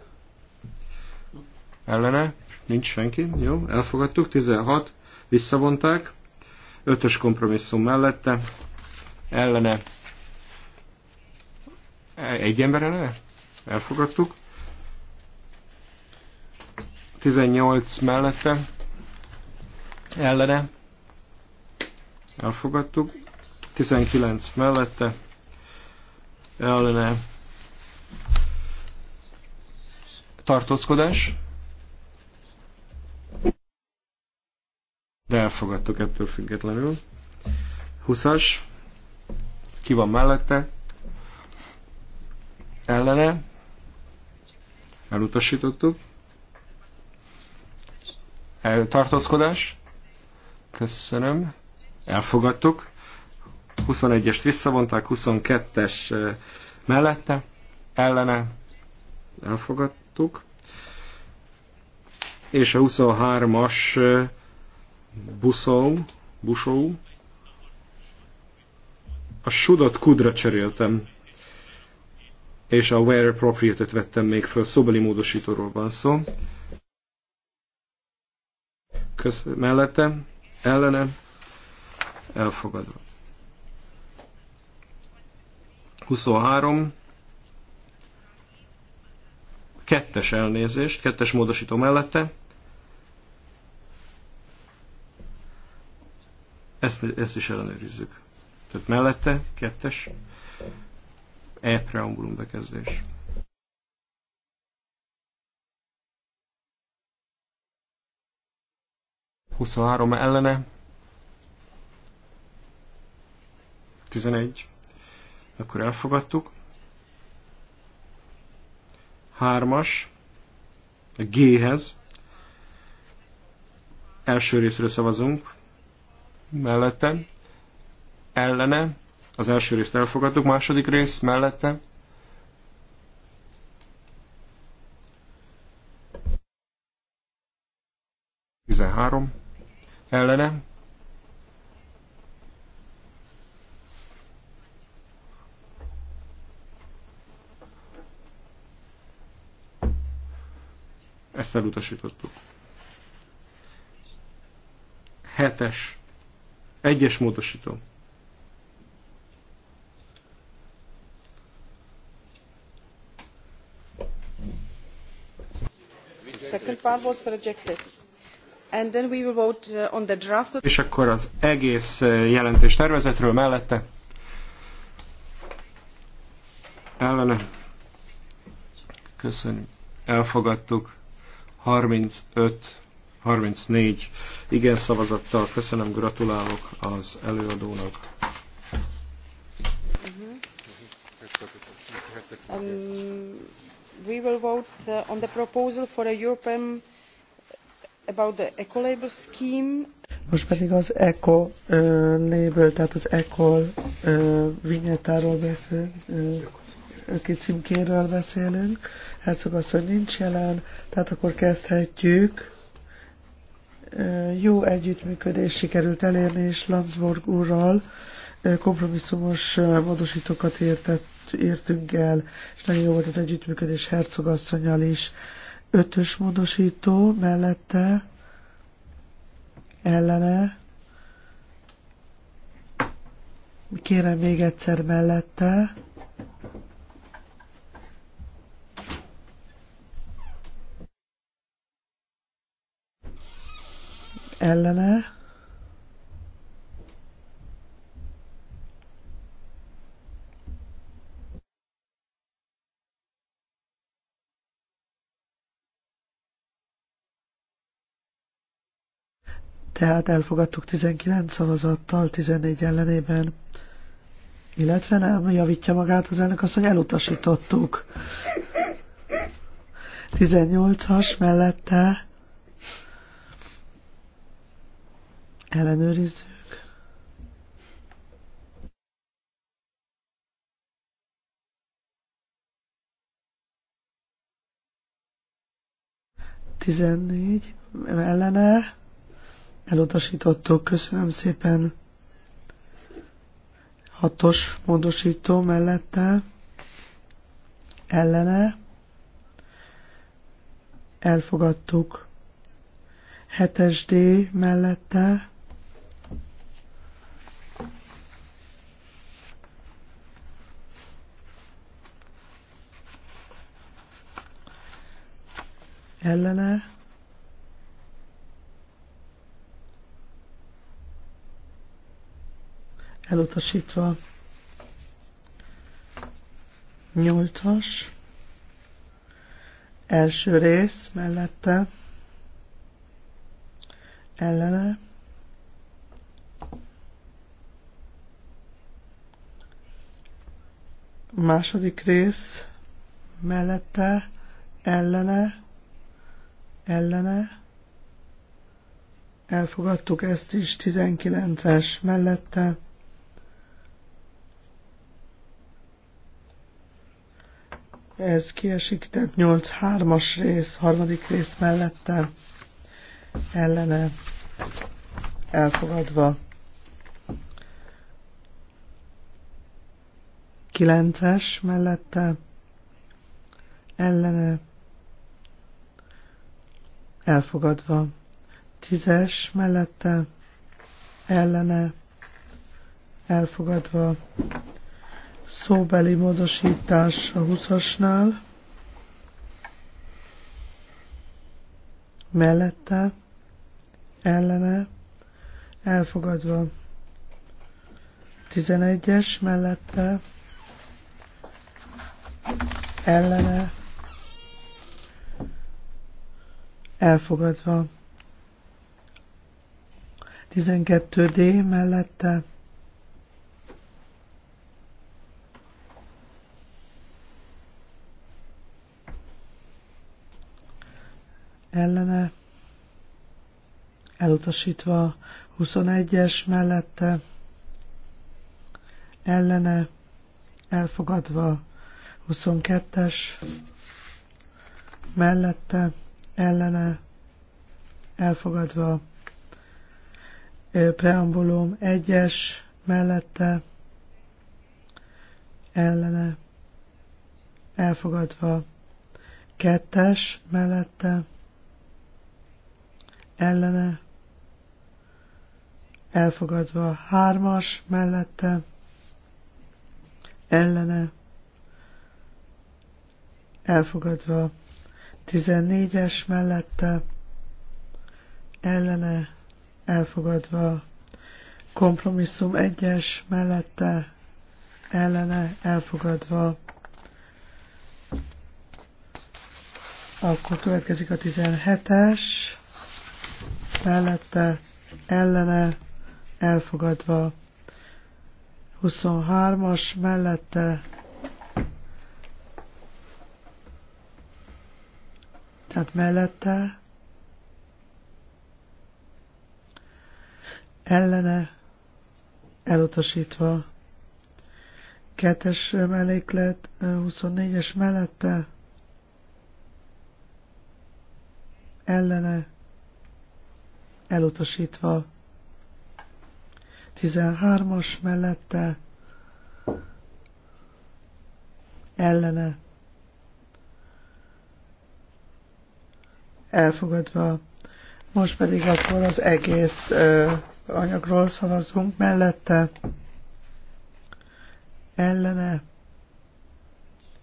ellene, nincs senki, jó, elfogadtuk, 16, visszavonták, 5-ös kompromisszum mellette, ellene, e, egy ember ellene? elfogadtuk. 18 mellette ellene elfogadtuk. 19 mellette ellene tartózkodás. De elfogadtuk ettől függetlenül. 20-as. Ki van mellette? Ellene elutasítottuk. Eltartózkodás. köszönöm, elfogadtuk. 21-est visszavonták, 22-es mellette, ellene elfogadtuk. És a 23-as buszó, busó, a sudat kudra cseréltem és a where appropriate-et vettem még föl, szóbeli módosítóról van szó. Kösz, mellette, ellene, elfogadva. 23. Kettes elnézést, kettes módosító mellette. Ezt, ezt is ellenőrizzük. Tehát mellette, kettes. E preambulum bekezdés. Huszonhárom ellene. 11. Akkor elfogadtuk. Hármas. A G-hez. Első részről szavazunk. Mellette. Ellene az első részt elfogadtuk, második rész mellette. Tizenhárom. Ellene. Ezt elutasítottuk. Hetes. Egyes módosító.
second part was rejected. And then we will vote uh, on the draft. És akkor az
egész uh, jelentés tervezetről mellette ellene. Köszönjük. Elfogadtuk. 35 34 igen szavazattal. Köszönöm, gratulálok az előadónak. Mhm.
Um, we will vote uh, on the proposal for a European
uh, about the eco-label scheme. Most pedig az eco uh, label, tehát az eco uh, vinyettáról beszélünk, uh, kicimkéről beszélünk. Herzog asszony nincs jelen, tehát akkor kezdhetjük. Uh, jó együttműködés sikerült elérni, és Landsborg úrral uh, kompromisszumos uh, módosítókat értett értünk el, és nagyon jó volt az együttműködés hercogasszonyal is. Ötös módosító mellette, ellene, kérem még egyszer mellette, ellene, tehát elfogadtuk 19 szavazattal, 14 ellenében. Illetve nem javítja magát az elnök, azt, hogy elutasítottuk. 18-as mellette ellenőrizzük. Tizennégy ellene elutasítottuk. Köszönöm szépen. Hatos módosító mellette ellene elfogadtuk. 7 D mellette ellene elutasítva. Nyolcas, első rész mellette, ellene, második rész mellette, ellene, ellene, elfogadtuk ezt is 19-es mellette, ez kiesik, tehát 8-3-as rész, harmadik rész mellette ellene elfogadva. 9-es mellette ellene elfogadva. 10-es mellette ellene elfogadva. Szóbeli módosítás a 20-asnál. Mellette, ellene, elfogadva. 11-es mellette, ellene, elfogadva. 12D mellette ellene elutasítva 21-es mellette ellene elfogadva 22-es mellette ellene elfogadva preambulum 1-es mellette ellene elfogadva 2-es mellette ellene, elfogadva hármas mellette, ellene, elfogadva tizennégyes mellette, ellene, elfogadva kompromisszum egyes mellette, ellene, elfogadva akkor következik a 17-es mellette, ellene, elfogadva. 23-as mellette, tehát mellette, ellene, elutasítva. Kettes melléklet, 24-es mellette, ellene, elutasítva. 13-as mellette ellene elfogadva. Most pedig akkor az egész ö, anyagról szavazunk mellette ellene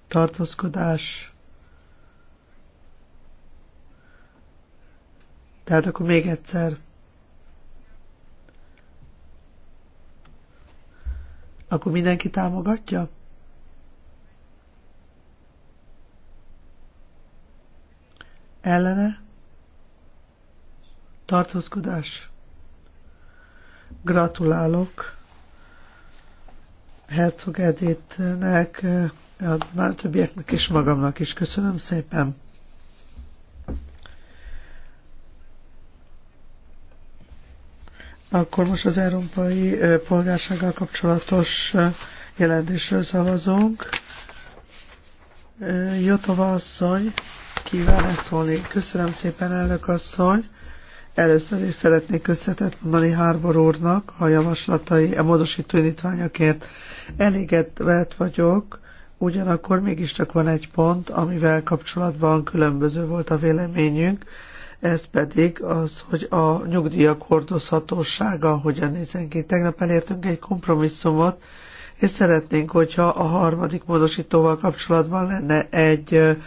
tartózkodás Tehát akkor még egyszer. Akkor mindenki támogatja? Ellene? Tartózkodás. Gratulálok Herzog Editnek, a többieknek és magamnak is. Köszönöm szépen. Akkor most az európai polgársággal kapcsolatos jelentésről szavazunk. Jotova asszony kíván szólni. Köszönöm szépen, elnök asszony. Először is szeretnék köszönetet mondani Hárbor úrnak a javaslatai, a módosító indítványokért. Elégedett vagyok, ugyanakkor mégiscsak van egy pont, amivel kapcsolatban különböző volt a véleményünk, ez pedig az, hogy a nyugdíjak hordozhatósága hogyan nézzen ki. Tegnap elértünk egy kompromisszumot, és szeretnénk, hogyha a harmadik módosítóval kapcsolatban lenne egy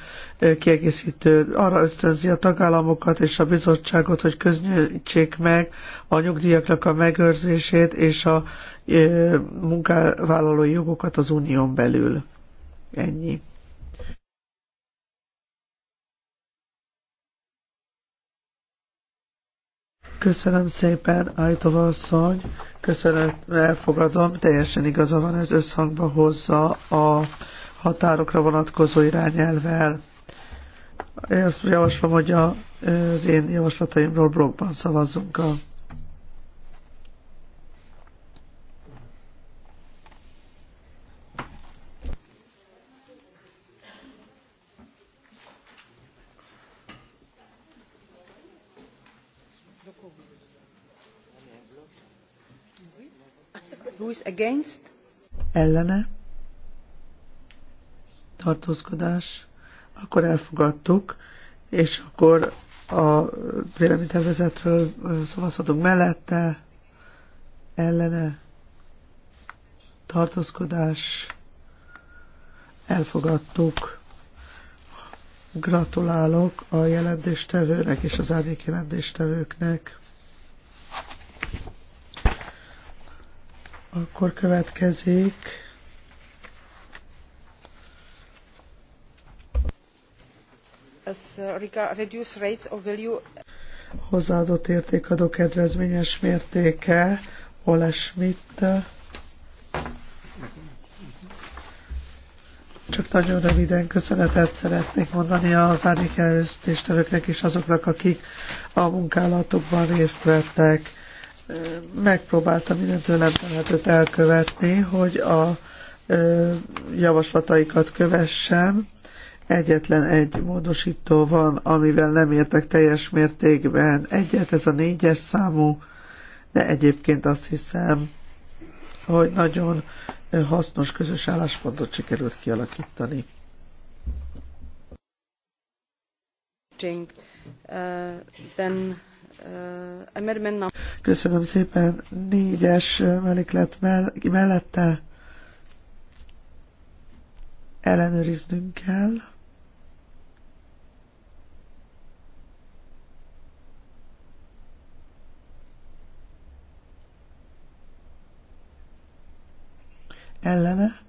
kiegészítő, arra ösztönzi a tagállamokat és a bizottságot, hogy köznyítsék meg a nyugdíjaknak a megőrzését és a munkavállalói jogokat az unión belül. Ennyi. Köszönöm szépen, Ajtova asszony. Köszönöm, elfogadom. Teljesen igaza van, ez összhangba hozza a határokra vonatkozó irányelvel. Én azt javaslom, hogy a, az én javaslataimról blogban szavazzunk a Ellene. Tartózkodás. Akkor elfogadtuk, és akkor a véleménytervezetről szavazhatunk mellette. Ellene. Tartózkodás. Elfogadtuk. Gratulálok a jelentéstevőnek és az árnyék jelentéstevőknek. Akkor következik.
As uh, reduce rates of
value. Hozzáadott értékadó kedvezményes mértéke, Ole Schmidt. Csak nagyon röviden köszönetet szeretnék mondani az árnyékelőztéstevőknek és azoknak, akik a munkálatokban részt vettek megpróbáltam minden nem lehetett elkövetni, hogy a javaslataikat kövessem. Egyetlen egy módosító van, amivel nem értek teljes mértékben egyet, ez a négyes számú, de egyébként azt hiszem, hogy nagyon hasznos közös álláspontot sikerült kialakítani. Uh, then Köszönöm szépen. Négyes meliklet mellette ellenőriznünk kell. Ellene.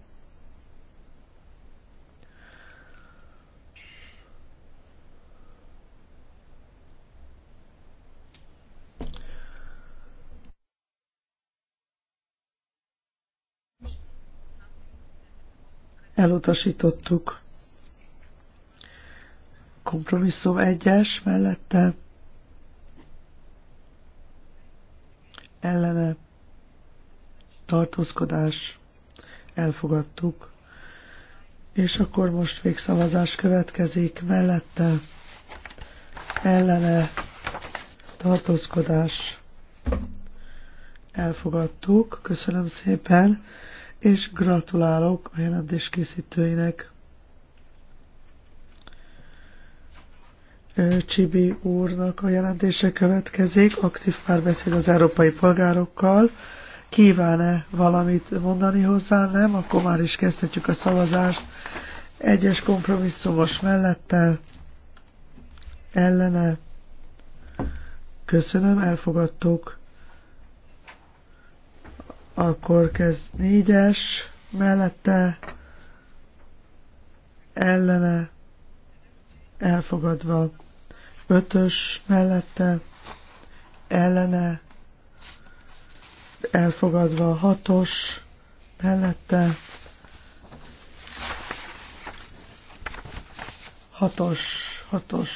elutasítottuk. Kompromisszum egyes mellette ellene tartózkodás elfogadtuk. És akkor most végszavazás következik mellette ellene tartózkodás elfogadtuk. Köszönöm szépen és gratulálok a jelentés készítőinek. Csibi úrnak a jelentése következik, aktív párbeszéd az európai polgárokkal. Kíván-e valamit mondani hozzá? Nem? Akkor már is kezdhetjük a szavazást. Egyes kompromisszumos mellette, ellene. Köszönöm, elfogadtuk. Akkor kezd négyes, mellette, ellene, elfogadva. Ötös mellette, ellene, elfogadva. Hatos mellette, hatos, hatos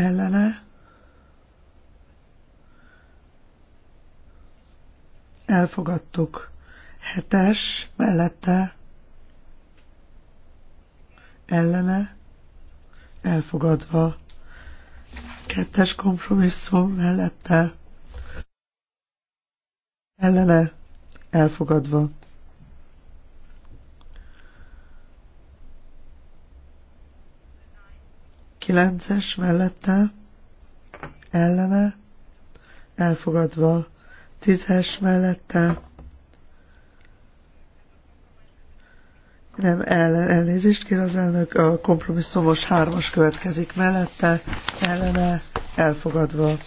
ellene elfogadtuk. Hetes mellette ellene elfogadva. Kettes kompromisszum mellette ellene elfogadva. 9-es mellette, ellene, elfogadva, 10-es mellette, nem el, elnézést kér az elnök, a kompromisszumos 3-as következik mellette, ellene, elfogadva,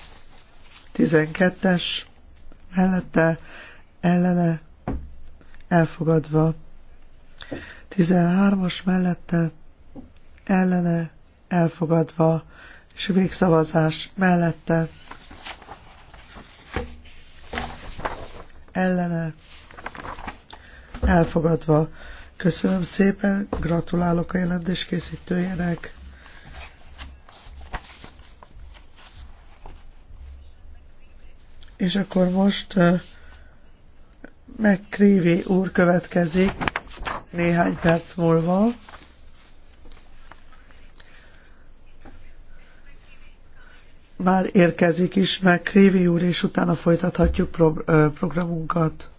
12-es mellette, ellene, elfogadva, 13-as mellette, ellene, elfogadva, és végszavazás mellette ellene elfogadva. Köszönöm szépen, gratulálok a jelentés készítőjének. És akkor most uh, McCreevy úr következik néhány perc múlva. már érkezik is meg Krévi úr, és utána folytathatjuk pro, programunkat.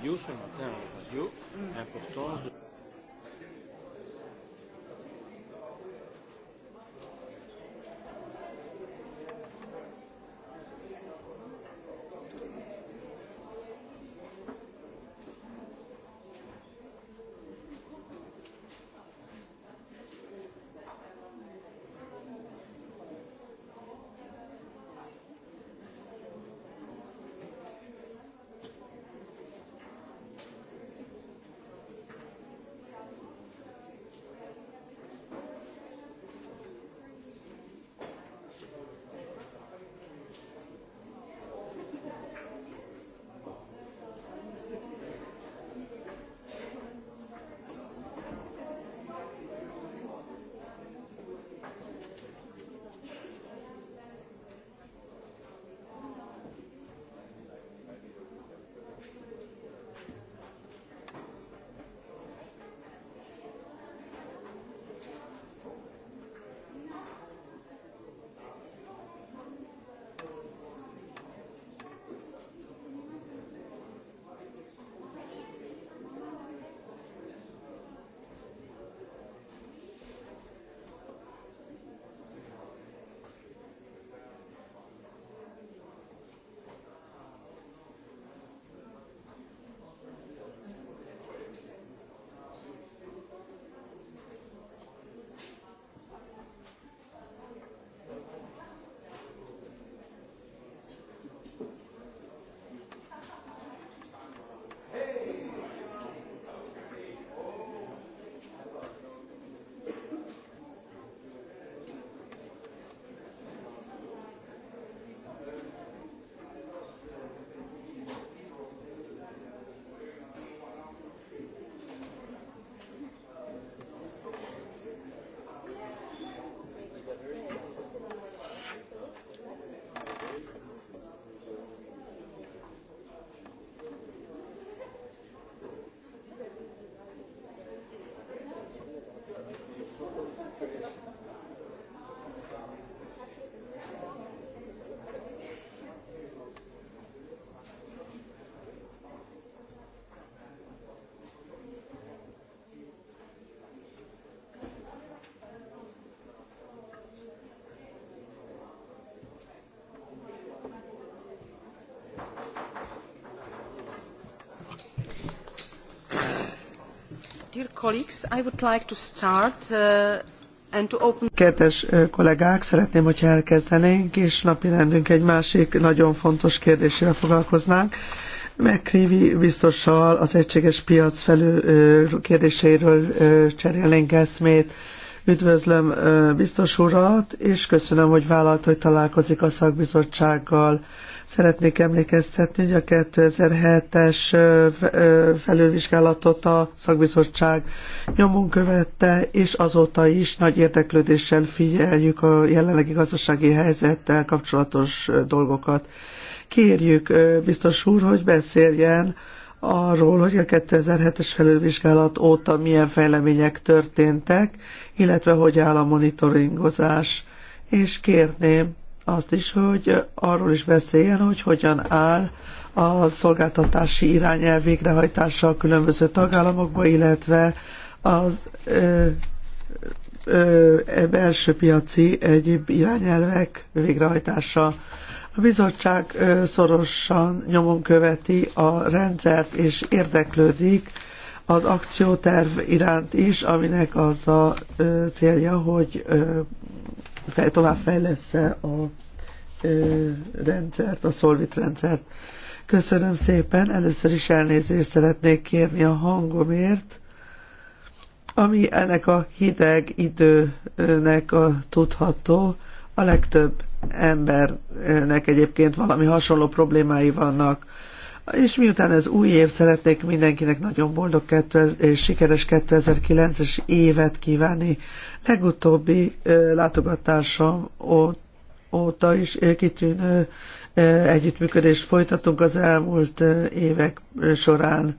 radio ce matin à
Kedves kollégák, szeretném, hogyha elkezdenénk, és napirendünk egy másik nagyon fontos kérdésével foglalkoznánk. McCreevy biztossal az egységes piac felül kérdéseiről cserélnénk eszmét. Üdvözlöm biztos urat, és köszönöm, hogy vállalt, hogy találkozik a szakbizottsággal. Szeretnék emlékeztetni, hogy a 2007-es felülvizsgálatot a szakbizottság nyomon követte, és azóta is nagy érdeklődéssel figyeljük a jelenlegi gazdasági helyzettel kapcsolatos dolgokat. Kérjük biztos úr, hogy beszéljen arról, hogy a 2007-es felülvizsgálat óta milyen fejlemények történtek, illetve hogy áll a monitoringozás. És kérném, azt is, hogy arról is beszéljen, hogy hogyan áll a szolgáltatási irányelv végrehajtása a különböző tagállamokba, illetve az ö, ö, belső piaci egyéb irányelvek végrehajtása. A bizottság szorosan nyomon követi a rendszert és érdeklődik az akcióterv iránt is, aminek az a célja, hogy továbbfejlesz-e a rendszert, a szolvit rendszert. Köszönöm szépen, először is elnézést szeretnék kérni a hangomért, ami ennek a hideg időnek a tudható, a legtöbb embernek egyébként valami hasonló problémái vannak és miután ez új év, szeretnék mindenkinek nagyon boldog és sikeres 2009-es évet kívánni. Legutóbbi ö, látogatásom ott óta is kitűnő együttműködést folytatunk az elmúlt évek során.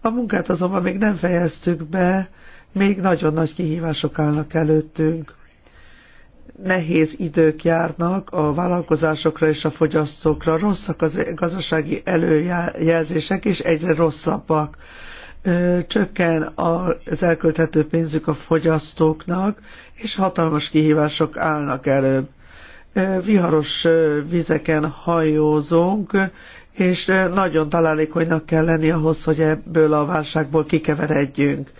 A munkát azonban még nem fejeztük be, még nagyon nagy kihívások állnak előttünk nehéz idők járnak a vállalkozásokra és a fogyasztókra, rosszak az gazdasági előjelzések, és egyre rosszabbak. Csökken az elkölthető pénzük a fogyasztóknak, és hatalmas kihívások állnak előbb. Viharos vizeken hajózunk, és nagyon találékonynak kell lenni ahhoz, hogy ebből a válságból kikeveredjünk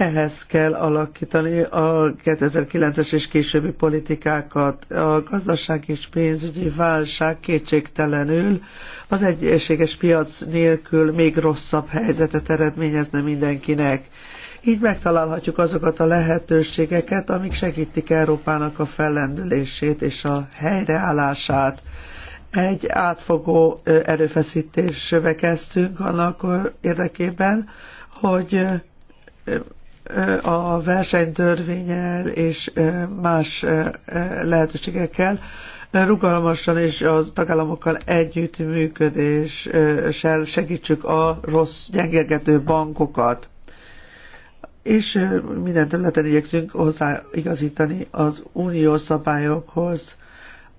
ehhez kell alakítani a 2009-es és későbbi politikákat. A gazdaság és pénzügyi válság kétségtelenül az egységes piac nélkül még rosszabb helyzetet eredményezne mindenkinek. Így megtalálhatjuk azokat a lehetőségeket, amik segítik Európának a fellendülését és a helyreállását egy átfogó erőfeszítésbe kezdtünk annak érdekében, hogy a versenytörvényel és más lehetőségekkel rugalmasan és a tagállamokkal együttműködéssel segítsük a rossz, gyengegető bankokat. És minden területen igyekszünk hozzáigazítani az unió szabályokhoz.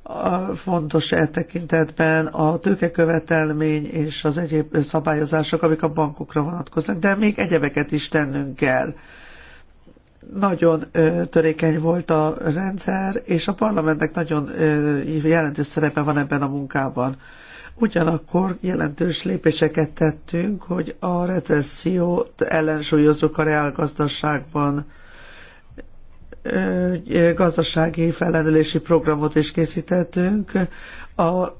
A fontos e tekintetben a tőkekövetelmény és az egyéb szabályozások, amik a bankokra vonatkoznak, de még egyebeket is tennünk kell nagyon törékeny volt a rendszer, és a parlamentnek nagyon jelentős szerepe van ebben a munkában. Ugyanakkor jelentős lépéseket tettünk, hogy a recessziót ellensúlyozzuk a reálgazdaságban. Gazdasági felelőlési programot is készítettünk. A, az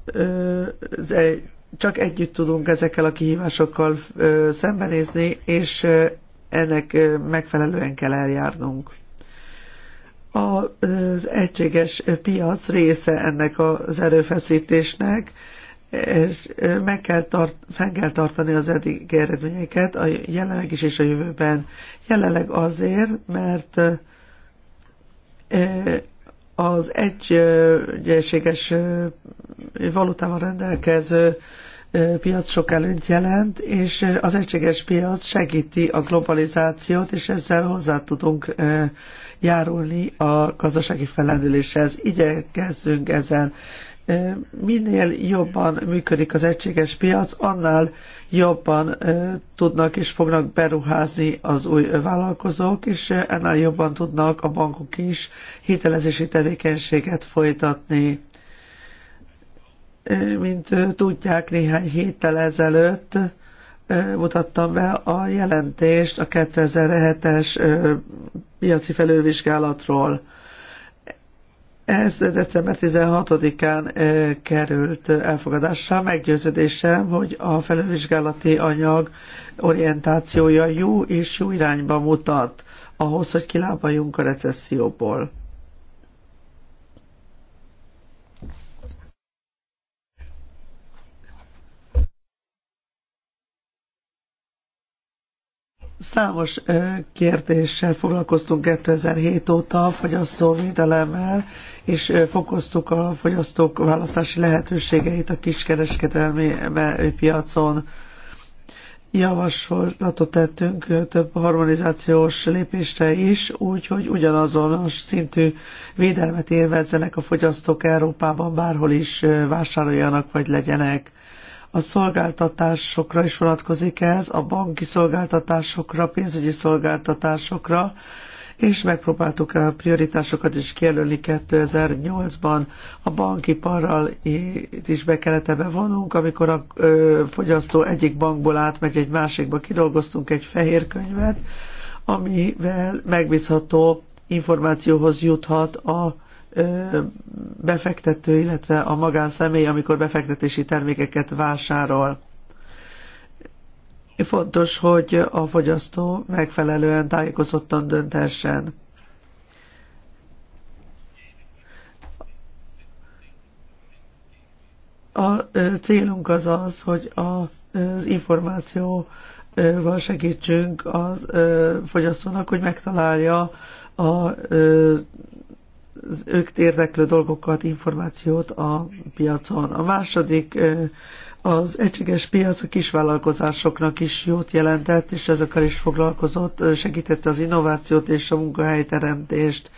egy, csak együtt tudunk ezekkel a kihívásokkal szembenézni, és ennek megfelelően kell eljárnunk. Az egységes piac része ennek az erőfeszítésnek, és meg kell tart, fenn kell tartani az eddig eredményeket, a jelenleg is és a jövőben. Jelenleg azért, mert az egységes valutával rendelkező piac sok előnyt jelent, és az egységes piac segíti a globalizációt, és ezzel hozzá tudunk járulni a gazdasági fellendüléshez. Igyekezzünk ezen. Minél jobban működik az egységes piac, annál jobban tudnak és fognak beruházni az új vállalkozók, és annál jobban tudnak a bankok is hitelezési tevékenységet folytatni mint tudják, néhány héttel ezelőtt mutattam be a jelentést a 2007-es piaci felővizsgálatról. Ez december 16-án került elfogadásra. Meggyőződésem, hogy a felővizsgálati anyag orientációja jó és jó irányba mutat ahhoz, hogy kilábaljunk a recesszióból. Számos kérdéssel foglalkoztunk 2007 óta a fogyasztóvédelemmel, és fokoztuk a fogyasztók választási lehetőségeit a kiskereskedelmi piacon. Javaslatot tettünk több harmonizációs lépésre is, úgy, hogy ugyanazonos szintű védelmet élvezzenek a fogyasztók Európában, bárhol is vásároljanak vagy legyenek a szolgáltatásokra is vonatkozik ez, a banki szolgáltatásokra, pénzügyi szolgáltatásokra, és megpróbáltuk a prioritásokat is kijelölni 2008-ban. A bankiparral is be kellett ebbe vonunk, amikor a fogyasztó egyik bankból átmegy egy másikba, kidolgoztunk egy fehér könyvet, amivel megbízható információhoz juthat a befektető, illetve a magánszemély, amikor befektetési termékeket vásárol. Fontos, hogy a fogyasztó megfelelően tájékozottan dönthessen. A célunk az az, hogy az információval segítsünk a fogyasztónak, hogy megtalálja a az ők érdeklő dolgokat, információt a piacon. A második az egységes piac a kisvállalkozásoknak is jót jelentett, és ezekkel is foglalkozott, segítette az innovációt és a munkahelyteremtést.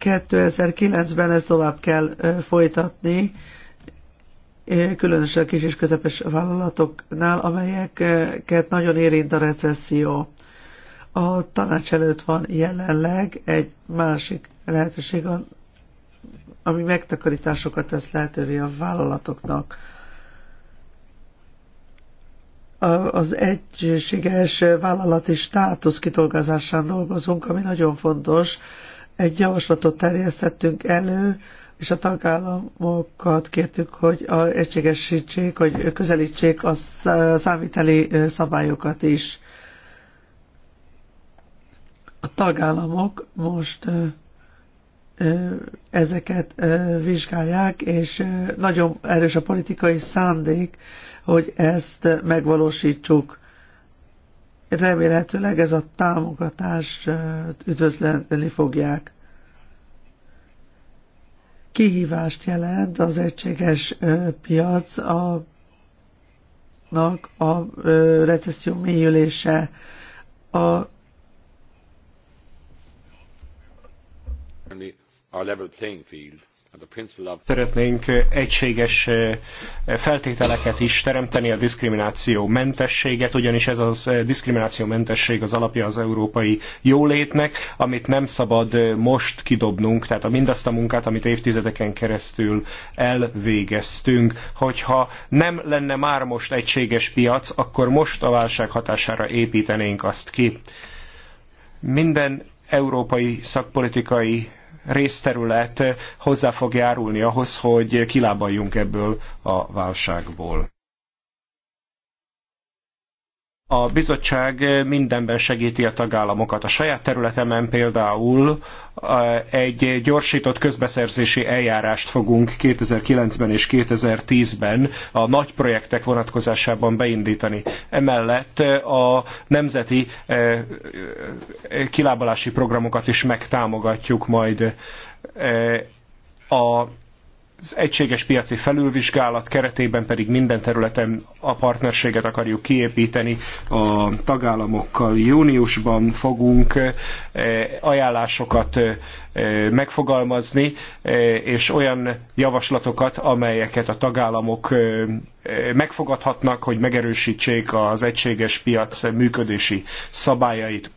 2009-ben ezt tovább kell folytatni, különösen a kis és közepes vállalatoknál, amelyeket nagyon érint a recesszió. A tanács előtt van jelenleg egy másik lehetőség, ami megtakarításokat tesz lehetővé a vállalatoknak. Az egységes vállalati státusz kitolgázásán dolgozunk, ami nagyon fontos. Egy javaslatot terjesztettünk elő, és a tagállamokat kértük, hogy a egységesítsék, hogy közelítsék a számíteli szabályokat is. A tagállamok most ezeket vizsgálják, és nagyon erős a politikai szándék, hogy ezt megvalósítsuk. Remélhetőleg ez a támogatást üdvözlenni fogják. Kihívást jelent az egységes piac a, a recesszió mélyülése.
A, Szeretnénk egységes eh, feltételeket is teremteni, a diszkrimináció mentességet, ugyanis ez a eh, diszkrimináció mentesség az alapja az európai jólétnek, amit nem szabad eh, most kidobnunk, tehát a mindazt a munkát, amit évtizedeken keresztül elvégeztünk. Hogyha nem lenne már most egységes piac, akkor most a válság hatására építenénk azt ki. Minden európai szakpolitikai részterület hozzá fog járulni ahhoz, hogy kilábaljunk ebből a válságból a bizottság mindenben segíti a tagállamokat. A saját területemen például e, egy gyorsított közbeszerzési eljárást fogunk 2009-ben és 2010-ben a nagy projektek vonatkozásában beindítani. Emellett e, a nemzeti e, kilábalási programokat is megtámogatjuk majd a az egységes piaci felülvizsgálat keretében pedig minden területen a partnerséget akarjuk kiépíteni a tagállamokkal. Júniusban fogunk eh, ajánlásokat eh, megfogalmazni, eh, és olyan javaslatokat, amelyeket a tagállamok megfogadhatnak, hogy megerősítsék az egységes piac működési szabályait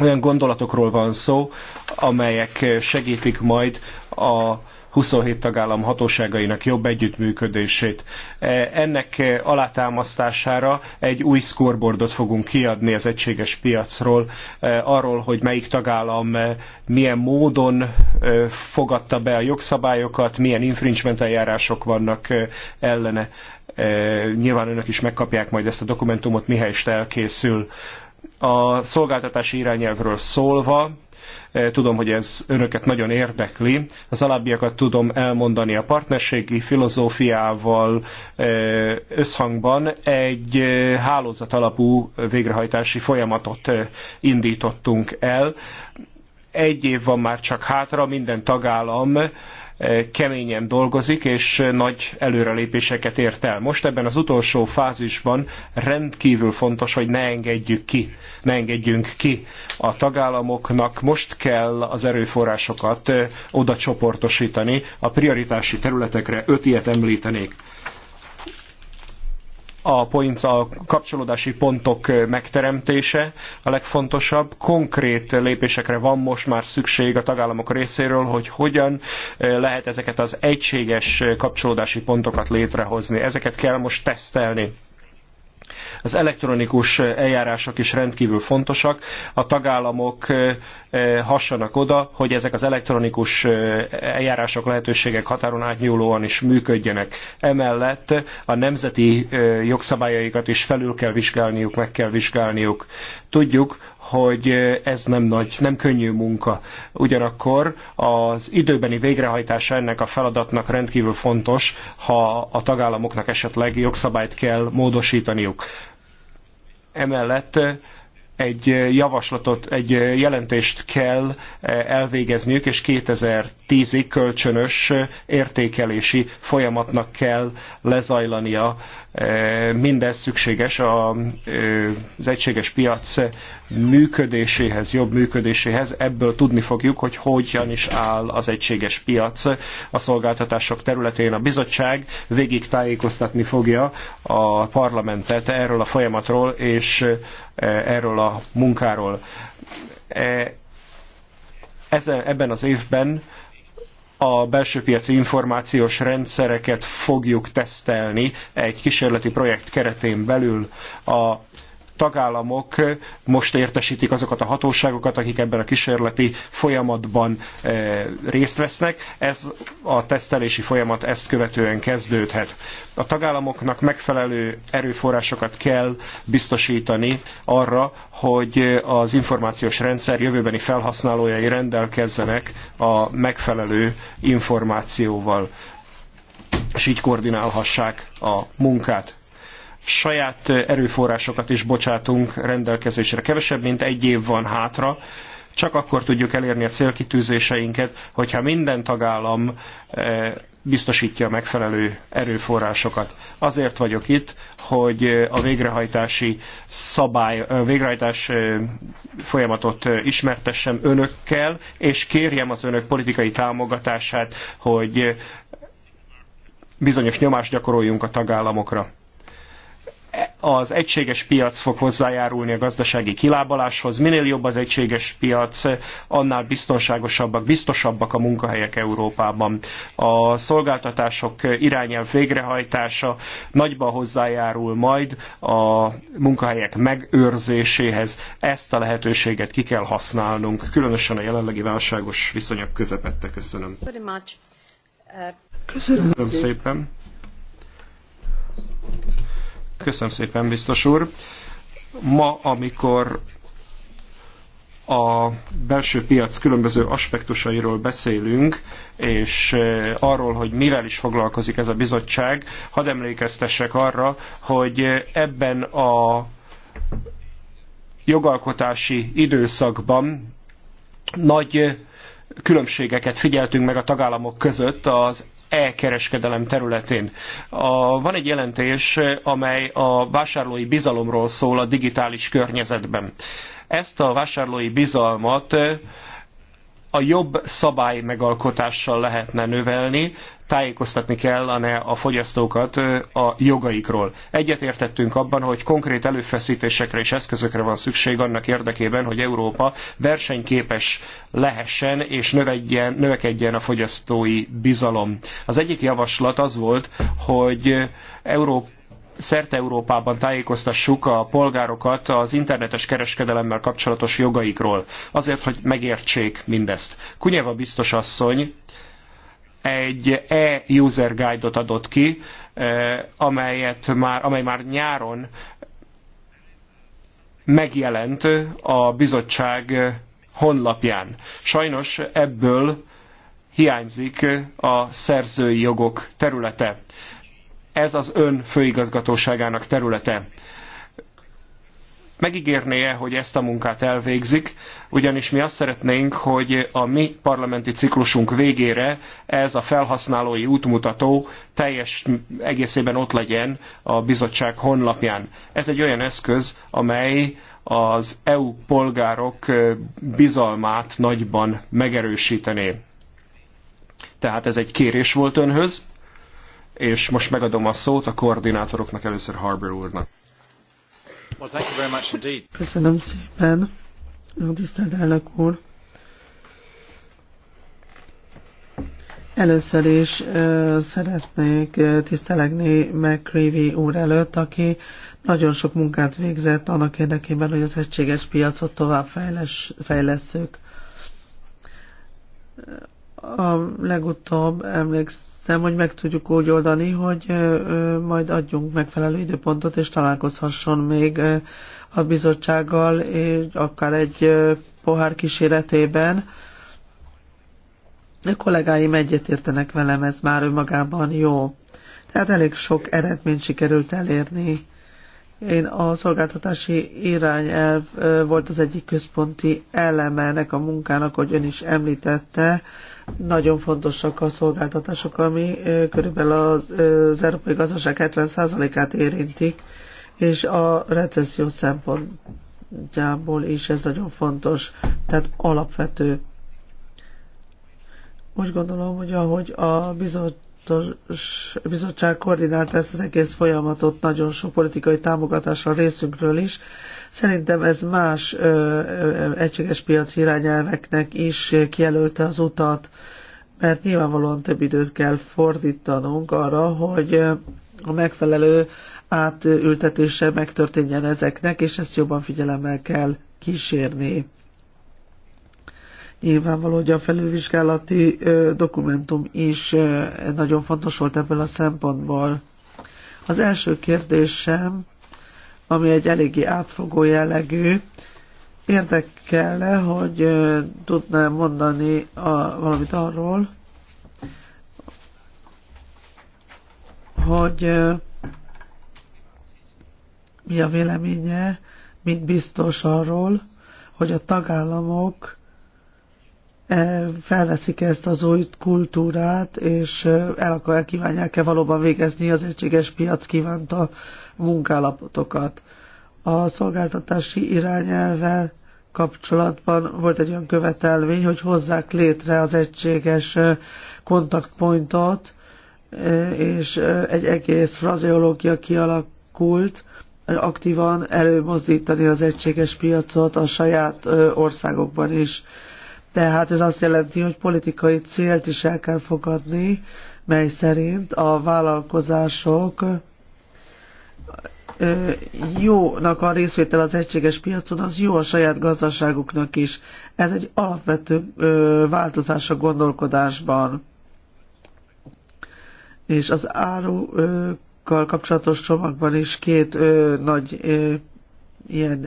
olyan gondolatokról van szó, amelyek segítik majd a 27 tagállam hatóságainak jobb együttműködését. E, ennek alátámasztására egy új scoreboardot fogunk kiadni az egységes piacról, e, arról, hogy melyik tagállam e, milyen módon fogadta be a jogszabályokat, milyen infringement eljárások vannak ellene. Nyilván önök is megkapják majd ezt a dokumentumot, mihelyest elkészül. A szolgáltatási irányelvről szólva, Eh, tudom, hogy ez önöket nagyon érdekli. Az alábbiakat tudom elmondani a partnerségi filozófiával eh, összhangban egy eh, hálózat alapú végrehajtási folyamatot indítottunk el. Egy év van már csak hátra, minden tagállam keményen dolgozik, és nagy előrelépéseket ért el. Most ebben az utolsó fázisban rendkívül fontos, hogy ne engedjük ki, ne engedjünk ki a tagállamoknak. Most kell az erőforrásokat oda csoportosítani a prioritási területekre, öt ilyet említenék a points, a kapcsolódási pontok megteremtése a legfontosabb. Konkrét lépésekre van most már szükség a tagállamok részéről, hogy hogyan lehet ezeket az egységes kapcsolódási pontokat létrehozni. Ezeket kell most tesztelni. Az elektronikus eljárások is rendkívül fontosak. A tagállamok hassanak oda, hogy ezek az elektronikus eljárások lehetőségek határon átnyúlóan is működjenek. Emellett a nemzeti jogszabályaikat is felül kell vizsgálniuk, meg kell vizsgálniuk. Tudjuk, hogy ez nem nagy, nem könnyű munka. Ugyanakkor az időbeni végrehajtása ennek a feladatnak rendkívül fontos, ha a tagállamoknak esetleg jogszabályt kell módosítaniuk. Emellett egy eh, javaslatot, egy eh, jelentést kell eh, elvégezniük, és 2010-ig kölcsönös értékelési folyamatnak kell lezajlania. Mindez szükséges az egységes piac működéséhez, jobb működéséhez. Ebből tudni fogjuk, hogy hogyan is áll az egységes piac a szolgáltatások területén. A bizottság végig tájékoztatni fogja a parlamentet erről a folyamatról, és Eh, erről a munkáról. Eh, ezen, ebben az évben a belső piaci információs rendszereket fogjuk tesztelni egy kísérleti projekt keretén belül. A tagállamok most értesítik azokat a hatóságokat, akik ebben a kísérleti folyamatban eh, részt vesznek. Ez a tesztelési folyamat ezt követően kezdődhet. A tagállamoknak megfelelő erőforrásokat kell biztosítani arra, hogy az információs rendszer jövőbeni felhasználójai rendelkezzenek a megfelelő információval és így koordinálhassák a munkát saját erőforrásokat is bocsátunk rendelkezésre. Kevesebb, mint egy év van hátra, csak akkor tudjuk elérni a célkitűzéseinket, hogyha minden tagállam eh, biztosítja a megfelelő erőforrásokat. Azért vagyok itt, hogy eh, a végrehajtási szabály, a végrehajtás eh, folyamatot ismertessem önökkel, és kérjem az önök politikai támogatását, hogy bizonyos nyomást gyakoroljunk a tagállamokra az egységes piac fog hozzájárulni a gazdasági kilábaláshoz. Minél jobb az egységes piac, annál biztonságosabbak, biztosabbak a munkahelyek Európában. A szolgáltatások irányel végrehajtása nagyban hozzájárul majd a munkahelyek megőrzéséhez. Ezt a lehetőséget ki kell használnunk, különösen a jelenlegi válságos viszonyok közepette. Köszönöm. Uh, Köszönöm szépen. Köszönöm szépen, biztos úr. Ma, amikor a belső piac különböző aspektusairól beszélünk, és eh, arról, hogy mivel is foglalkozik ez a bizottság, hadd emlékeztessek arra, hogy ebben a jogalkotási időszakban nagy különbségeket figyeltünk meg a tagállamok között az e-kereskedelem területén. A, van egy jelentés, amely a vásárlói bizalomról szól a digitális környezetben. Ezt a vásárlói bizalmat a jobb szabály megalkotással lehetne növelni, tájékoztatni kellene a fogyasztókat a jogaikról. Egyetértettünk abban, hogy konkrét előfeszítésekre és eszközökre van szükség annak érdekében, hogy Európa versenyképes lehessen és növedjen, növekedjen a fogyasztói bizalom. Az egyik javaslat az volt, hogy Európa szerte Európában tájékoztassuk a polgárokat az internetes kereskedelemmel kapcsolatos jogaikról, azért, hogy megértsék mindezt. Kunyeva biztos asszony egy e-user guide-ot adott ki, eh, amelyet már, amely már nyáron megjelent a bizottság honlapján. Sajnos ebből hiányzik a szerzői jogok területe ez az ön főigazgatóságának területe. Megígérné-e, hogy ezt a munkát elvégzik, ugyanis mi azt szeretnénk, hogy a mi parlamenti ciklusunk végére ez a felhasználói útmutató teljes egészében ott legyen a bizottság honlapján. Ez egy olyan eszköz, amely az EU polgárok bizalmát nagyban megerősítené. Tehát ez egy kérés volt önhöz és most megadom a szót a koordinátoroknak, először Harbour úrnak. Köszönöm szépen,
tisztelt elnök úr. Először is uh, szeretnék uh, tisztelegni McCreevy úr előtt, aki nagyon sok munkát végzett annak érdekében, hogy az egységes piacot tovább fejlesszük. A legutóbb emléksz, hiszem, hogy meg tudjuk úgy oldani, hogy majd adjunk megfelelő időpontot, és találkozhasson még a bizottsággal, és akár egy pohár kíséretében. A kollégáim egyetértenek velem, ez már önmagában jó. Tehát elég sok eredményt sikerült elérni. Én a szolgáltatási irányelv volt az egyik központi eleme a munkának, hogy ön is említette, nagyon fontosak a szolgáltatások, ami körülbelül az, az európai gazdaság 70%-át érintik, és a recesszió szempontjából is ez nagyon fontos, tehát alapvető. Úgy gondolom, hogy ahogy a bizottság bizottság koordinálta ezt az egész folyamatot nagyon sok politikai támogatással részünkről is, Szerintem ez más ö, ö, egységes piaci irányelveknek is kijelölte az utat, mert nyilvánvalóan több időt kell fordítanunk arra, hogy a megfelelő átültetése megtörténjen ezeknek, és ezt jobban figyelemmel kell kísérni. Nyilvánvaló, hogy a felülvizsgálati dokumentum is nagyon fontos volt ebből a szempontból. Az első kérdésem ami egy eléggé átfogó jellegű. Érdekelne, hogy tudnám mondani a, valamit arról, hogy mi a véleménye, mint biztos arról, hogy a tagállamok felveszik ezt az új kultúrát, és el akarják, kívánják-e valóban végezni az egységes piac kívánta munkálapotokat. A szolgáltatási irányelvel kapcsolatban volt egy olyan követelmény, hogy hozzák létre az egységes kontaktpontot, és egy egész frazeológia kialakult, aktívan előmozdítani az egységes piacot a saját országokban is. Tehát ez azt jelenti, hogy politikai célt is el kell fogadni, mely szerint a vállalkozások jónak a részvétel az egységes piacon, az jó a saját gazdaságuknak is. Ez egy alapvető változás a gondolkodásban. És az árukkal kapcsolatos csomagban is két nagy ilyen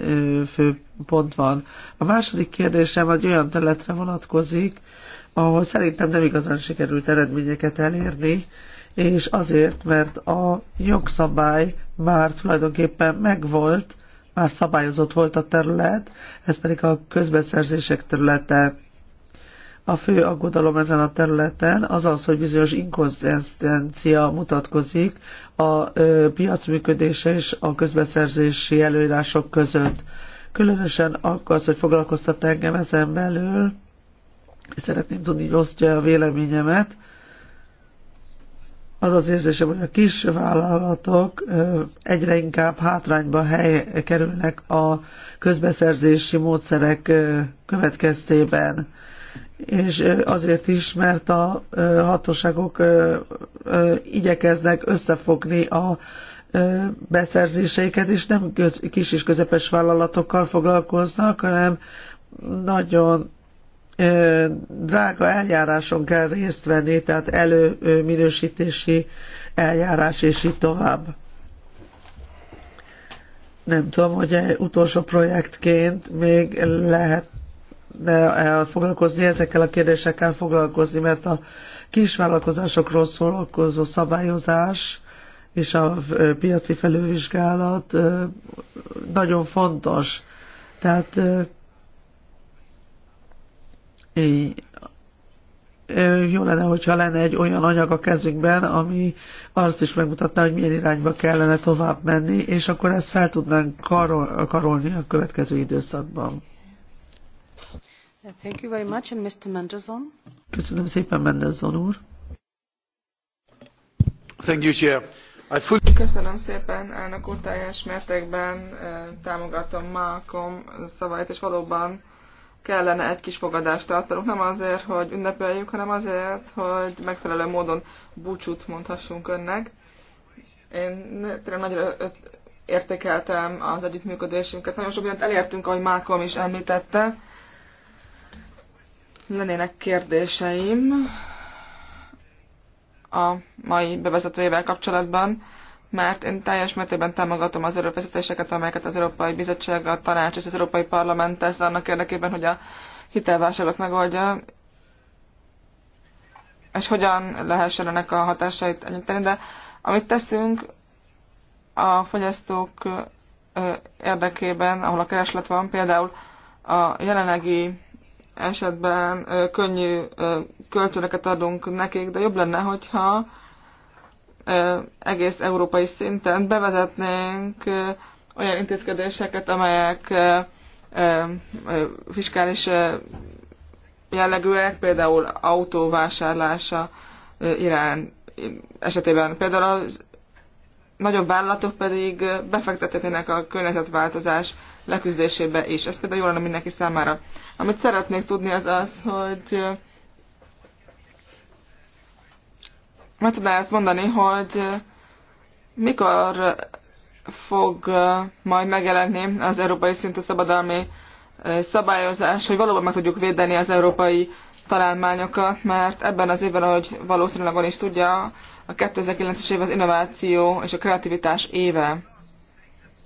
fő pont van. A második kérdésem egy olyan területre vonatkozik, ahol szerintem nem igazán sikerült eredményeket elérni, és azért, mert a jogszabály már tulajdonképpen megvolt, már szabályozott volt a terület, ez pedig a közbeszerzések területe. A fő aggodalom ezen a területen az az, hogy bizonyos inkonzisztencia mutatkozik a ö, piac működése és a közbeszerzési előírások között. Különösen az, hogy foglalkoztat engem ezen belül, szeretném tudni, hogy osztja a véleményemet, az az érzésem, hogy a kis vállalatok egyre inkább hátrányba hely kerülnek a közbeszerzési módszerek következtében. És azért is, mert a hatóságok igyekeznek összefogni a beszerzéseiket, és nem kis és közepes vállalatokkal foglalkoznak, hanem nagyon drága eljáráson kell részt venni, tehát előminősítési eljárás, és így tovább. Nem tudom, hogy utolsó projektként még lehet de foglalkozni, ezekkel a kérdésekkel foglalkozni, mert a kisvállalkozásokról szólalkozó szabályozás és a piaci felülvizsgálat nagyon fontos. Tehát jó lenne, hogyha lenne egy olyan anyag a kezünkben, ami azt is megmutatná, hogy milyen irányba kellene tovább menni, és akkor ezt fel tudnánk karol, karolni a következő időszakban. Thank you very much, and Mr. Mendelson. Köszönöm szépen, Mendelson úr.
Thank you, Chair. I full...
Köszönöm szépen, elnök úr, teljes mértékben eh, támogatom Malcolm szavait, és valóban kellene egy kis fogadást tartanunk, nem azért, hogy ünnepeljük, hanem azért, hogy megfelelő módon búcsút mondhassunk önnek. Én tényleg nagyra értékeltem az együttműködésünket. Nagyon sok mindent elértünk, ahogy Mákom is említette. Lennének kérdéseim a mai bevezetőjével kapcsolatban mert én teljes mértékben támogatom az erőfeszítéseket, amelyeket az Európai Bizottság, a Tanács és az Európai Parlament tesz annak érdekében, hogy a hitelválságot megoldja, és hogyan lehessen ennek a hatásait enyhíteni, de amit teszünk a fogyasztók érdekében, ahol a kereslet van, például a jelenlegi esetben könnyű kölcsönöket adunk nekik, de jobb lenne, hogyha egész európai szinten bevezetnénk olyan intézkedéseket, amelyek fiskális jellegűek, például autóvásárlása irán esetében. Például az nagyobb vállalatok pedig befektethetnének a környezetváltozás leküzdésébe is. Ez például jó lenne mindenki számára. Amit szeretnék tudni az az, hogy meg tudná ezt mondani, hogy mikor fog majd megjelenni az európai szintű szabadalmi szabályozás, hogy valóban meg tudjuk védeni az európai találmányokat, mert ebben az évben, ahogy valószínűleg van is tudja, a 2009-es év az innováció és a kreativitás éve.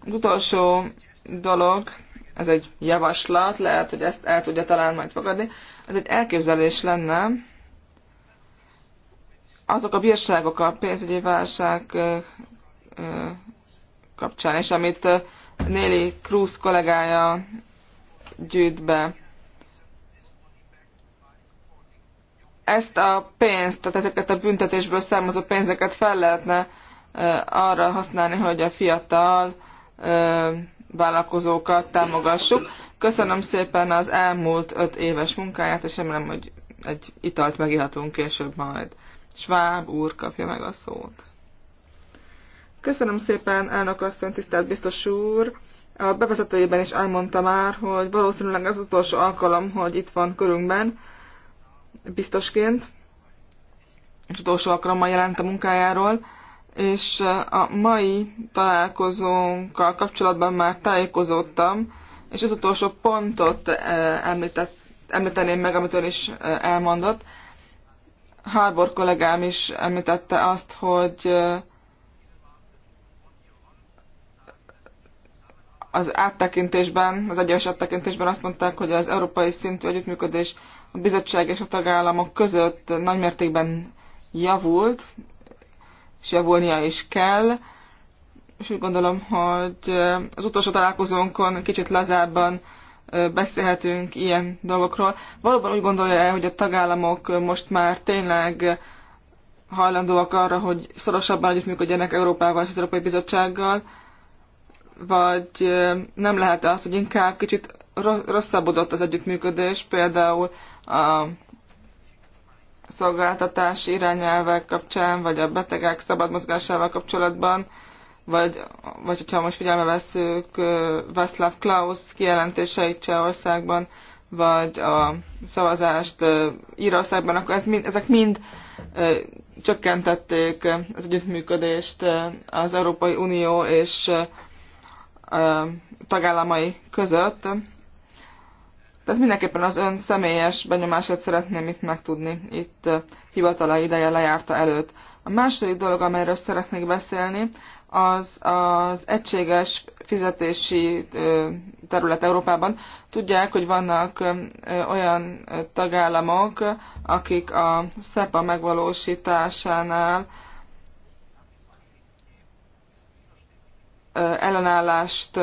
Az utolsó dolog, ez egy javaslat, lehet, hogy ezt el tudja talán majd fogadni, ez egy elképzelés lenne, azok a bírságok a pénzügyi válság kapcsán, és amit Néli Cruz kollégája gyűjt be. Ezt a pénzt, tehát ezeket a büntetésből származó pénzeket fel lehetne arra használni, hogy a fiatal vállalkozókat támogassuk. Köszönöm szépen az elmúlt öt éves munkáját, és remélem, hogy egy italt megihatunk később majd. Schwab úr kapja meg a szót. Köszönöm szépen, elnök asszony, tisztelt biztos úr! A bevezetőjében is elmondta már, hogy valószínűleg az utolsó alkalom, hogy itt van körünkben, biztosként, és utolsó alkalommal jelent a munkájáról, és a mai találkozónkkal kapcsolatban már tájékozódtam, és az utolsó pontot említett, említeném meg, amit ön is elmondott, Harbour kollégám is említette azt, hogy az áttekintésben, az egyes áttekintésben azt mondták, hogy az európai szintű együttműködés a bizottság és a tagállamok között nagymértékben javult, és javulnia is kell. És úgy gondolom, hogy az utolsó találkozónkon kicsit lazábban beszélhetünk ilyen dolgokról. Valóban úgy gondolja el, hogy a tagállamok most már tényleg hajlandóak arra, hogy szorosabban együttműködjenek Európával és az Európai Bizottsággal, vagy nem lehet az, hogy inkább kicsit rosszabbodott az együttműködés, például a szolgáltatási irányelvek kapcsán, vagy a betegek szabad mozgásával kapcsolatban, vagy, vagy hogyha most figyelme veszük Václav Klaus kijelentéseit Csehországban, vagy a szavazást Írországban, akkor ez mind, ezek mind csökkentették az együttműködést az Európai Unió és tagállamai között. Tehát mindenképpen az ön személyes benyomását szeretném itt megtudni, itt hivatala ideje lejárta előtt. A második dolog, amelyről szeretnék beszélni, az az egységes fizetési terület Európában. Tudják, hogy vannak olyan tagállamok, akik a SEPA megvalósításánál ellenállást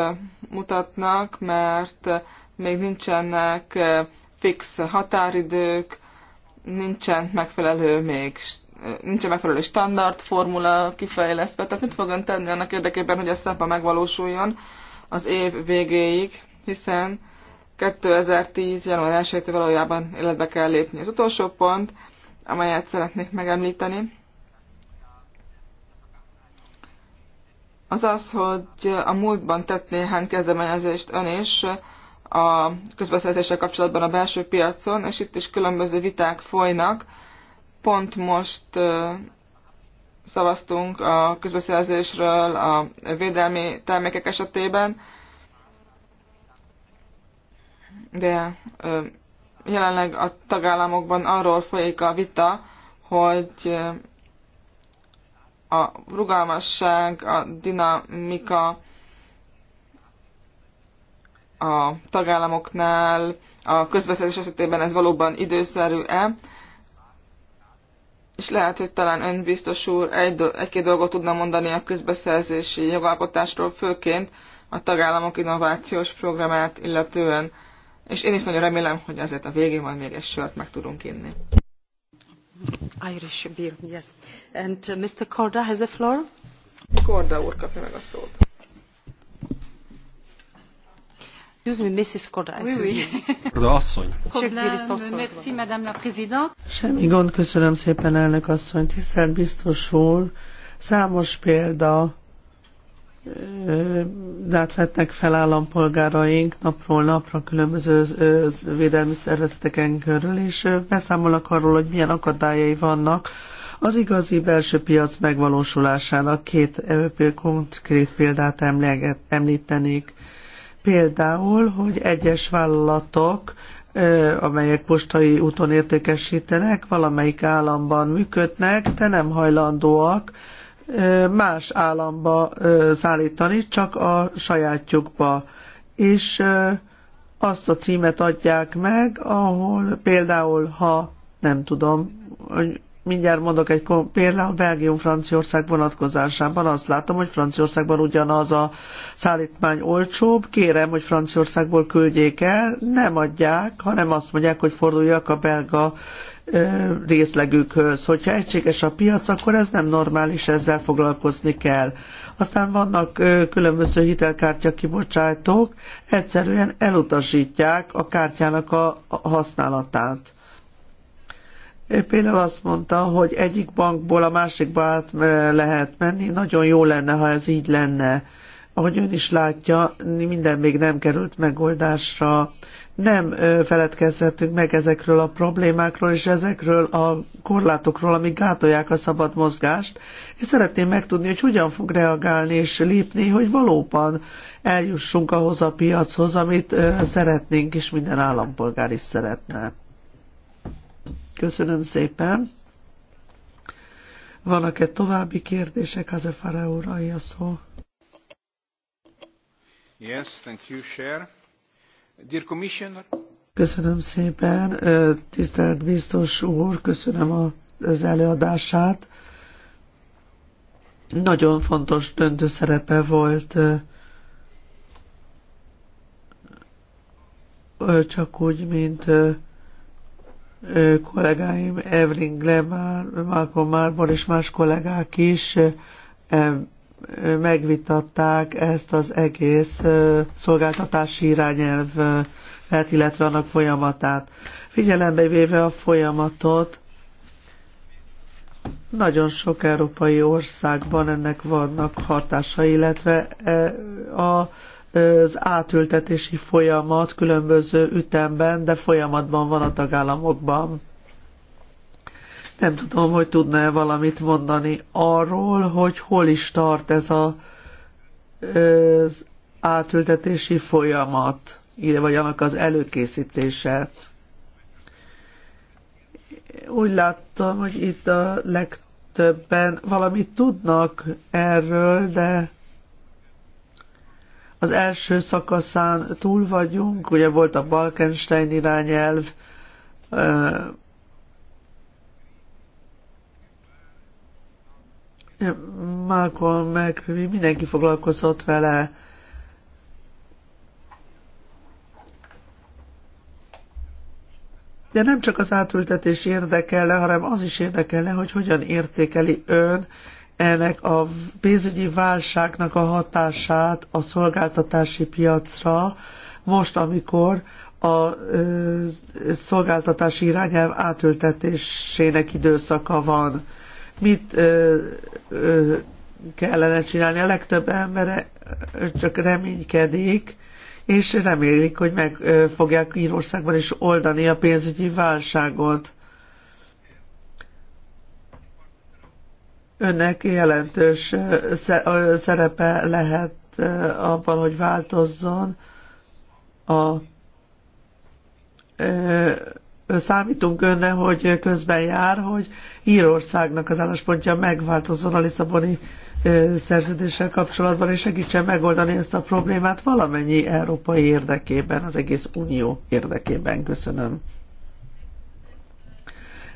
mutatnak, mert még nincsenek fix határidők, nincsen megfelelő még Nincs megfelelő standard, formula kifejlesztve, tehát mit fog ön tenni annak érdekében, hogy a szempa megvalósuljon az év végéig, hiszen 2010. január 1 valójában életbe kell lépni. Az utolsó pont, amelyet szeretnék megemlíteni, az az, hogy a múltban tett néhány kezdeményezést ön is a közbeszerzéssel kapcsolatban a belső piacon, és itt is különböző viták folynak, Pont most szavaztunk a közbeszerzésről a védelmi termékek esetében, de jelenleg a tagállamokban arról folyik a vita, hogy a rugalmasság, a dinamika a tagállamoknál, a közbeszerzés esetében ez valóban időszerű-e, és lehet, hogy talán ön biztos úr egy, egy-két dolgot tudna mondani a közbeszerzési jogalkotásról, főként a tagállamok innovációs programát illetően, és én is nagyon remélem, hogy azért a végén majd még egy sört meg tudunk inni. Irish beer, yes. And uh, Mr. Korda has the floor. Korda úr kapja meg
a szót. Semmi gond, köszönöm szépen, elnök asszony. Tisztelt biztos úr, számos példa dát vettek fel állampolgáraink napról napra különböző védelmi szervezeteken körül, és beszámolnak arról, hogy milyen akadályai vannak az igazi belső piac megvalósulásának két konkrét példát említenék. Például, hogy egyes vállalatok, amelyek postai úton értékesítenek, valamelyik államban működnek, de nem hajlandóak más államba szállítani, csak a sajátjukba. És azt a címet adják meg, ahol például, ha nem tudom, mindjárt mondok egy például Belgium-Franciaország vonatkozásában azt látom, hogy Franciaországban ugyanaz a szállítmány olcsóbb, kérem, hogy Franciaországból küldjék el, nem adják, hanem azt mondják, hogy forduljak a belga részlegükhöz. Hogyha egységes a piac, akkor ez nem normális, ezzel foglalkozni kell. Aztán vannak különböző hitelkártya kibocsátók, egyszerűen elutasítják a kártyának a használatát Például azt mondta, hogy egyik bankból a másikba át lehet menni, nagyon jó lenne, ha ez így lenne. Ahogy ön is látja, minden még nem került megoldásra. Nem feledkezhetünk meg ezekről a problémákról és ezekről a korlátokról, amik gátolják a szabad mozgást, és szeretném megtudni, hogy hogyan fog reagálni és lépni, hogy valóban eljussunk ahhoz a piachoz, amit szeretnénk, és minden állampolgár is szeretne. Köszönöm szépen. Vannak-e további kérdések? az a úr, a szó.
Yes, thank you, Cher. Dear Commissioner.
Köszönöm szépen. Tisztelt biztos úr, köszönöm az előadását. Nagyon fontos döntő szerepe volt csak úgy, mint kollégáim Evelyn Glemar, Malcolm Marbor és más kollégák is megvitatták ezt az egész szolgáltatási irányelvet, hát illetve annak folyamatát. Figyelembe véve a folyamatot, nagyon sok európai országban ennek vannak hatása, illetve a az átültetési folyamat különböző ütemben, de folyamatban van a tagállamokban. Nem tudom, hogy tudna-e valamit mondani arról, hogy hol is tart ez a, az átültetési folyamat, vagy annak az előkészítése. Úgy láttam, hogy itt a legtöbben valamit tudnak erről, de az első szakaszán túl vagyunk, ugye volt a Balkenstein irányelv, Malcolm meg mindenki foglalkozott vele. De nem csak az átültetés érdekelne, hanem az is érdekelne, hogy hogyan értékeli ön ennek a pénzügyi válságnak a hatását a szolgáltatási piacra, most, amikor a szolgáltatási irányelv átültetésének időszaka van. Mit ö, ö, kellene csinálni? A legtöbb ember csak reménykedik, és remélik, hogy meg fogják Írországban is oldani a pénzügyi válságot. önnek jelentős szerepe lehet abban, hogy változzon a számítunk önre, hogy közben jár, hogy Írországnak az álláspontja megváltozzon a Lisszaboni szerződéssel kapcsolatban, és segítsen megoldani ezt a problémát valamennyi európai érdekében, az egész unió érdekében. Köszönöm.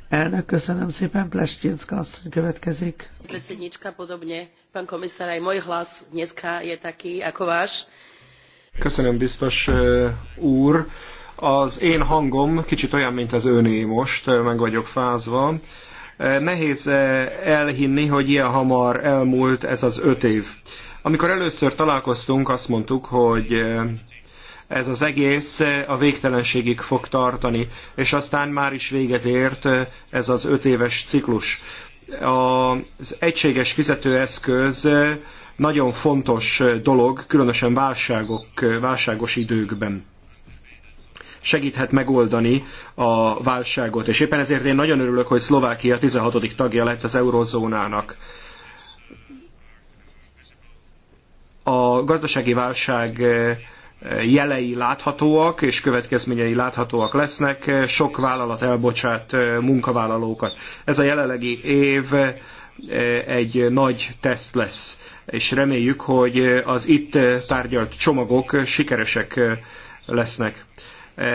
Elnök, köszönöm szépen, Plestinska asszony következik. Plestinska, podobne, pán komisár, aj môj hlas dneska je taký ako váš.
Köszönöm, biztos e, úr. Az én hangom kicsit olyan, mint az öné most, e, meg vagyok fázva. E, nehéz elhinni, hogy ilyen hamar elmúlt ez az öt év. Amikor először találkoztunk, azt mondtuk, hogy ez az egész a végtelenségig fog tartani, és aztán már is véget ért ez az öt éves ciklus. Az egységes fizetőeszköz nagyon fontos dolog, különösen válságok, válságos időkben segíthet megoldani a válságot. És éppen ezért én nagyon örülök, hogy Szlovákia 16. tagja lett az eurozónának. A gazdasági válság jelei láthatóak, és következményei láthatóak lesznek. Sok vállalat elbocsát eh, munkavállalókat. Ez a jelenlegi év eh, egy nagy teszt lesz, és reméljük, hogy az itt tárgyalt csomagok sikeresek eh, lesznek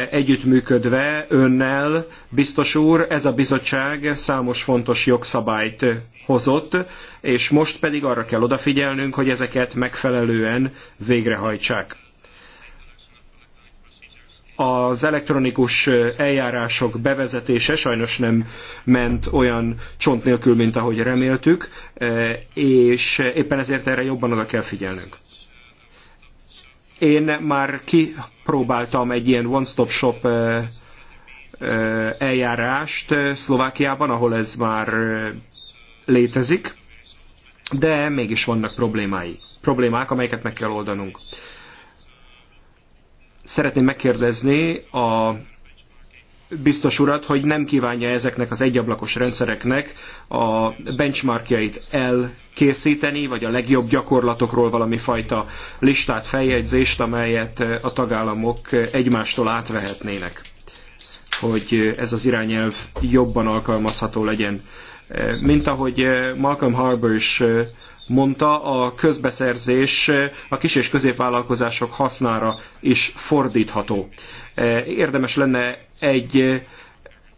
együttműködve önnel, biztos úr, ez a bizottság számos fontos jogszabályt hozott, és most pedig arra kell odafigyelnünk, hogy ezeket megfelelően végrehajtsák az elektronikus eljárások bevezetése sajnos nem ment olyan csont nélkül, mint ahogy reméltük, és éppen ezért erre jobban oda kell figyelnünk. Én már kipróbáltam egy ilyen one-stop-shop eljárást Szlovákiában, ahol ez már létezik, de mégis vannak problémái. Problémák, amelyeket meg kell oldanunk szeretném megkérdezni a biztos urat, hogy nem kívánja ezeknek az egyablakos rendszereknek a benchmarkjait elkészíteni, vagy a legjobb gyakorlatokról valami fajta listát, feljegyzést, amelyet a tagállamok egymástól átvehetnének, hogy ez az irányelv jobban alkalmazható legyen. Mint ahogy Malcolm Harbour is mondta, a közbeszerzés a kis- és középvállalkozások hasznára is fordítható. Eh, érdemes lenne egy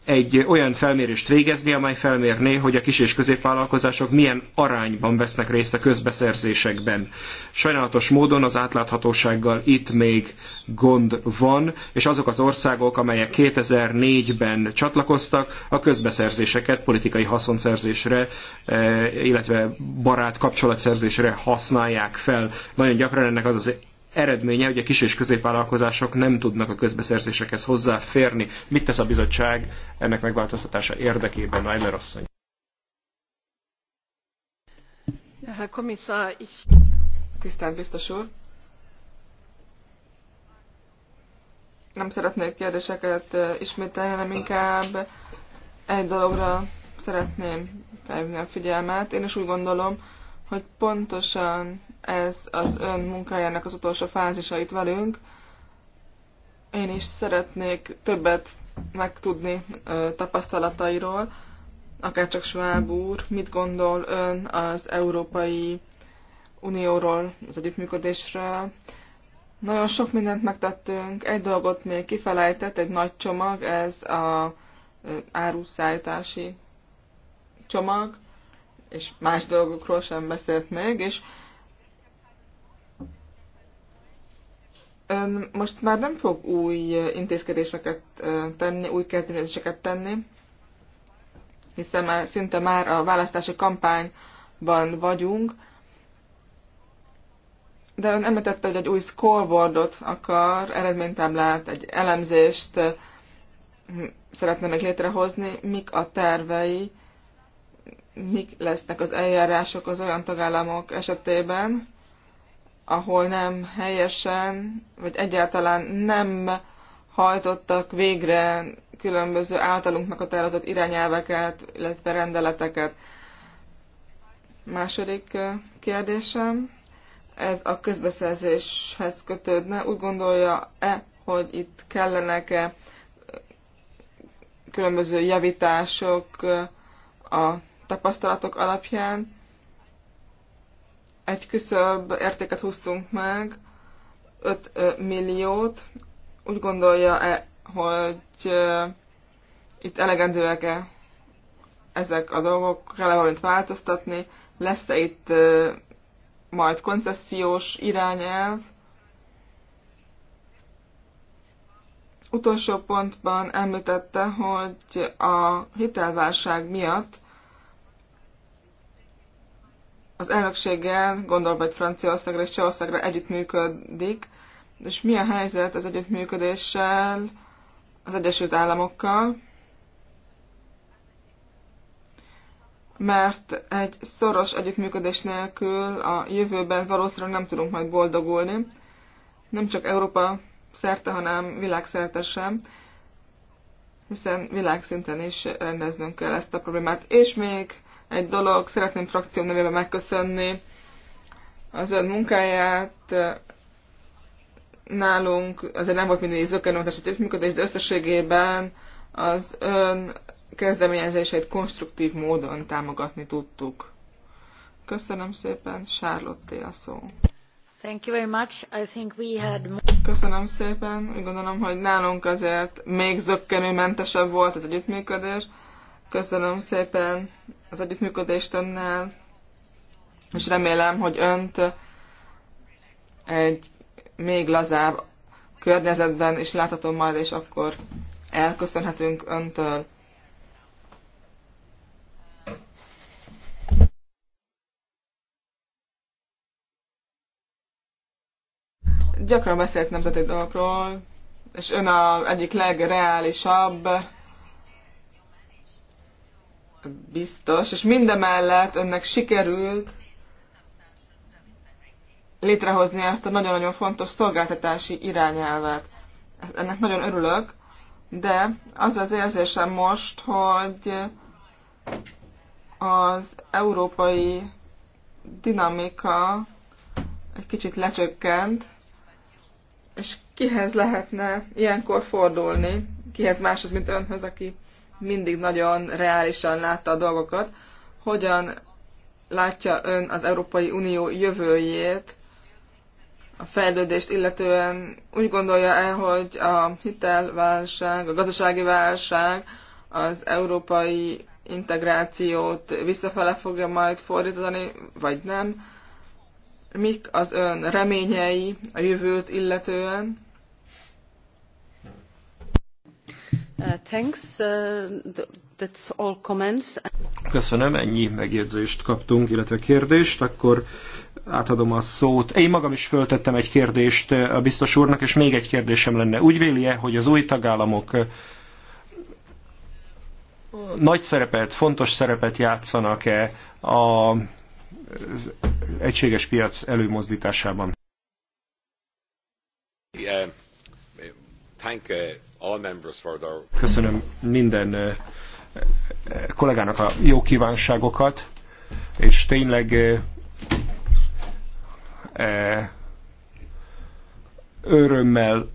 egy olyan felmérést végezni, amely felmérné, hogy a kis és középvállalkozások milyen arányban vesznek részt a közbeszerzésekben. Sajnálatos módon az átláthatósággal itt még gond van, és azok az országok, amelyek 2004-ben csatlakoztak, a közbeszerzéseket politikai haszonszerzésre, eh, illetve barát kapcsolatszerzésre használják fel. Nagyon gyakran ennek az az eredménye, hogy a kis és középvállalkozások nem tudnak a közbeszerzésekhez hozzáférni. Mit tesz a bizottság ennek megváltoztatása érdekében, Weiler asszony?
Herr Kommissar, ich... Tisztelt biztos úr! Nem szeretnék kérdéseket ismételni, hanem inkább egy dologra szeretném felhívni a figyelmet. Én is úgy gondolom, hogy pontosan ez az ön munkájának az utolsó fázisait velünk. Én is szeretnék többet megtudni ö, tapasztalatairól, akár csak Schwab úr, mit gondol ön az Európai Unióról, az együttműködésről. Nagyon sok mindent megtettünk, egy dolgot még kifelejtett, egy nagy csomag, ez a áruszállítási csomag, és más dolgokról sem beszélt még, és Ön most már nem fog új intézkedéseket tenni, új kezdeményezéseket tenni, hiszen már szinte már a választási kampányban vagyunk, de ön említette, hogy egy új scoreboardot akar, eredménytáblát, egy elemzést szeretne meg létrehozni. Mik a tervei, mik lesznek az eljárások az olyan tagállamok esetében, ahol nem helyesen, vagy egyáltalán nem hajtottak végre különböző általunk meghatározott irányelveket, illetve rendeleteket. Második kérdésem, ez a közbeszerzéshez kötődne. Úgy gondolja-e, hogy itt kellenek-e különböző javítások a tapasztalatok alapján, egy küszöbb értéket húztunk meg, 5 milliót. Úgy gondolja-e, hogy itt elegendőek-e ezek a dolgok, kell valamit változtatni, lesz-e itt majd koncesziós irányelv. Utolsó pontban említette, hogy a hitelválság miatt az elnökséggel, gondolva, egy Franciaországra és Csehországra együttműködik, és mi a helyzet az együttműködéssel az Egyesült Államokkal? Mert egy szoros együttműködés nélkül a jövőben valószínűleg nem tudunk majd boldogulni, nem csak Európa szerte, hanem világszerte sem, hiszen világszinten is rendeznünk kell ezt a problémát. És még egy dolog, szeretném frakcióm nevében megköszönni az ön munkáját. Nálunk azért nem volt mindig zökkenőmentes működés, de összességében az ön kezdeményezéseit konstruktív módon támogatni tudtuk. Köszönöm szépen, Charlotte a szó. Thank you very much. I think we had... Köszönöm szépen. Úgy gondolom, hogy nálunk azért még zöggenőmentesebb volt az együttműködés. Köszönöm szépen az együttműködést önnel, és remélem, hogy önt egy még lazább környezetben is láthatom majd, és akkor elköszönhetünk öntől. Gyakran beszélt nemzeti dolgokról, és ön a egyik legreálisabb biztos, és mindemellett önnek sikerült létrehozni ezt a nagyon-nagyon fontos szolgáltatási irányelvet. Ennek nagyon örülök, de az az érzésem most, hogy az európai dinamika egy kicsit lecsökkent, és kihez lehetne ilyenkor fordulni, kihez máshoz, mint önhöz, aki mindig nagyon reálisan látta a dolgokat. Hogyan látja ön az Európai Unió jövőjét, a fejlődést illetően úgy gondolja el, hogy a hitelválság, a gazdasági válság az európai integrációt visszafele fogja majd fordítani, vagy nem? Mik az ön reményei a jövőt illetően?
Uh, uh,
Köszönöm, ennyi megjegyzést kaptunk, illetve kérdést. Akkor átadom a szót. Én magam is föltettem egy kérdést uh, a biztos úrnak, és még egy kérdésem lenne. Úgy véli-e, hogy az új tagállamok nagy szerepet, fontos szerepet játszanak-e az egységes piac előmozdításában? Yeah. Thank, uh Köszönöm minden kollégának a jó kívánságokat, és tényleg örömmel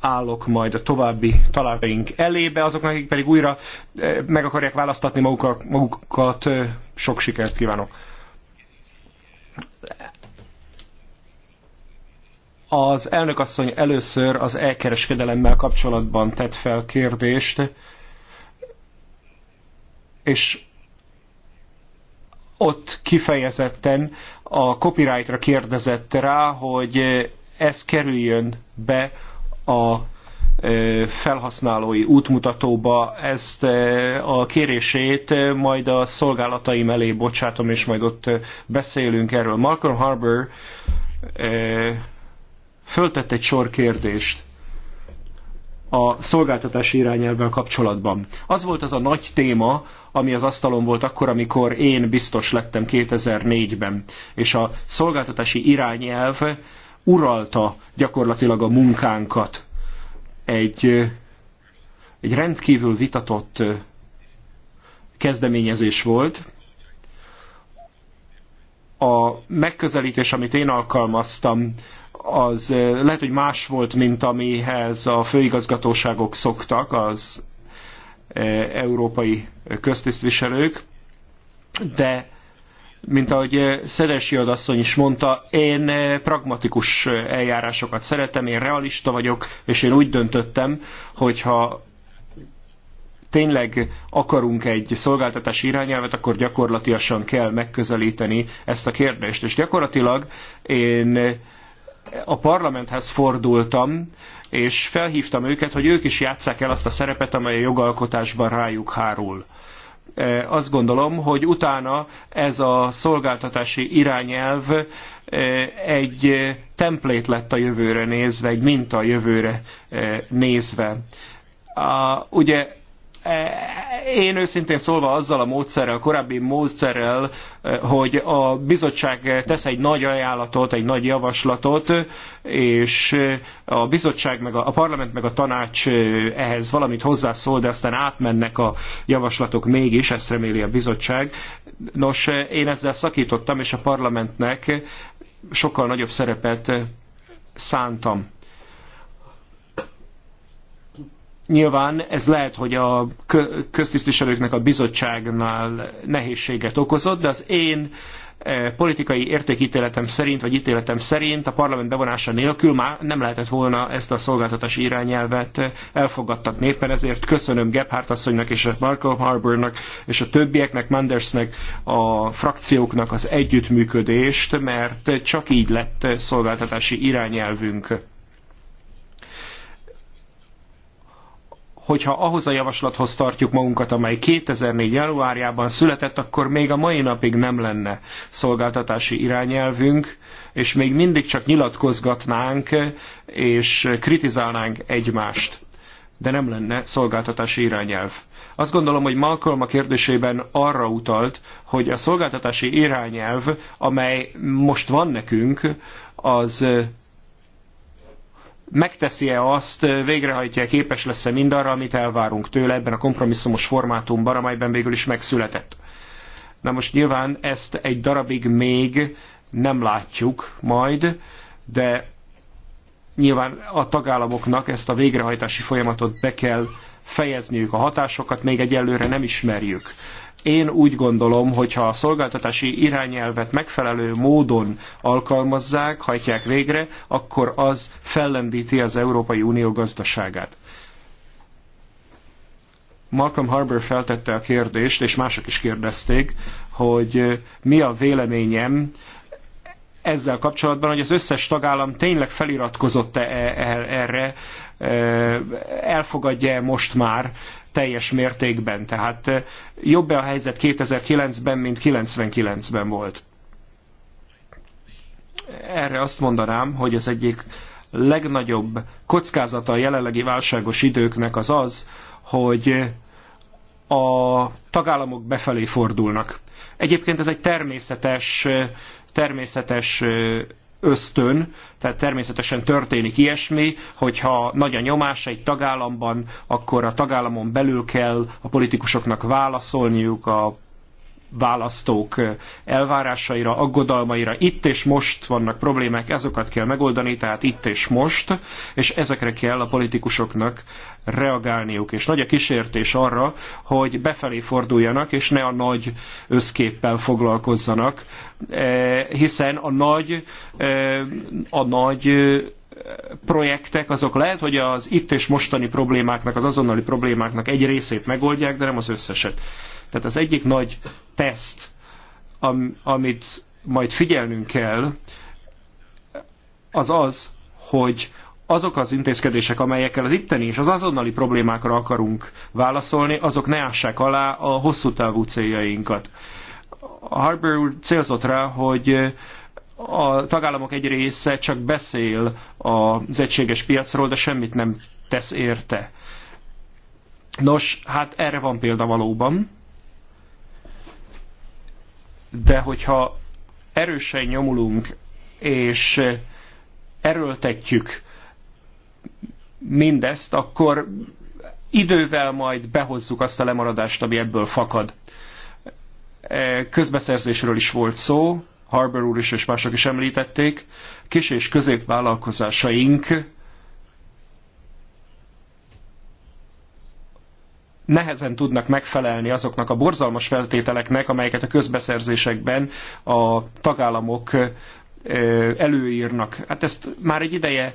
állok majd a további találkaink elébe, azoknak, akik pedig újra meg akarják választatni magukat, magukat sok sikert kívánok. Az elnökasszony először az elkereskedelemmel kapcsolatban tett fel kérdést, és ott kifejezetten a copyrightra kérdezett rá, hogy ez kerüljön be a felhasználói útmutatóba ezt a kérését, majd a szolgálataim elé bocsátom, és majd ott beszélünk erről. Malcolm Harbour föltett egy sor kérdést a szolgáltatási irányelvvel kapcsolatban. Az volt az a nagy téma, ami az asztalon volt akkor, amikor én biztos lettem 2004-ben, és a szolgáltatási irányelv uralta gyakorlatilag a munkánkat. Egy, egy rendkívül vitatott kezdeményezés volt. A megközelítés, amit én alkalmaztam, az eh, lehet, hogy más volt, mint amihez a főigazgatóságok szoktak, az eh, európai köztisztviselők, de mint ahogy eh, Szeresi asszony is mondta, én pragmatikus eljárásokat szeretem, én realista vagyok, és én úgy döntöttem, hogyha tényleg akarunk egy szolgáltatási irányelvet, akkor gyakorlatilag kell megközelíteni ezt a kérdést. És gyakorlatilag én a parlamenthez fordultam, és felhívtam őket, hogy ők is játsszák el azt a szerepet, amely a jogalkotásban rájuk hárul. E, azt gondolom, hogy utána ez a szolgáltatási irányelv e, egy templét lett a jövőre nézve, egy minta a jövőre e, nézve. A, ugye én őszintén szólva azzal a módszerrel, a korábbi módszerrel, hogy a bizottság tesz egy nagy ajánlatot, egy nagy javaslatot, és a bizottság, meg a, a parlament, meg a tanács ehhez valamit hozzászól, de aztán átmennek a javaslatok mégis, ezt reméli a bizottság. Nos, én ezzel szakítottam, és a parlamentnek sokkal nagyobb szerepet szántam Nyilván ez lehet, hogy a köztisztviselőknek a bizottságnál nehézséget okozott, de az én e, politikai értékítéletem szerint, vagy ítéletem szerint a parlament bevonása nélkül már nem lehetett volna ezt a szolgáltatási irányelvet e, elfogadtak népen, ezért köszönöm Gebhardt asszonynak és a Marco Harbournak és a többieknek, Mandersnek, a frakcióknak az együttműködést, mert csak így lett szolgáltatási irányelvünk. hogyha ahhoz a javaslathoz tartjuk magunkat, amely 2004. januárjában született, akkor még a mai napig nem lenne szolgáltatási irányelvünk, és még mindig csak nyilatkozgatnánk és kritizálnánk egymást, de nem lenne szolgáltatási irányelv. Azt gondolom, hogy Malcolm a kérdésében arra utalt, hogy a szolgáltatási irányelv, amely most van nekünk, az megteszi-e azt, végrehajtja-e, képes lesz-e mindarra, amit elvárunk tőle ebben a kompromisszumos formátumban, amelyben végül is megszületett. Na most nyilván ezt egy darabig még nem látjuk majd, de nyilván a tagállamoknak ezt a végrehajtási folyamatot be kell fejezniük. A hatásokat még egyelőre nem ismerjük. Én úgy gondolom, hogy ha a szolgáltatási irányelvet megfelelő módon alkalmazzák, hajtják végre, akkor az fellendíti az Európai Unió gazdaságát. Malcolm Harbour feltette a kérdést, és mások is kérdezték, hogy mi a véleményem ezzel kapcsolatban, hogy az összes tagállam tényleg feliratkozott-e erre, elfogadja -e most már teljes mértékben. Tehát eh, jobb-e a helyzet 2009-ben, mint 99-ben volt? Erre azt mondanám, hogy az egyik legnagyobb kockázata a jelenlegi válságos időknek az az, hogy a tagállamok befelé fordulnak. Egyébként ez egy természetes, természetes eh, ösztön, tehát természetesen történik ilyesmi, hogyha nagy a nyomás egy tagállamban, akkor a tagállamon belül kell a politikusoknak válaszolniuk a választók elvárásaira, aggodalmaira. Itt és most vannak problémák, ezokat kell megoldani, tehát itt és most, és ezekre kell a politikusoknak reagálniuk. És nagy a kísértés arra, hogy befelé forduljanak, és ne a nagy összképpel foglalkozzanak, hiszen a nagy, a nagy projektek, azok lehet, hogy az itt és mostani problémáknak, az azonnali problémáknak egy részét megoldják, de nem az összeset. Tehát az egyik nagy teszt, am, amit majd figyelnünk kell, az az, hogy azok az intézkedések, amelyekkel az itteni és az azonnali problémákra akarunk válaszolni, azok ne ássák alá a hosszú távú céljainkat. A Harbour úr célzott rá, hogy a tagállamok egy része csak beszél az egységes piacról, de semmit nem tesz érte. Nos, hát erre van példa valóban de hogyha erősen nyomulunk és erőltetjük mindezt, akkor idővel majd behozzuk azt a lemaradást, ami ebből fakad. E, közbeszerzésről is volt szó, Harbour úr is és mások is említették, kis és középvállalkozásaink nehezen tudnak megfelelni azoknak a borzalmas feltételeknek, amelyeket a közbeszerzésekben a tagállamok előírnak. Hát ezt már egy ideje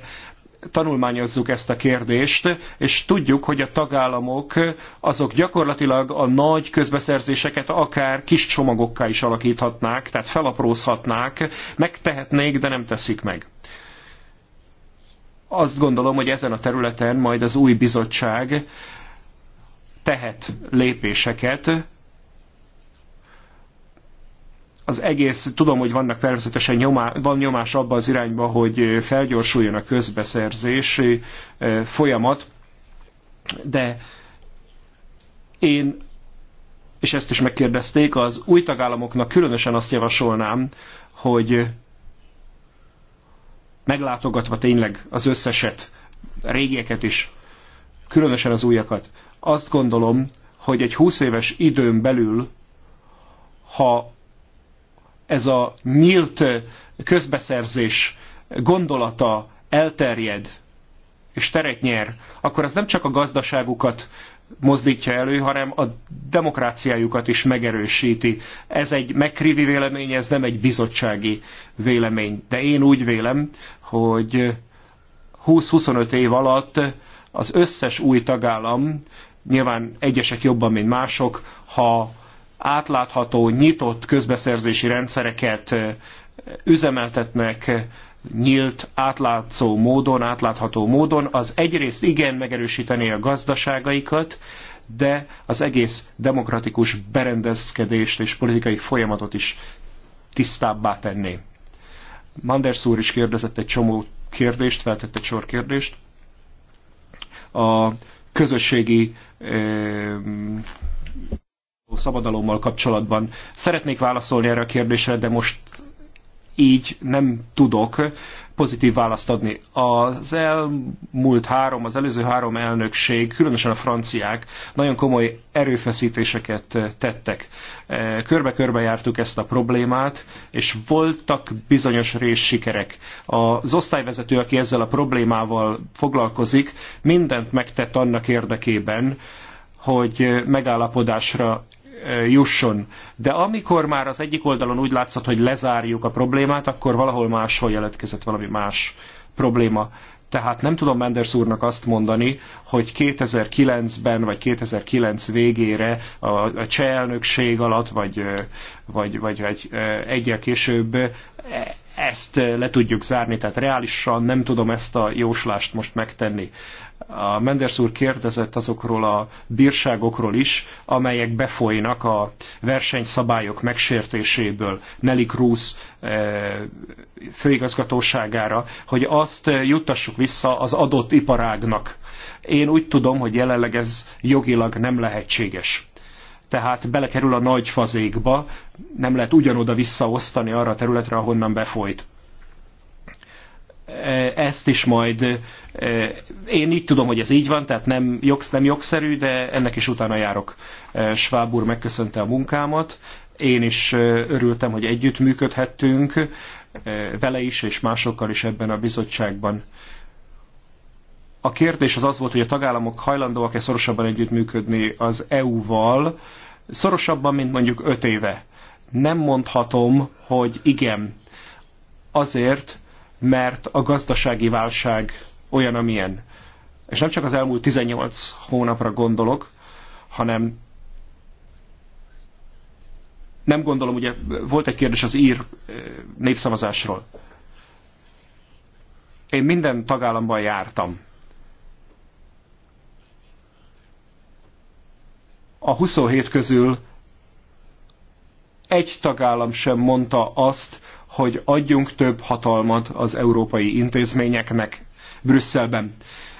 tanulmányozzuk ezt a kérdést, és tudjuk, hogy a tagállamok azok gyakorlatilag a nagy közbeszerzéseket akár kis csomagokká is alakíthatnák, tehát felaprózhatnák, megtehetnék, de nem teszik meg. Azt gondolom, hogy ezen a területen majd az új bizottság tehet lépéseket. Az egész, tudom, hogy vannak természetesen nyomá, van nyomás abba az irányba, hogy felgyorsuljon a közbeszerzés eh, folyamat, de én, és ezt is megkérdezték, az új tagállamoknak különösen azt javasolnám, hogy meglátogatva tényleg az összeset, régieket is, különösen az újakat, azt gondolom, hogy egy 20 éves időn belül, ha ez a nyílt közbeszerzés gondolata elterjed és teret nyer, akkor ez nem csak a gazdaságukat mozdítja elő, hanem a demokráciájukat is megerősíti. Ez egy megkrivi vélemény, ez nem egy bizottsági vélemény. De én úgy vélem, hogy 20-25 év alatt az összes új tagállam nyilván egyesek jobban, mint mások, ha átlátható, nyitott közbeszerzési rendszereket üzemeltetnek, nyílt, átlátszó módon, átlátható módon, az egyrészt igen megerősítené a gazdaságaikat, de az egész demokratikus berendezkedést és politikai folyamatot is tisztábbá tenné. Manders úr is kérdezett egy csomó kérdést, feltette egy sor kérdést. A közösségi szabadalommal kapcsolatban. Szeretnék válaszolni erre a kérdésre, de most így nem tudok pozitív választ adni. Az elmúlt három, az előző három elnökség, különösen a franciák, nagyon komoly erőfeszítéseket tettek. E, körbe-körbe jártuk ezt a problémát, és voltak bizonyos sikerek. Az osztályvezető, aki ezzel a problémával foglalkozik, mindent megtett annak érdekében, hogy megállapodásra jusson. De amikor már az egyik oldalon úgy látszott, hogy lezárjuk a problémát, akkor valahol máshol jelentkezett valami más probléma. Tehát nem tudom Menders úrnak azt mondani, hogy 2009-ben vagy 2009 végére a, a cseh elnökség alatt, vagy, vagy, vagy egy, egyel később e, ezt le tudjuk zárni, tehát reálisan nem tudom ezt a jóslást most megtenni. A Menders úr kérdezett azokról a bírságokról is, amelyek befolynak a versenyszabályok megsértéséből Nelly Cruz eh, főigazgatóságára, hogy azt eh, juttassuk vissza az adott iparágnak. Én úgy tudom, hogy jelenleg ez jogilag nem lehetséges tehát belekerül a nagy fazékba, nem lehet ugyanoda visszaosztani arra a területre, ahonnan befolyt ezt is majd én így tudom, hogy ez így van, tehát nem, jogsz, nem jogszerű, de ennek is utána járok. Schwab úr megköszönte a munkámat, én is örültem, hogy együtt működhettünk vele is és másokkal is ebben a bizottságban. A kérdés az az volt, hogy a tagállamok hajlandóak-e szorosabban együttműködni az EU-val, szorosabban, mint mondjuk öt éve. Nem mondhatom, hogy igen. Azért, mert a gazdasági válság olyan, amilyen. És nem csak az elmúlt 18 hónapra gondolok, hanem nem gondolom, ugye volt egy kérdés az ír eh, népszavazásról. Én minden tagállamban jártam. A 27 közül egy tagállam sem mondta azt, hogy adjunk több hatalmat az európai intézményeknek Brüsszelben.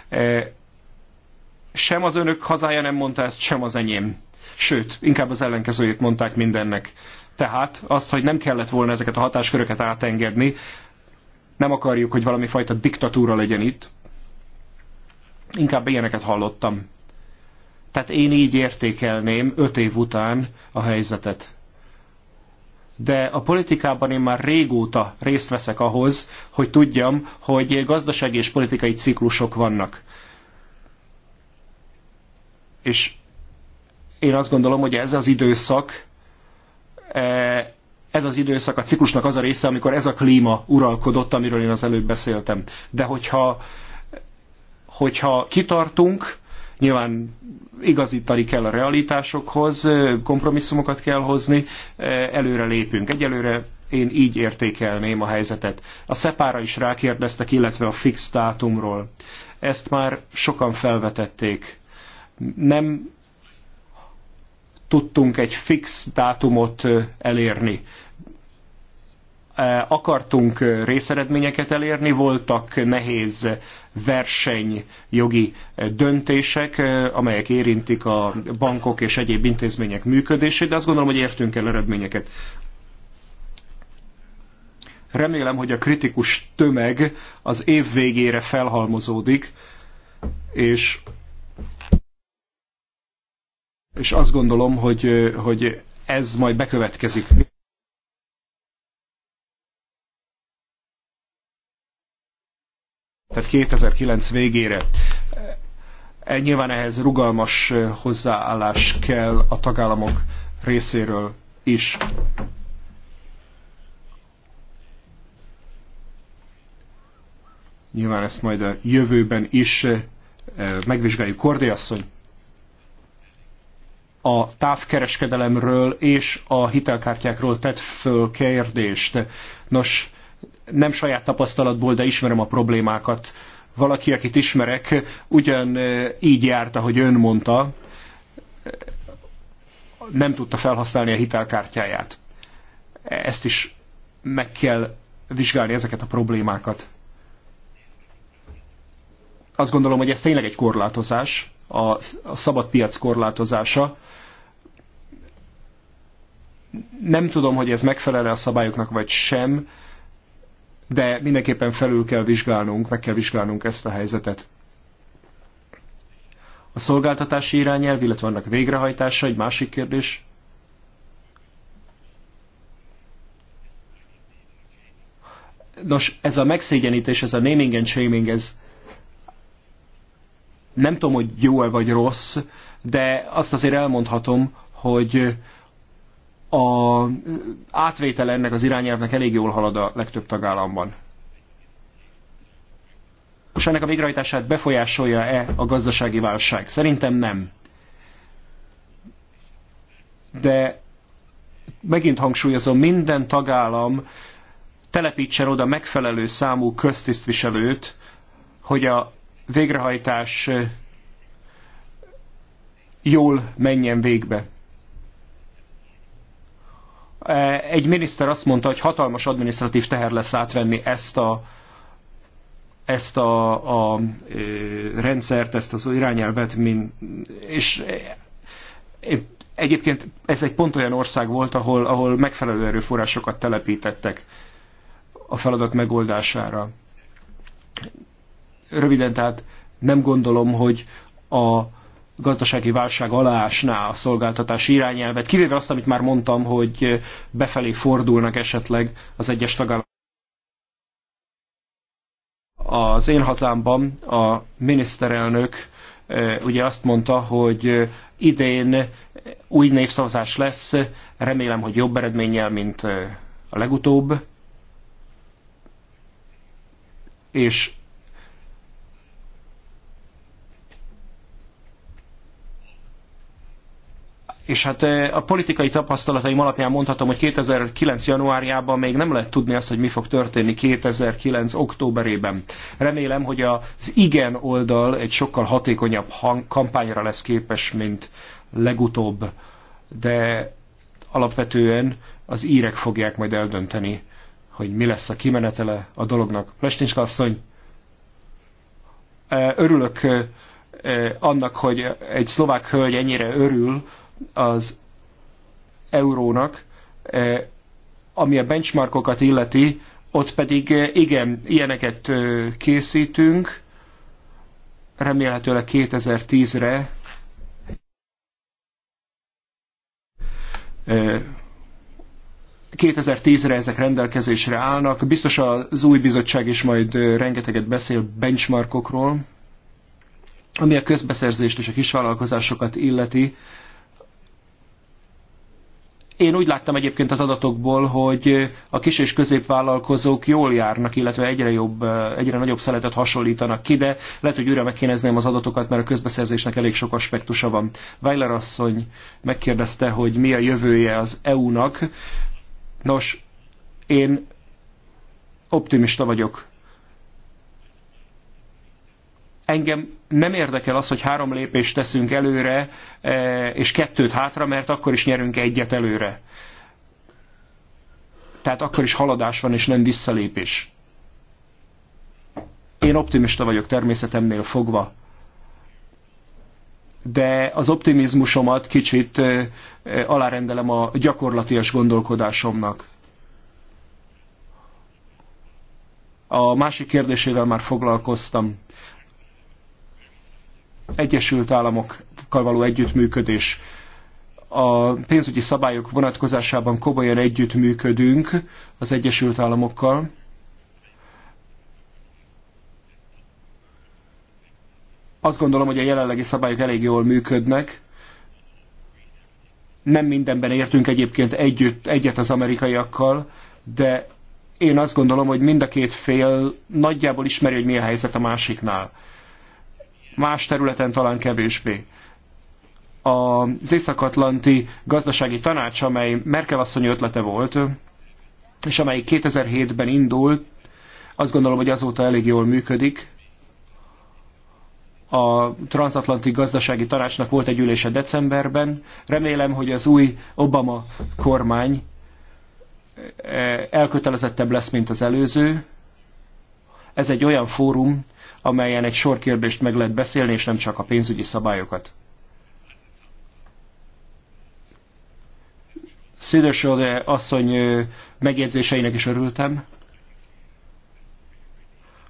E, sem az önök hazája nem mondta ezt, sem az enyém. Sőt, inkább az ellenkezőjét mondták mindennek. Tehát azt, hogy nem kellett volna ezeket a hatásköröket átengedni, nem akarjuk, hogy valami fajta diktatúra legyen itt. Inkább ilyeneket hallottam. Tehát én így értékelném öt év után a helyzetet de a politikában én már régóta részt veszek ahhoz, hogy tudjam, hogy gazdasági és politikai ciklusok vannak. És én azt gondolom, hogy ez az időszak, e, ez az időszak a ciklusnak az a része, amikor ez a klíma uralkodott, amiről én az előbb beszéltem. De hogyha, hogyha kitartunk, Nyilván igazítani kell a realitásokhoz, kompromisszumokat kell hozni, előre lépünk. Egyelőre én így értékelném a helyzetet. A szepára is rákérdeztek, illetve a fix dátumról. Ezt már sokan felvetették. Nem tudtunk egy fix dátumot elérni. Akartunk részeredményeket elérni, voltak nehéz versenyjogi eh, döntések, eh, amelyek érintik a bankok és egyéb intézmények működését, de azt gondolom, hogy értünk el eredményeket. Remélem, hogy a kritikus tömeg az év végére felhalmozódik, és és azt gondolom, hogy, eh, hogy ez majd bekövetkezik. tehát 2009 végére. E, nyilván ehhez rugalmas e, hozzáállás kell a tagállamok részéről is. Nyilván ezt majd a jövőben is e, megvizsgáljuk. Kordi asszony, a távkereskedelemről és a hitelkártyákról tett föl kérdést. Nos, nem saját tapasztalatból, de ismerem a problémákat. Valaki, akit ismerek, ugyan így járt, ahogy ön mondta, nem tudta felhasználni a hitelkártyáját. Ezt is meg kell vizsgálni ezeket a problémákat. Azt gondolom, hogy ez tényleg egy korlátozás, a, szabad piac korlátozása. Nem tudom, hogy ez megfelel-e a szabályoknak, vagy sem, de mindenképpen felül kell vizsgálnunk, meg kell vizsgálnunk ezt a helyzetet. A szolgáltatási irányelv, illetve annak végrehajtása egy másik kérdés. Nos, ez a megszégyenítés, ez a naming and shaming, ez nem tudom, hogy jó-e vagy rossz, de azt azért elmondhatom, hogy a átvétel ennek az irányelvnek elég jól halad a legtöbb tagállamban. Most ennek a végrehajtását befolyásolja-e a gazdasági válság? Szerintem nem. De megint hangsúlyozom, minden tagállam telepítsen oda megfelelő számú köztisztviselőt, hogy a végrehajtás jól menjen végbe. Eh, egy miniszter azt mondta, hogy hatalmas adminisztratív teher lesz átvenni ezt a, ezt a, a e, rendszert, ezt az irányelvet, mint, és e, egyébként ez egy pont olyan ország volt, ahol, ahol megfelelő erőforrásokat telepítettek a feladat megoldására. Röviden tehát nem gondolom, hogy a gazdasági válság alásná a szolgáltatás irányelvet, kivéve azt, amit már mondtam, hogy befelé fordulnak esetleg az egyes tagállamok. Az én hazámban a miniszterelnök e, ugye azt mondta, hogy idén új népszavazás lesz, remélem, hogy jobb eredménnyel, mint e, a legutóbb, és És hát a politikai tapasztalataim alapján mondhatom, hogy 2009. januárjában még nem lehet tudni azt, hogy mi fog történni 2009. októberében. Remélem, hogy az igen oldal egy sokkal hatékonyabb kampányra lesz képes, mint legutóbb, de alapvetően az írek fogják majd eldönteni, hogy mi lesz a kimenetele a dolognak. Lesnicska asszony, örülök annak, hogy egy szlovák hölgy ennyire örül az eurónak, eh, ami a benchmarkokat illeti, ott pedig eh, igen, ilyeneket eh, készítünk, remélhetőleg 2010-re E 2010-re ezek rendelkezésre állnak. Biztos az új bizottság is majd rengeteget beszél benchmarkokról, ami a közbeszerzést és a kisvállalkozásokat illeti. Én úgy láttam egyébként az adatokból, hogy a kis és középvállalkozók jól járnak, illetve egyre, jobb, egyre nagyobb szeletet hasonlítanak ki, de lehet, hogy újra megkérdezném az adatokat, mert a közbeszerzésnek elég sok aspektusa van. Weiler asszony megkérdezte, hogy mi a jövője az EU-nak. Nos, én optimista vagyok engem nem érdekel az, hogy három lépést teszünk előre, e, és kettőt hátra, mert akkor is nyerünk egyet előre. Tehát akkor is haladás van, és nem visszalépés. Én optimista vagyok természetemnél fogva, de az optimizmusomat kicsit e, e, alárendelem a gyakorlatias gondolkodásomnak. A másik kérdésével már foglalkoztam. Egyesült Államokkal való együttműködés. A pénzügyi szabályok vonatkozásában komolyan együttműködünk az Egyesült Államokkal. Azt gondolom, hogy a jelenlegi szabályok elég jól működnek. Nem mindenben értünk egyébként együtt, egyet az amerikaiakkal, de én azt gondolom, hogy mind a két fél nagyjából ismeri, hogy mi a helyzet a másiknál más területen talán kevésbé. Az Észak-Atlanti Gazdasági Tanács, amely Merkel asszony ötlete volt, és amely 2007-ben indult, azt gondolom, hogy azóta elég jól működik. A Transatlanti Gazdasági Tanácsnak volt egy ülése decemberben. Remélem, hogy az új Obama kormány eh, elkötelezettebb lesz, mint az előző. Ez egy olyan fórum, amelyen egy sor kérdést meg lehet beszélni, és nem csak a pénzügyi szabályokat. Szédesode asszony megjegyzéseinek is örültem.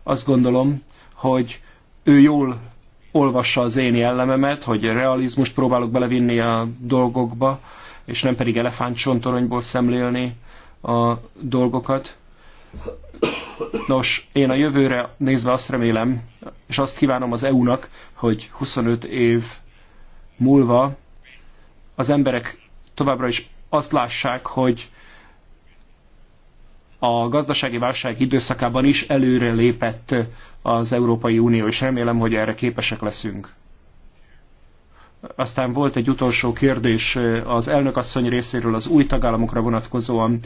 Azt gondolom, hogy ő jól olvassa az én jellememet, hogy realizmust próbálok belevinni a dolgokba, és nem pedig elefántcsontoronyból szemlélni a dolgokat. Nos, én a jövőre nézve azt remélem, és azt kívánom az EU-nak, hogy 25 év múlva az emberek továbbra is azt lássák, hogy a gazdasági válság időszakában is előre lépett az Európai Unió, és remélem, hogy erre képesek leszünk. Aztán volt egy utolsó kérdés az elnökasszony részéről az új tagállamokra vonatkozóan,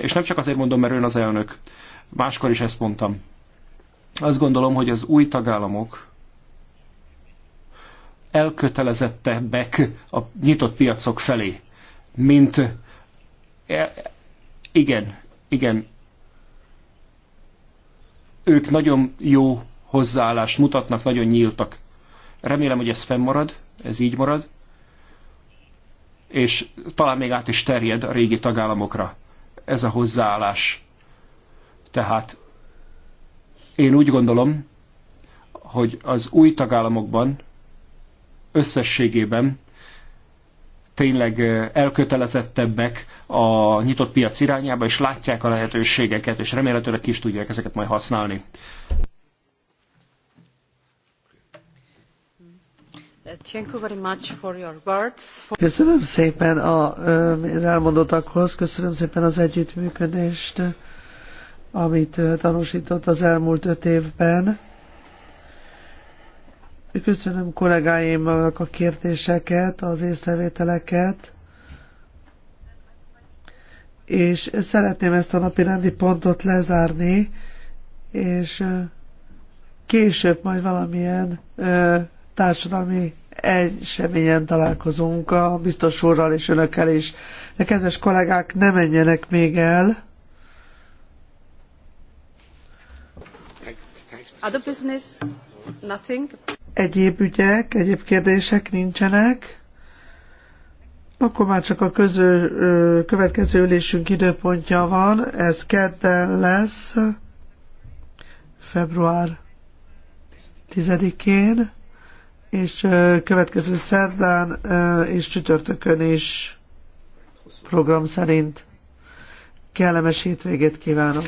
és nem csak azért mondom, mert ön az elnök, máskor is ezt mondtam. Azt gondolom, hogy az új tagállamok elkötelezettebbek a nyitott piacok felé, mint igen, igen, ők nagyon jó hozzáállást mutatnak, nagyon nyíltak. Remélem, hogy ez fennmarad, ez így marad, és talán még át is terjed a régi tagállamokra ez a hozzáállás. Tehát én úgy gondolom, hogy az új tagállamokban összességében tényleg eh, elkötelezettebbek a nyitott piac irányába, és látják a lehetőségeket, és remélhetőleg ki is tudják ezeket majd használni.
Köszönöm szépen a elmondottakhoz, köszönöm szépen az együttműködést, amit tanúsított az elmúlt öt évben. Köszönöm kollégáimnak a kérdéseket, az észrevételeket, és szeretném ezt a napi rendi pontot lezárni, és később majd valamilyen ö, társadalmi eseményen találkozunk a biztos úrral és önökkel is. De kedves kollégák, ne menjenek még el. Other business? Nothing. Egyéb ügyek, egyéb kérdések nincsenek. Akkor már csak a közö, következő ülésünk időpontja van, ez kedden lesz, február 10-én és következő szerdán és csütörtökön is program szerint kellemes hétvégét kívánok!